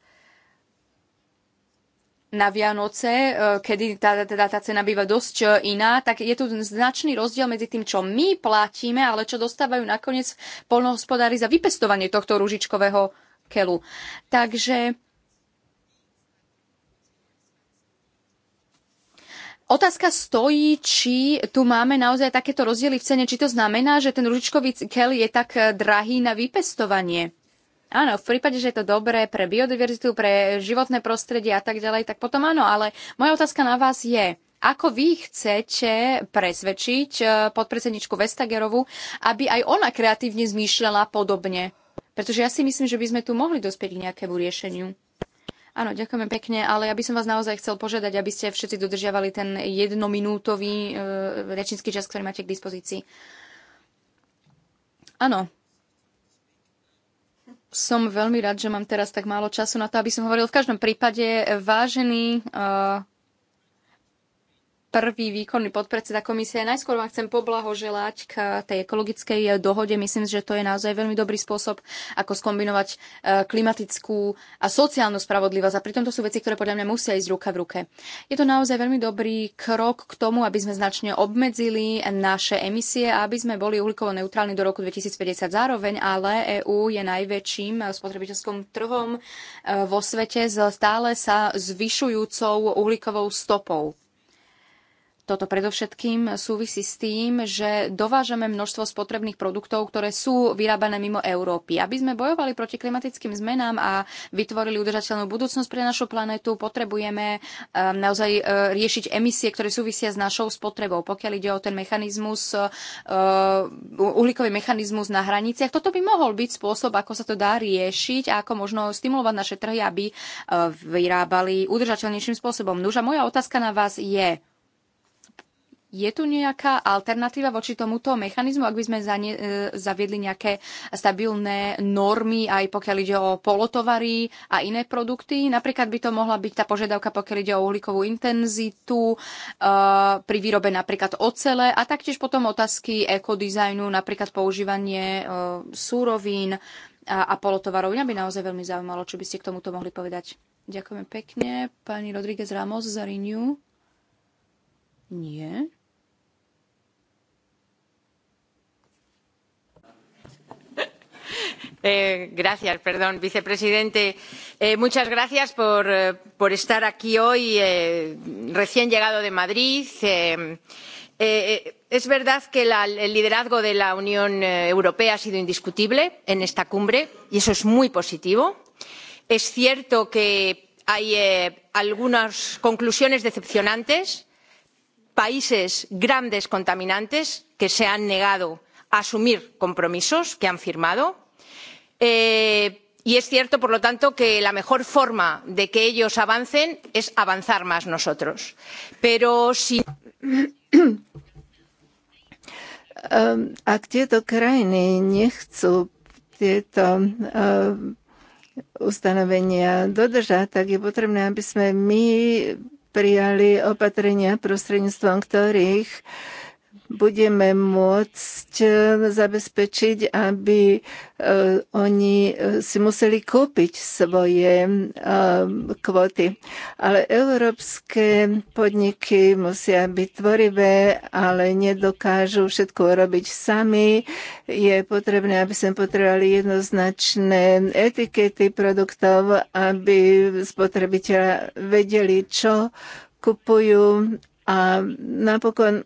na Vianoce, e, kedy tá, teda tá cena býva dosť e, iná, tak je tu značný rozdiel medzi tým, čo my platíme, ale čo dostávajú nakoniec polnohospodári za vypestovanie tohto ružičkového kelu. Takže Otázka stojí, či tu máme naozaj takéto rozdiely v cene, či to znamená, že ten ružičkový kel je tak drahý na vypestovanie. Áno, v prípade, že je to dobré pre biodiverzitu, pre životné prostredie a tak ďalej, tak potom áno, ale moja otázka na vás je, ako vy chcete presvedčiť eh, podpredsedničku Vestagerovu, aby aj ona kreatívne zmýšľala podobne? Pretože ja si myslím, že by sme tu mohli dospieť k nejakému riešeniu. Áno, ďakujeme pekne, ale ja by som vás naozaj chcel požiadať, aby ste všetci dodržiavali ten jednominútový e, čas, ktorý máte k dispozícii. Áno, som veľmi rád, že mám teraz tak málo času na to, aby som hovoril. V každom prípade, vážení uh, prvý výkonný podpredseda komisie. Najskôr vám chcem poblahoželať k tej ekologickej dohode. Myslím, že to je naozaj veľmi dobrý spôsob, ako skombinovať e, klimatickú a sociálnu spravodlivosť. A pritom to sú veci, ktoré podľa mňa musia ísť ruka v ruke. Je to naozaj veľmi dobrý krok k tomu, aby sme značne obmedzili naše emisie a aby sme boli uhlíkovo neutrálni do roku 2050 zároveň, ale EÚ je najväčším spotrebiteľským trhom e, vo svete s stále sa zvyšujúcou uhlíkovou stopou. Toto predovšetkým súvisí s tým, že dovážame množstvo spotrebných produktov, ktoré sú vyrábané mimo Európy. Aby sme bojovali proti klimatickým zmenám a vytvorili udržateľnú budúcnosť pre našu planetu, potrebujeme ehm, naozaj e, riešiť emisie, ktoré súvisia s našou spotrebou. Pokiaľ ide o ten mechanizmus, e, uhlíkový mechanizmus na hraniciach, toto by mohol byť spôsob, ako sa to dá riešiť a ako možno stimulovať naše trhy, aby e, vyrábali udržateľnejším spôsobom. Nuža, moja otázka na vás je, je tu nejaká alternatíva voči tomuto mechanizmu, ak by sme za ne, e, zaviedli nejaké stabilné normy, aj pokiaľ ide o polotovary a iné produkty? Napríklad by to mohla byť tá požiadavka, pokiaľ ide o uhlíkovú intenzitu e, pri výrobe napríklad ocele a taktiež potom otázky ekodizajnu, napríklad používanie e, súrovín a, a polotovarov. Mňa by naozaj veľmi zaujímalo, čo by ste k tomuto mohli povedať. Ďakujem pekne. Pani Rodríguez Ramos za Renew. Nie. Eh, Señor perdón, vicepresidente. Eh, muchas gracias eh, por, estar aquí hoy, recién llegado de Madrid. es verdad que el liderazgo de la Unión Europea ha sido indiscutible en esta cumbre y eso es muy positivo. Es cierto que hay algunas conclusiones decepcionantes, países grandes contaminantes que se han negado a asumir compromisos que han firmado Eh, y es cierto por lo tanto que la mejor forma de que ellos avancen es avanzar más nosotros pero si tieto uh, ustanovenia dodržať, tak je potrebné, aby sme my prijali opatrenia, prostredníctvom ktorých uh, budeme môcť e, zabezpečiť, aby e, oni e, si museli kúpiť svoje kvóty. Ale európske podniky musia byť tvorivé, ale nedokážu všetko robiť sami. Je potrebné, aby sme potrebovali jednoznačné etikety produktov, aby spotrebiteľa vedeli, čo kupujú a napokon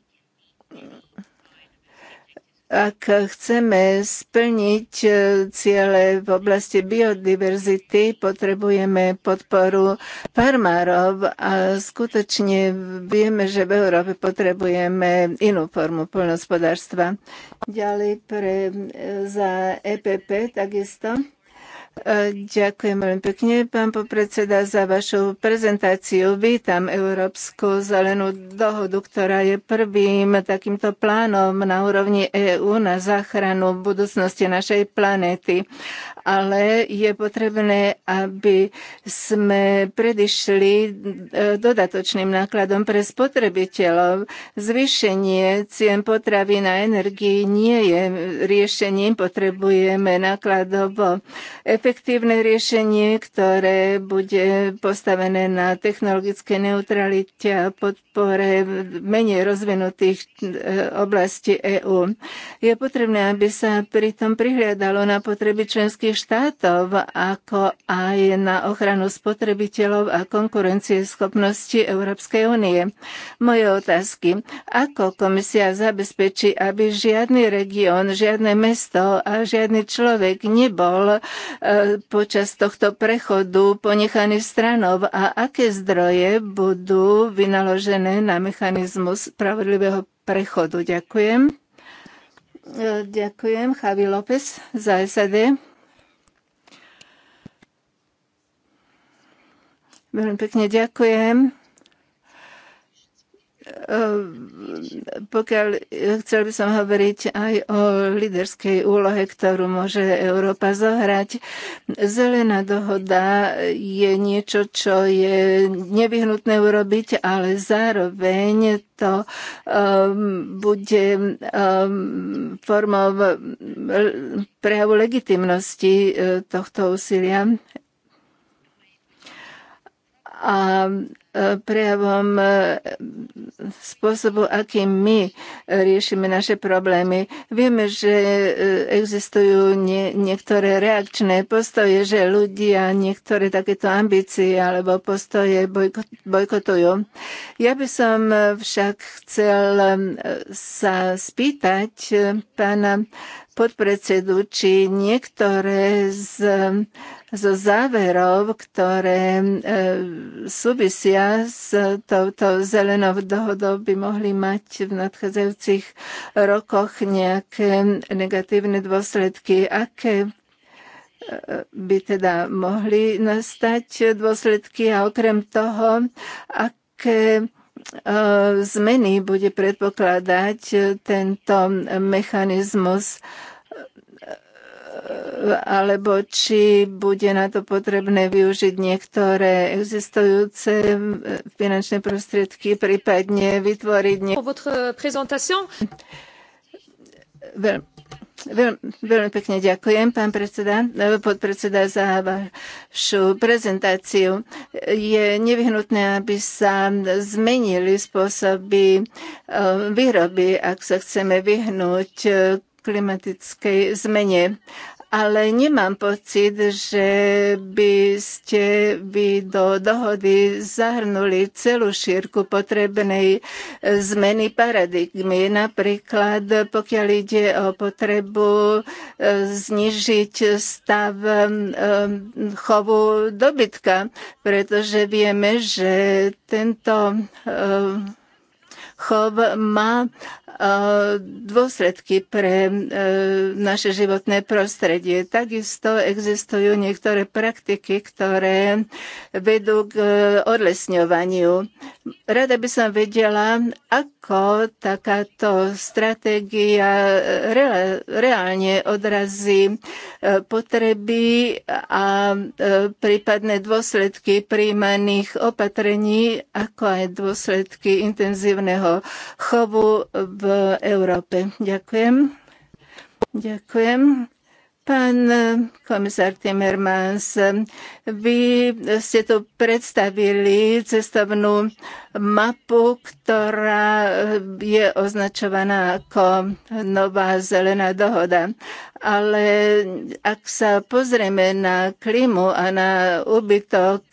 ak chceme splniť e, ciele v oblasti biodiverzity, potrebujeme podporu farmárov a skutočne vieme, že v Európe potrebujeme inú formu poľnohospodárstva. Ďalej pre, e, za EPP takisto. E, ďakujem veľmi pekne, pán popredseda, za vašu prezentáciu. Vítam Európsku zelenú dohodu, ktorá je prvým takýmto plánom na úrovni EÚ na záchranu budúcnosti našej planéty. Ale je potrebné, aby sme predišli e, dodatočným nákladom pre spotrebiteľov. Zvýšenie cien potravy na energii nie je riešením, potrebujeme nákladovo efektívne efektívne riešenie, ktoré bude postavené na technologické neutralite a podpore menej rozvinutých e, oblastí EÚ. Je potrebné, aby sa pritom prihliadalo na potreby členských štátov, ako aj na ochranu spotrebiteľov a konkurencie schopnosti Európskej únie. Moje otázky. Ako komisia zabezpečí, aby žiadny región, žiadne mesto a žiadny človek nebol e, E, počas tohto prechodu ponechaný stranov a aké zdroje budú vynaložené na mechanizmus spravodlivého prechodu. Ďakujem. E, ďakujem Javi López za SAD. Veľmi pekne ďakujem. Ehm, pokiaľ eh, chcel by som hovoriť aj o líderskej úlohe, ktorú môže Európa zohrať. Zelená dohoda je niečo, čo je nevyhnutné urobiť, ale zároveň to um, bude um, formou prejavu legitimnosti eh, tohto úsilia a e, prejavom e, spôsobu, akým my riešime naše problémy. Vieme, že e, existujú nie, niektoré reakčné postoje, že ľudia niektoré takéto ambície alebo postoje bojkotujú. Ja by som však chcel sa spýtať pána podpredsedu, či niektoré z zo záverov, ktoré e, súvisia s touto zelenou dohodou, by mohli mať v nadchádzajúcich rokoch nejaké negatívne dôsledky. Aké e, by teda mohli nastať dôsledky a okrem toho, aké e, zmeny bude predpokladať tento mechanizmus alebo či bude na to potrebné využiť niektoré existujúce finančné prostriedky, prípadne vytvoriť... Nie... Veľ, veľ, veľmi pekne ďakujem, pán predseda, podpredseda za vašu prezentáciu. Je nevyhnutné, aby sa zmenili spôsoby e, výroby, ak sa chceme vyhnúť e, klimatickej zmene ale nemám pocit, že by ste by do dohody zahrnuli celú šírku potrebnej zmeny paradigmy. Napríklad, pokiaľ ide o potrebu e, znižiť stav e, chovu dobytka, pretože vieme, že tento e, chov má e, dôsledky pre e, naše životné prostredie. Takisto existujú niektoré praktiky, ktoré vedú k e, odlesňovaniu. Rada by som vedela, ak ako takáto stratégia eh, reálne odrazí eh, potreby a eh, prípadné dôsledky príjmaných opatrení, ako aj dôsledky intenzívneho chovu v Európe. Ďakujem. Ďakujem. Pán komisár Timmermans, vy ste tu predstavili cestovnú mapu, ktorá je označovaná ako Nová zelená dohoda. Ale ak sa pozrieme na klimu a na úbytok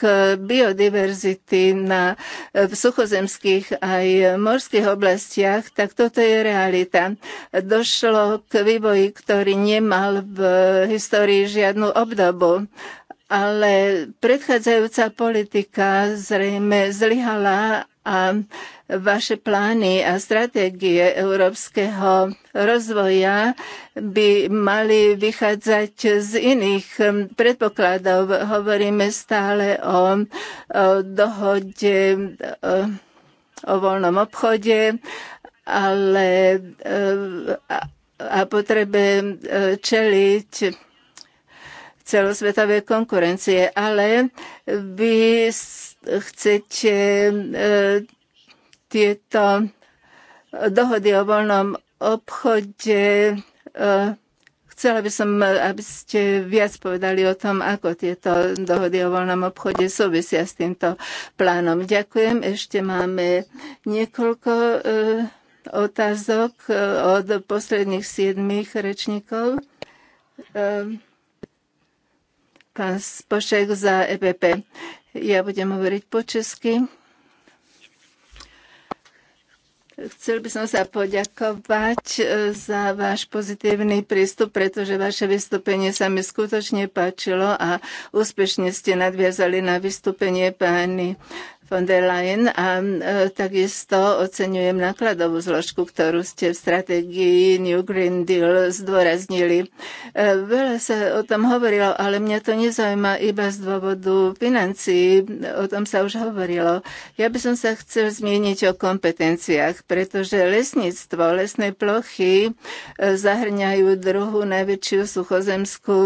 biodiverzity na, v suchozemských aj morských oblastiach, tak toto je realita. Došlo k vývoji, ktorý nemal v histórii žiadnu obdobu ale predchádzajúca politika zrejme zlyhala a vaše plány a stratégie európskeho rozvoja by mali vychádzať z iných predpokladov. Hovoríme stále o, o dohode o, o voľnom obchode, ale e, a, a potrebe e, čeliť celosvetovej konkurencie, ale vy chcete e, tieto dohody o voľnom obchode e, chcela by som, aby ste viac povedali o tom, ako tieto dohody o voľnom obchode súvisia s týmto plánom. Ďakujem. Ešte máme niekoľko e, otázok od posledných siedmých rečníkov. Pán Spošek za EPP. Ja budem hovoriť po česky. Chcel by som sa poďakovať e, za váš pozitívny prístup, pretože vaše vystúpenie sa mi skutočne páčilo a úspešne ste nadviazali na vystúpenie pány von der Leyen a e, takisto oceňujem nákladovú zložku, ktorú ste v stratégii New Green Deal zdôraznili. E, veľa sa o tom hovorilo, ale mňa to nezaujíma iba z dôvodu financií, o tom sa už hovorilo. Ja by som sa chcel zmieniť o kompetenciách, pretože lesníctvo, lesné plochy e, zahrňajú druhú najväčšiu suchozemskú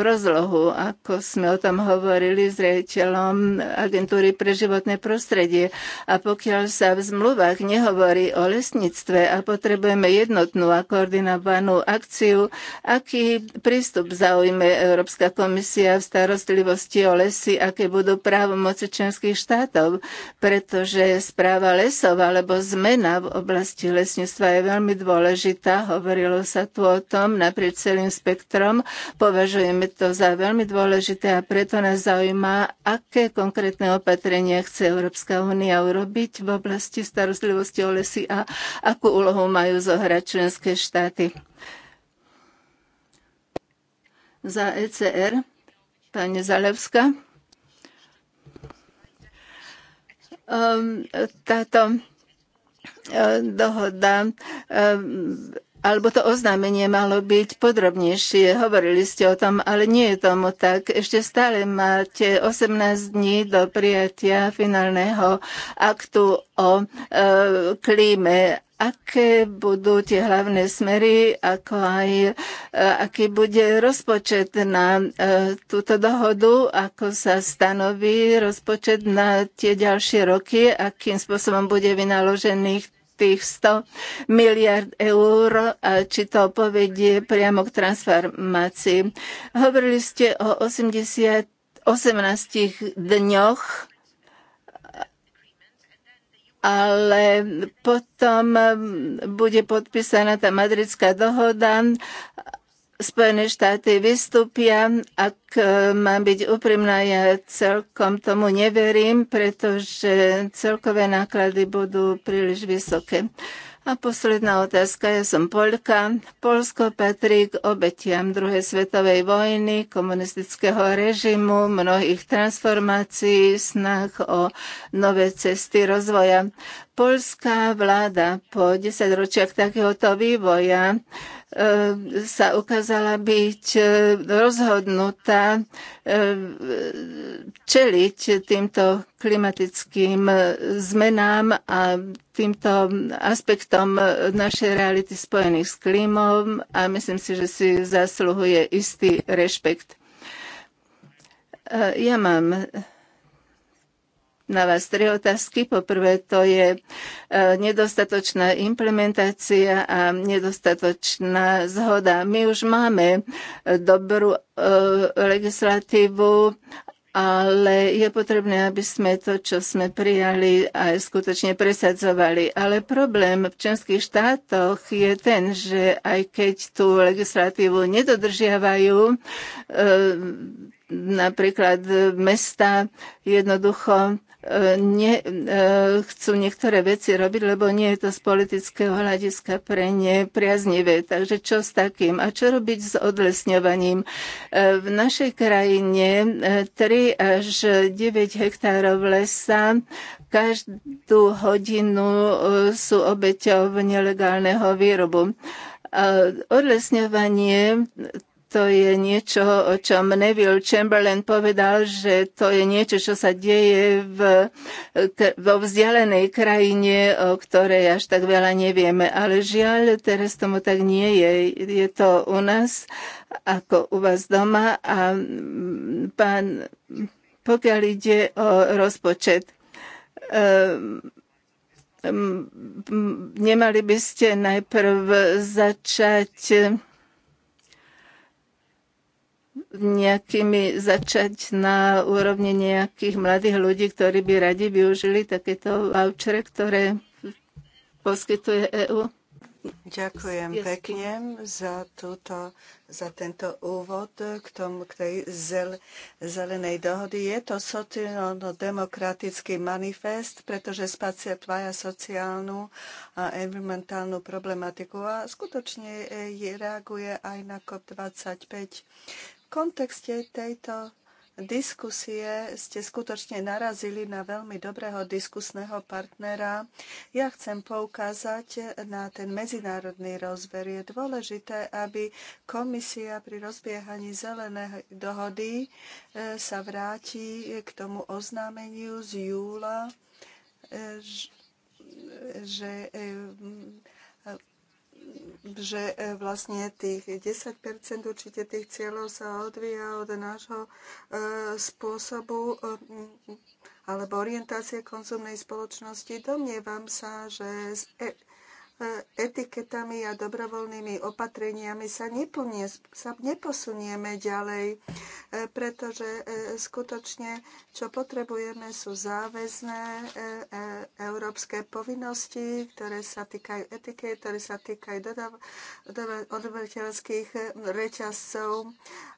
rozlohu, ako sme o tom hovorili s rejiteľom agentúry pre životné životné prostredie. A pokiaľ sa v zmluvách nehovorí o lesníctve a potrebujeme jednotnú a koordinovanú akciu, aký prístup zaujme Európska komisia v starostlivosti o lesy, aké budú právomoci členských štátov, pretože správa lesov alebo zmena v oblasti lesníctva je veľmi dôležitá. Hovorilo sa tu o tom naprieč celým spektrom. Považujeme to za veľmi dôležité a preto nás zaujíma, aké konkrétne opatrenia chce chce Európska únia urobiť v oblasti starostlivosti o lesy a akú úlohu majú zohrať členské štáty. Za ECR pani Zalevská. Ehm, táto e, dohoda alebo to oznámenie malo byť podrobnejšie. Hovorili ste o tom, ale nie je tomu tak. Ešte stále máte 18 dní do prijatia finálneho aktu o e, klíme. Aké budú tie hlavné smery, ako aj e, aký bude rozpočet na e, túto dohodu, ako sa stanoví rozpočet na tie ďalšie roky, akým spôsobom bude vynaložených tých 100 miliard eur a či to povedie priamo k transformácii. Hovorili ste o 80, 18 dňoch, ale potom bude podpísaná tá madridská dohoda Spojené štáty vystúpia. Ak e, mám byť úprimná, ja celkom tomu neverím, pretože celkové náklady budú príliš vysoké. A posledná otázka, ja som Polka. Polsko patrí k obetiam druhej svetovej vojny, komunistického režimu, mnohých transformácií, snah o nové cesty rozvoja. Polská vláda po desaťročiach takéhoto vývoja Ehm, sa ukázala byť e, rozhodnutá e, čeliť týmto klimatickým e, zmenám a týmto aspektom našej reality spojených s klímom a myslím si, že si zasluhuje istý rešpekt. Ja mám na vás tri otázky. Poprvé to je e, nedostatočná implementácia a nedostatočná zhoda. My už máme dobrú e, legislatívu, ale je potrebné, aby sme to, čo sme prijali, aj skutočne presadzovali. Ale problém v členských štátoch je ten, že aj keď tú legislatívu nedodržiavajú, e, napríklad e, mesta jednoducho e, ne, e, chcú niektoré veci robiť, lebo nie je to z politického hľadiska pre ne priaznivé. Takže čo s takým? A čo robiť s odlesňovaním? V našej krajine 3 až 9 hektárov lesa každú hodinu sú obeťou nelegálneho výrobu. Odlesňovanie to je niečo, o čom Neville Chamberlain povedal, že to je niečo, čo sa deje v, vo vzdialenej krajine, o ktorej až tak veľa nevieme. Ale žiaľ, teraz tomu tak nie je. Je to u nás ako u vás doma a mm, pán, pokiaľ ide o rozpočet, um, nemali by ste najprv začať nejakými, začať na úrovni nejakých mladých ľudí, ktorí by radi využili takéto vouchere, ktoré poskytuje EÚ? Ďakujem pekne za, túto, za tento úvod k, tomu, k tej zel, zelenej dohody. Je to sociálno-demokratický manifest, pretože spacia tvoja sociálnu a environmentálnu problematiku a skutočne e, je, reaguje aj na COP25 kontexte tejto diskusie ste skutočne narazili na veľmi dobrého diskusného partnera. Ja chcem poukázať na ten medzinárodný rozber. Je dôležité, aby komisia pri rozbiehaní zelenej dohody eh, sa vráti k tomu oznámeniu z júla, eh, eh, že že e, vlastne tých 10 určite tých cieľov sa odvíja od nášho e, spôsobu e, alebo orientácie konzumnej spoločnosti. Domnievam sa, že etiketami a dobrovoľnými opatreniami sa, neplnie, sa neposunieme ďalej, e, pretože e, skutočne, čo potrebujeme, sú záväzné e, európske povinnosti, ktoré sa týkajú etikety, ktoré sa týkajú odberateľských reťazcov.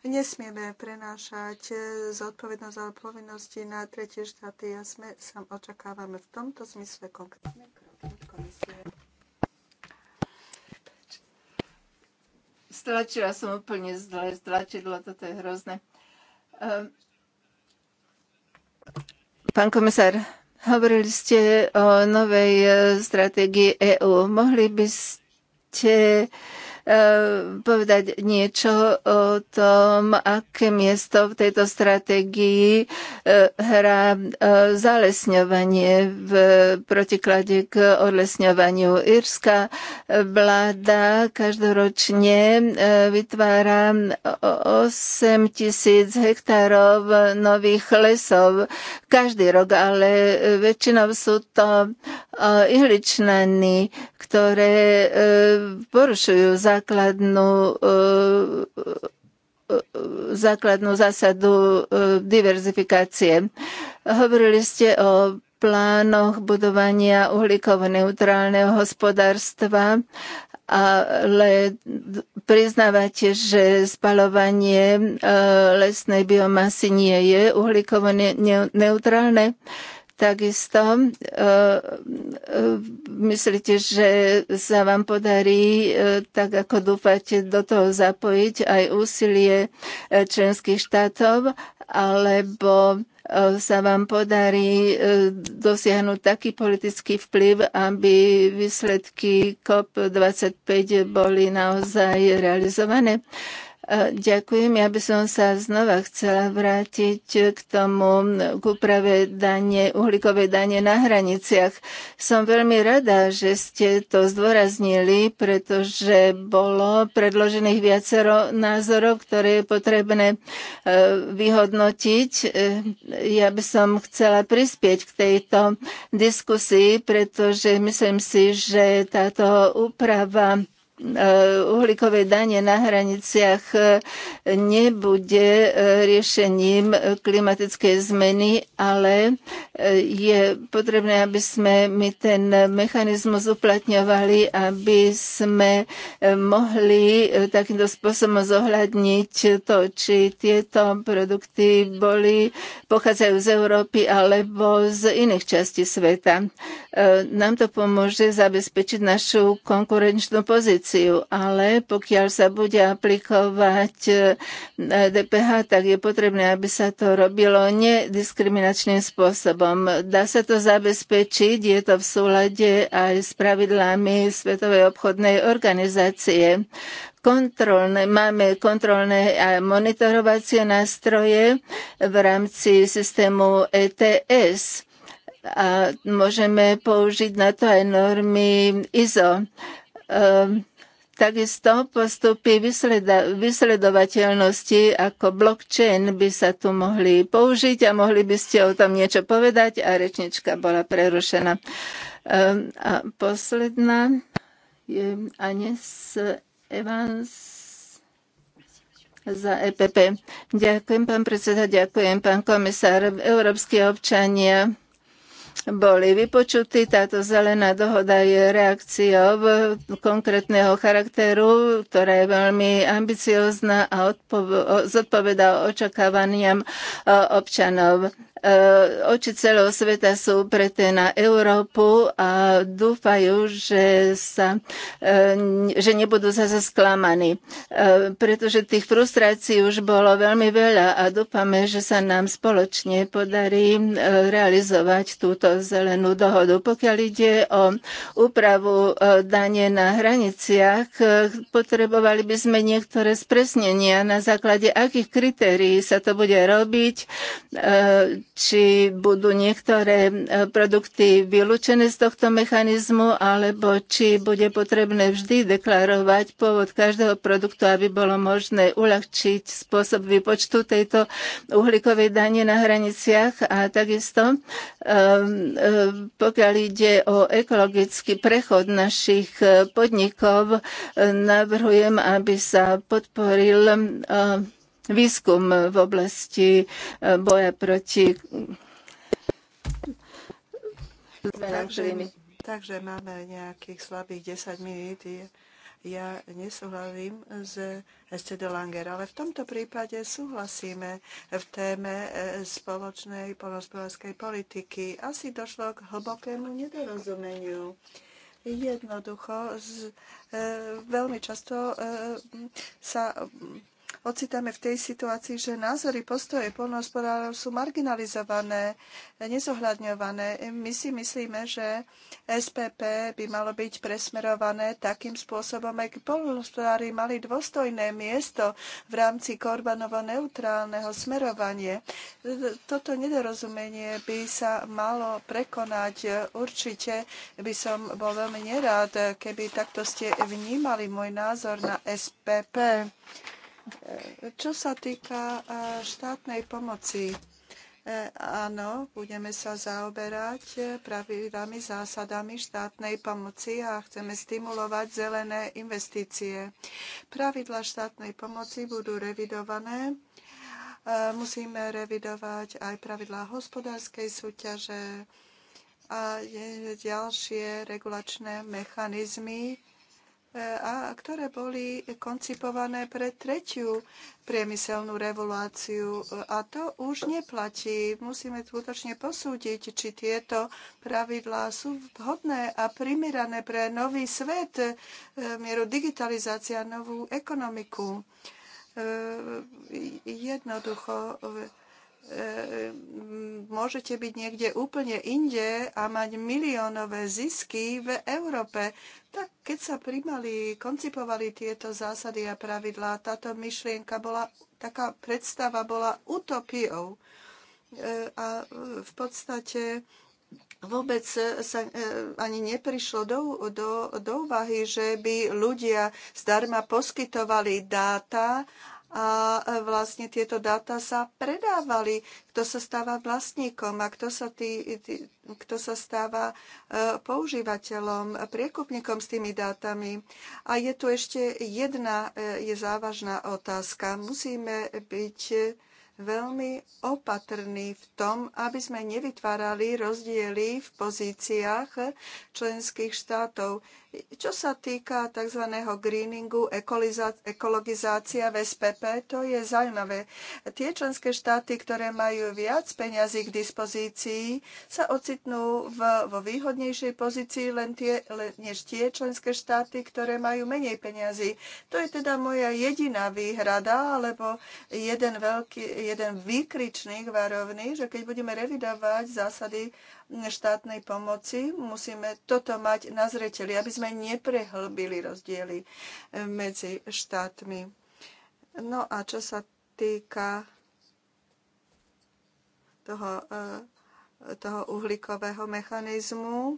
Nesmieme prenášať zodpovednosť alebo povinnosti na tretie štáty a sme, sa očakávame v tomto zmysle konkrétne kroky komisie. stlačila som úplne zle stlačidlo, toto je hrozné. Ehm, pán komisár, hovorili ste o novej eh, stratégii EÚ. Mohli by ste Eh, povedať niečo o tom, aké miesto v tejto stratégii eh, hrá eh, zalesňovanie v protiklade k odlesňovaniu. Írska vláda každoročne vytvára 8 tisíc hektárov nových lesov každý rok, ale väčšinou sú to ihličnany, ktoré porušujú zákon základnú e, e, základnú zásadu e, diverzifikácie. Hovorili ste o plánoch budovania uhlíkovo-neutrálneho hospodárstva, ale priznávate, že spalovanie lesnej biomasy nie je uhlíkovo-neutrálne. Ne- Takisto e, e, myslíte, že sa vám podarí, e, tak ako dúfate, do toho zapojiť aj úsilie členských štátov, alebo sa vám podarí dosiahnuť taký politický vplyv, aby výsledky COP25 boli naozaj realizované. Ďakujem. Ja by som sa znova chcela vrátiť k tomu, k úprave dane, uhlíkovej dane na hraniciach. Som veľmi rada, že ste to zdôraznili, pretože bolo predložených viacero názorov, ktoré je potrebné e, vyhodnotiť. E, ja by som chcela prispieť k tejto diskusii, pretože myslím si, že táto úprava Eh, uhlíkovej dane na hraniciach eh, nebude eh, riešením klimatickej zmeny, ale je potrebné, aby sme my ten mechanizmus uplatňovali, aby sme mohli takýmto spôsobom zohľadniť to, či tieto produkty boli, pochádzajú z Európy alebo z iných častí sveta. Nám to pomôže zabezpečiť našu konkurenčnú pozíciu definíciu, ale pokiaľ sa bude aplikovať eh, DPH, tak je potrebné, aby sa to robilo nediskriminačným spôsobom. Dá sa to zabezpečiť, je to v súlade aj s pravidlami Svetovej obchodnej organizácie kontrolné, máme kontrolné a monitorovacie nástroje v rámci systému ETS a môžeme použiť na to aj normy ISO. Um, ehm, Takisto postupy vysledovateľnosti ako blockchain by sa tu mohli použiť a mohli by ste o tom niečo povedať a rečnička bola prerušená. Ehm, a posledná je Anes Evans za EPP. Ďakujem, pán predseda, ďakujem, pán komisár. Európsky občania boli vypočutí. Táto zelená dohoda je reakciou konkrétneho charakteru, ktorá je veľmi ambiciozná a zodpovedá očakávaniam e, občanov. Eh, oči celého sveta sú preté na Európu a dúfajú, že, sa, eh, že nebudú zase sklamaní, eh, pretože tých frustrácií už bolo veľmi veľa a dúfame, že sa nám spoločne podarí realizovať túto zelenú dohodu. Pokiaľ ide o úpravu dane na hraniciach, potrebovali by sme niektoré spresnenia, na základe akých kritérií sa to bude robiť, či budú niektoré e, produkty vylúčené z tohto mechanizmu, alebo či bude potrebné vždy deklarovať pôvod každého produktu, aby bolo možné uľahčiť spôsob vypočtu tejto uhlíkovej dane na hraniciach. A takisto, e, e, pokiaľ ide o ekologický prechod našich podnikov, navrhujem, aby sa podporil výskum v oblasti eh, boja proti zmenám Takže máme nejakých slabých 10 minút. Ja nesúhlasím s Esther de Langer, ale v tomto prípade súhlasíme v téme eh, spoločnej polnospodárskej politiky. Asi došlo k hlbokému nedorozumeniu jednoducho z, e, veľmi často e, sa ocitáme v tej situácii, že názory, postoje polnohospodárov sú marginalizované, nezohľadňované. My si myslíme, že SPP by malo byť presmerované takým spôsobom, ak polnohospodári mali dôstojné miesto v rámci Korbanovo neutrálneho smerovanie. Toto nedorozumenie by sa malo prekonať. Určite by som bol veľmi nerád, keby takto ste vnímali môj názor na SPP. Čo sa týka e, štátnej pomoci, e, áno, budeme sa zaoberať e, pravidlami, zásadami štátnej pomoci a chceme stimulovať zelené investície. Pravidla štátnej pomoci budú revidované. Musíme revidovať aj pravidlá hospodárskej súťaže a ďalšie regulačné mechanizmy E, a ktoré boli koncipované pre tretiu priemyselnú revoláciu. E, a to už neplatí. Musíme skutočne posúdiť, či tieto pravidlá sú vhodné a primerané pre nový svet, e, mieru digitalizácia, novú ekonomiku. Jednoducho E, môžete byť niekde úplne inde a mať miliónové zisky v Európe. Tak keď sa primali, koncipovali tieto zásady a pravidlá, táto myšlienka bola, taká predstava bola utopiou. E, a e, v podstate vôbec sa ani neprišlo do, do, do úvahy, že by ľudia zdarma poskytovali dáta a e, vlastne tieto dáta sa predávali. Kto sa stáva vlastníkom a kto sa, tý, tý, kto sa stáva e, používateľom, priekupníkom s tými dátami. A je tu ešte jedna e, je závažná otázka. Musíme byť veľmi opatrní v tom, aby sme nevytvárali rozdiely v pozíciách členských štátov. Čo sa týka tzv. greeningu, ekologizácia v SPP, to je zaujímavé. Tie členské štáty, ktoré majú viac peňazí k dispozícii, sa ocitnú v, vo výhodnejšej pozícii len tie, len, než tie členské štáty, ktoré majú menej peňazí. To je teda moja jediná výhrada, alebo jeden, veľký, jeden výkričník varovný, že keď budeme revidovať zásady štátnej pomoci. Musíme toto mať na zreteli, aby sme neprehlbili rozdiely eh, medzi štátmi. No a čo sa týka toho, eh, toho uhlíkového mechanizmu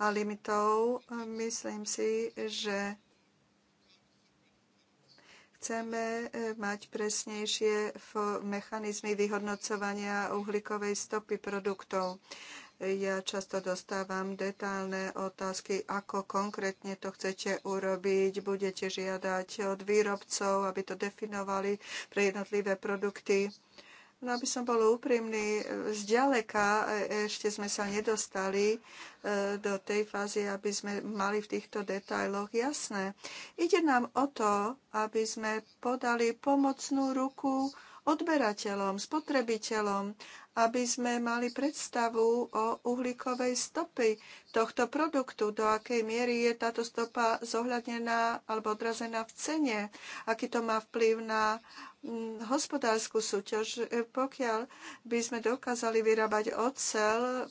a limitov, eh, myslím si, že chceme mať presnejšie mechanizmy vyhodnocovania uhlíkovej stopy produktov. Ja často dostávam detálne otázky, ako konkrétne to chcete urobiť. Budete žiadať od výrobcov, aby to definovali pre jednotlivé produkty. No aby som bol úprimný, zďaleka ešte sme sa nedostali e, do tej fázy, aby sme mali v týchto detailoch jasné. Ide nám o to, aby sme podali pomocnú ruku odberateľom, spotrebiteľom, aby sme mali predstavu o uhlíkovej stopy tohto produktu, do akej miery je táto stopa zohľadnená alebo odrazená v cene, aký to má vplyv na mm, hospodárskú súťaž. E, pokiaľ by sme dokázali vyrábať ocel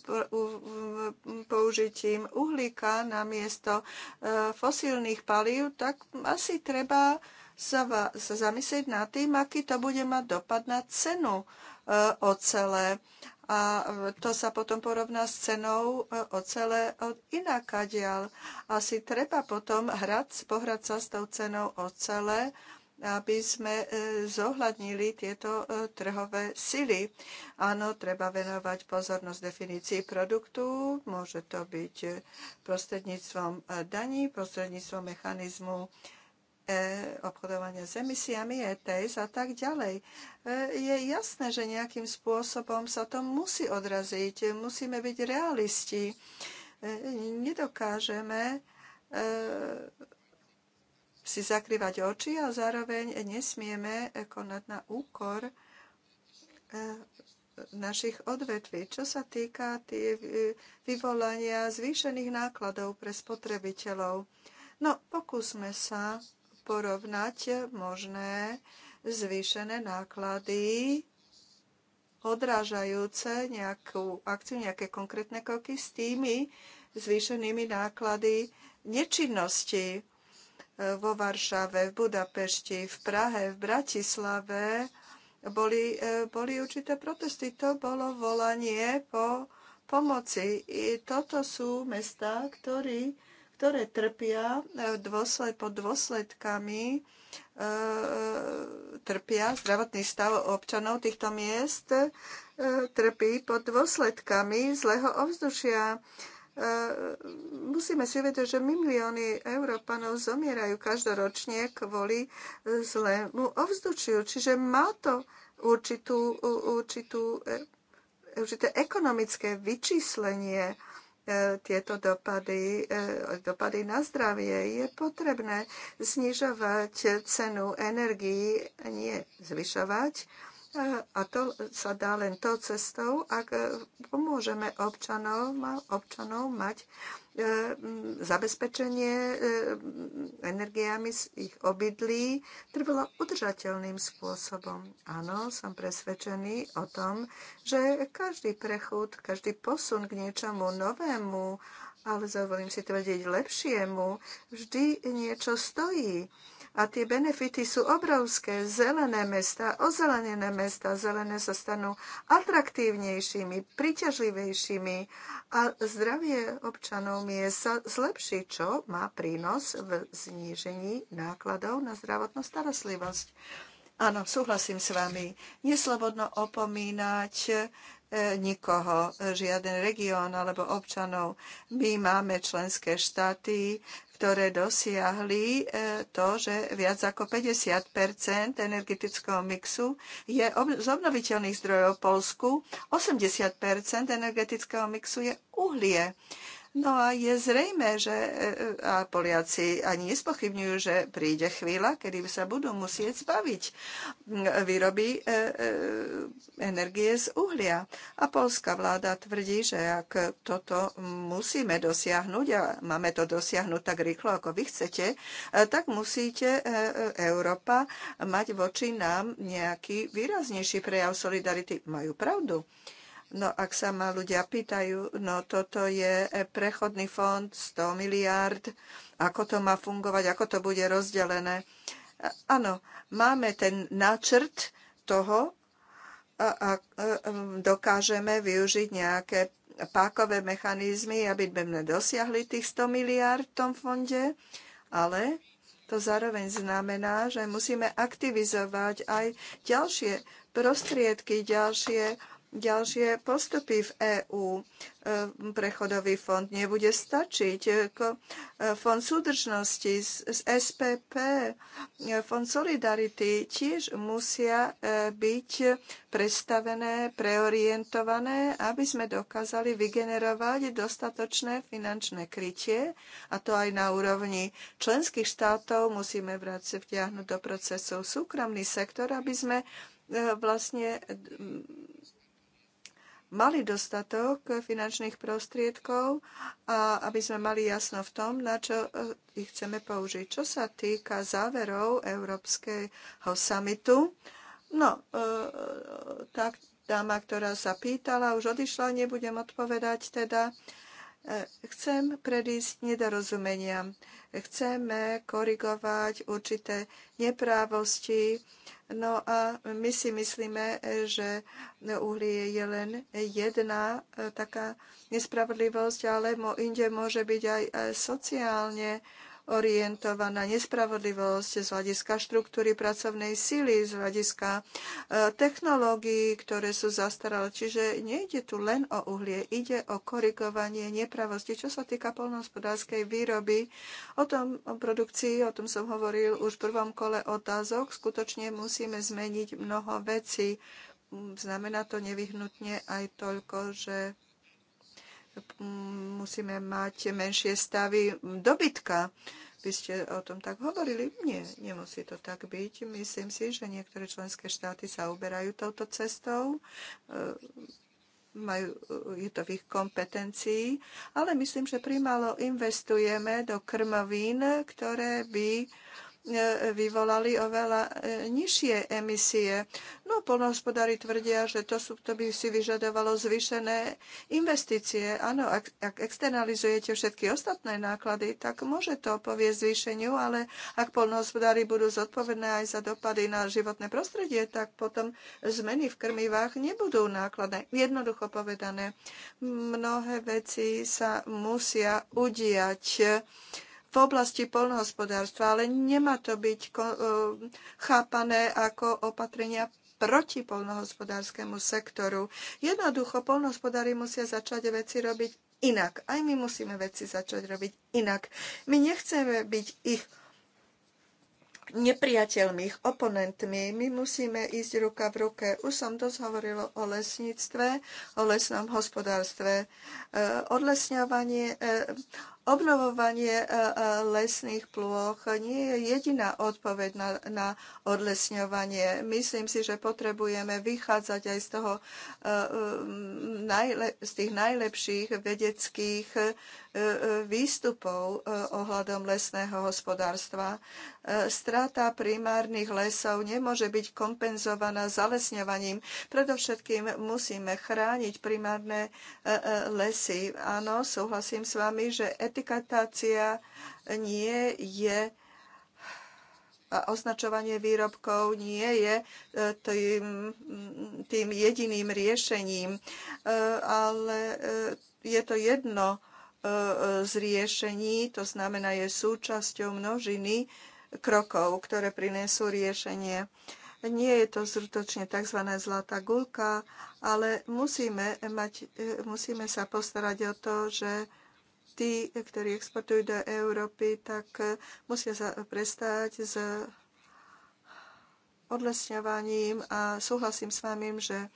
použitím uhlíka na miesto e, fosílnych palív, tak asi treba sa, sa zamyslieť nad tým, aký to bude mať dopad na cenu e, ocele. A to sa potom porovná s cenou e, ocele od ináka dial. Asi treba potom hrať, pohrať sa s tou cenou ocele, aby sme e, zohľadnili tieto trhové sily. Áno, treba venovať pozornosť definícii produktu. Môže to byť prostredníctvom daní, prostredníctvom mechanizmu E, obchodovania s emisiami, ETS a tak ďalej. E, je jasné, že nejakým spôsobom sa to musí odraziť. Musíme byť realisti. E, nedokážeme si zakrývať oči a zároveň nesmieme konať na úkor našich odvetví. Čo sa týka tie vyvolania zvýšených nákladov pre spotrebiteľov, no pokúsme sa porovnať možné zvýšené náklady odrážajúce nejakú akciu, nejaké konkrétne kroky s tými zvýšenými náklady nečinnosti e, vo Varšave, v Budapešti, v Prahe, v Bratislave. Boli, e, boli určité protesty. To bolo volanie po pomoci. I toto sú mesta, ktorí ktoré trpia e, dôsled, pod dôsledkami e, e, trpia zdravotný stav občanov týchto miest, trpí pod dôsledkami zlého ovzdušia. Musíme si vedieť, že milióny Európanov zomierajú každoročne kvôli zlému ovzdušiu, Čiže má to určitú, určitú, určité ekonomické vyčíslenie E, tieto dopady, e, dopady na zdravie. Je potrebné znižovať cenu energii, nie zvyšovať. E, a to sa dá len tou cestou, ak pomôžeme občanom, občanom mať E, zabezpečenie e, energiami z ich obydlí trvalo udržateľným spôsobom. Áno, som presvedčený o tom, že každý prechod, každý posun k niečomu novému, ale dovolím si vedieť lepšiemu, vždy niečo stojí. A tie benefity sú obrovské. Zelené mesta, ozelenené mesta, zelené sa stanú atraktívnejšími, priťažlivejšími a zdravie občanov je sa zlepší, čo má prínos v znížení nákladov na zdravotnú starostlivosť. Áno, súhlasím s vami. Neslobodno opomínať E, nikoho, žiaden región alebo občanov. My máme členské štáty, ktoré dosiahli e, to, že viac ako 50 energetického mixu je z obnoviteľných zdrojov v Polsku, 80 energetického mixu je uhlie. No a je zrejme, že e, e, a Poliaci ani nespochybňujú, že príde chvíľa, kedy sa budú musieť zbaviť výroby e, energie z uhlia. A polská vláda tvrdí, že ak toto musíme dosiahnuť a máme to dosiahnuť tak rýchlo, ako vy chcete, tak musíte Európa mať voči nám nejaký výraznejší prejav solidarity. Majú pravdu. No ak sa ma ľudia pýtajú, no toto je e, prechodný fond 100 miliárd, ako to má fungovať, ako to bude rozdelené. E, áno, máme ten náčrt toho, a, a, e, dokážeme využiť nejaké pákové mechanizmy, aby sme dosiahli tých 100 miliárd v tom fonde, ale to zároveň znamená, že musíme aktivizovať aj ďalšie prostriedky, ďalšie ďalšie postupy v EÚ. E, prechodový fond nebude stačiť. E, fond súdržnosti z SPP, e, fond solidarity tiež musia byť predstavené, preorientované, aby sme dokázali vygenerovať dostatočné finančné krytie, a to aj na úrovni členských štátov musíme vrať sa vťahnuť do procesov súkromný sektor, aby sme vlastne mali dostatok finančných prostriedkov a aby sme mali jasno v tom, na čo e, ich chceme použiť. Čo sa týka záverov Európskeho samitu, no, e, tak dáma, ktorá sa pýtala, už odišla, nebudem odpovedať teda. E, chcem predísť nedorozumeniam. Chceme korigovať určité neprávosti, no a my si myslíme, že uhlie je len jedna e, taká nespravodlivosť, ale inde môže byť aj e, sociálne orientovaná nespravodlivosť z hľadiska štruktúry pracovnej síly, z hľadiska e, technológií, ktoré sú zastaralé. Čiže nejde tu len o uhlie, ide o korigovanie nepravosti. Čo sa týka polnohospodárskej výroby, o tom o produkcii, o tom som hovoril už v prvom kole otázok, skutočne musíme zmeniť mnoho vecí. Znamená to nevyhnutne aj toľko, že musíme mať menšie stavy dobytka. Vy ste o tom tak hovorili? Nie, nemusí to tak byť. Myslím si, že niektoré členské štáty sa uberajú touto cestou. E, majú, je to v ich kompetencií, ale myslím, že primálo investujeme do krmovín, ktoré by uh, E, vyvolali oveľa e, nižšie emisie. No, polnohospodári tvrdia, že to, sú, to by si vyžadovalo zvýšené investície. Áno, ak, ak externalizujete všetky ostatné náklady, tak môže to povieť zvýšeniu, ale ak polnohospodári budú zodpovedné aj za dopady na životné prostredie, tak potom zmeny v krmivách nebudú nákladné. Jednoducho povedané, mnohé veci sa musia udiať v oblasti polnohospodárstva, ale nemá to byť e, chápané ako opatrenia proti polnohospodárskému sektoru. Jednoducho, polnohospodári musia začať veci robiť inak. Aj my musíme veci začať robiť inak. My nechceme byť ich nepriateľmi, ich oponentmi. My musíme ísť ruka v ruke. Už som dosť hovorila o lesníctve, o lesnom hospodárstve. E, odlesňovanie e, Obnovovanie e, e, lesných plôch nie je jediná odpoveď na, na odlesňovanie. Myslím si, že potrebujeme vychádzať aj z, toho, e, z tých najlepších vedeckých výstupov ohľadom lesného hospodárstva. Strata primárnych lesov nemôže byť kompenzovaná zalesňovaním. Predovšetkým musíme chrániť primárne lesy. Áno, súhlasím s vami, že etikatácia nie je a označovanie výrobkov nie je e, tým, tým jediným riešením, e, ale e, je to jedno z riešení, to znamená je súčasťou množiny krokov, ktoré prinesú riešenie. Nie je to zrutočne tzv. zlatá gulka, ale musíme, mať, musíme sa postarať o to, že tí, ktorí exportujú do Európy, tak e, musia sa prestať s odlesňovaním a súhlasím s vami, že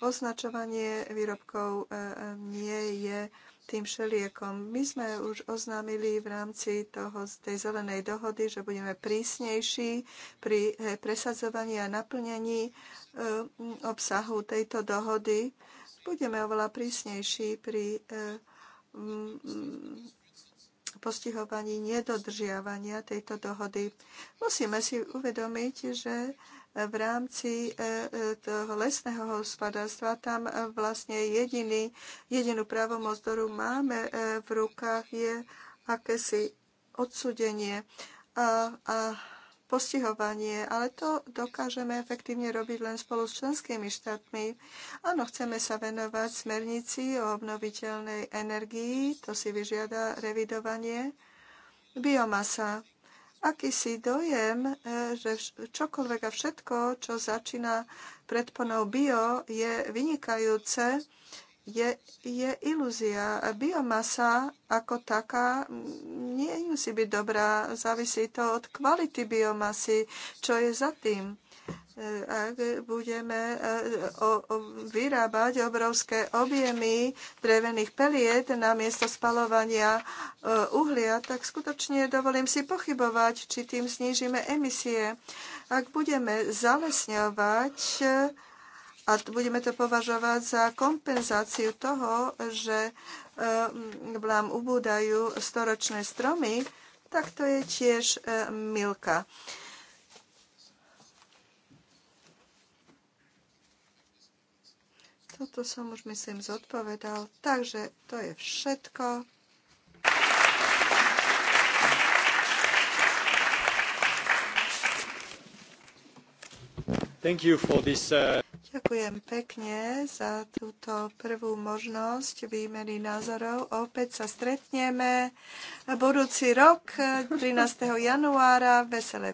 označovanie výrobkov e, e, nie je tým všeliekom. My sme už oznámili v rámci toho, tej zelenej dohody, že budeme prísnejší pri presadzovaní a naplnení obsahu tejto dohody. Budeme oveľa prísnejší pri postihovaní nedodržiavania tejto dohody. Musíme si uvedomiť, že v rámci e, e, toho lesného hospodárstva tam vlastne jediný, jedinú právomoc, ktorú máme e, v rukách, je akési odsudenie a, a postihovanie, ale to dokážeme efektívne robiť len spolu s členskými štátmi. Áno, chceme sa venovať smernici o obnoviteľnej energii, to si vyžiada revidovanie. Biomasa. Akýsi dojem, e, že čokoľvek a všetko, čo začína predponou bio, je vynikajúce, je, je ilúzia. Biomasa ako taká nie musí byť dobrá. Závisí to od kvality biomasy, čo je za tým. Ak budeme e, vyrábať obrovské objemy drevených peliet na miesto spalovania e, uhlia, tak skutočne dovolím si pochybovať, či tým znížime emisie. Ak budeme zalesňovať a budeme to považovať za kompenzáciu toho, že eh, nám ubúdajú storočné stromy, tak to je tiež eh, milka. Toto som už myslím zodpovedal, takže to je všetko. Thank you for this, uh... Ďakujem pekne za túto prvú možnosť výmeny názorov. Opäť sa stretneme budúci rok 13. januára. Veselé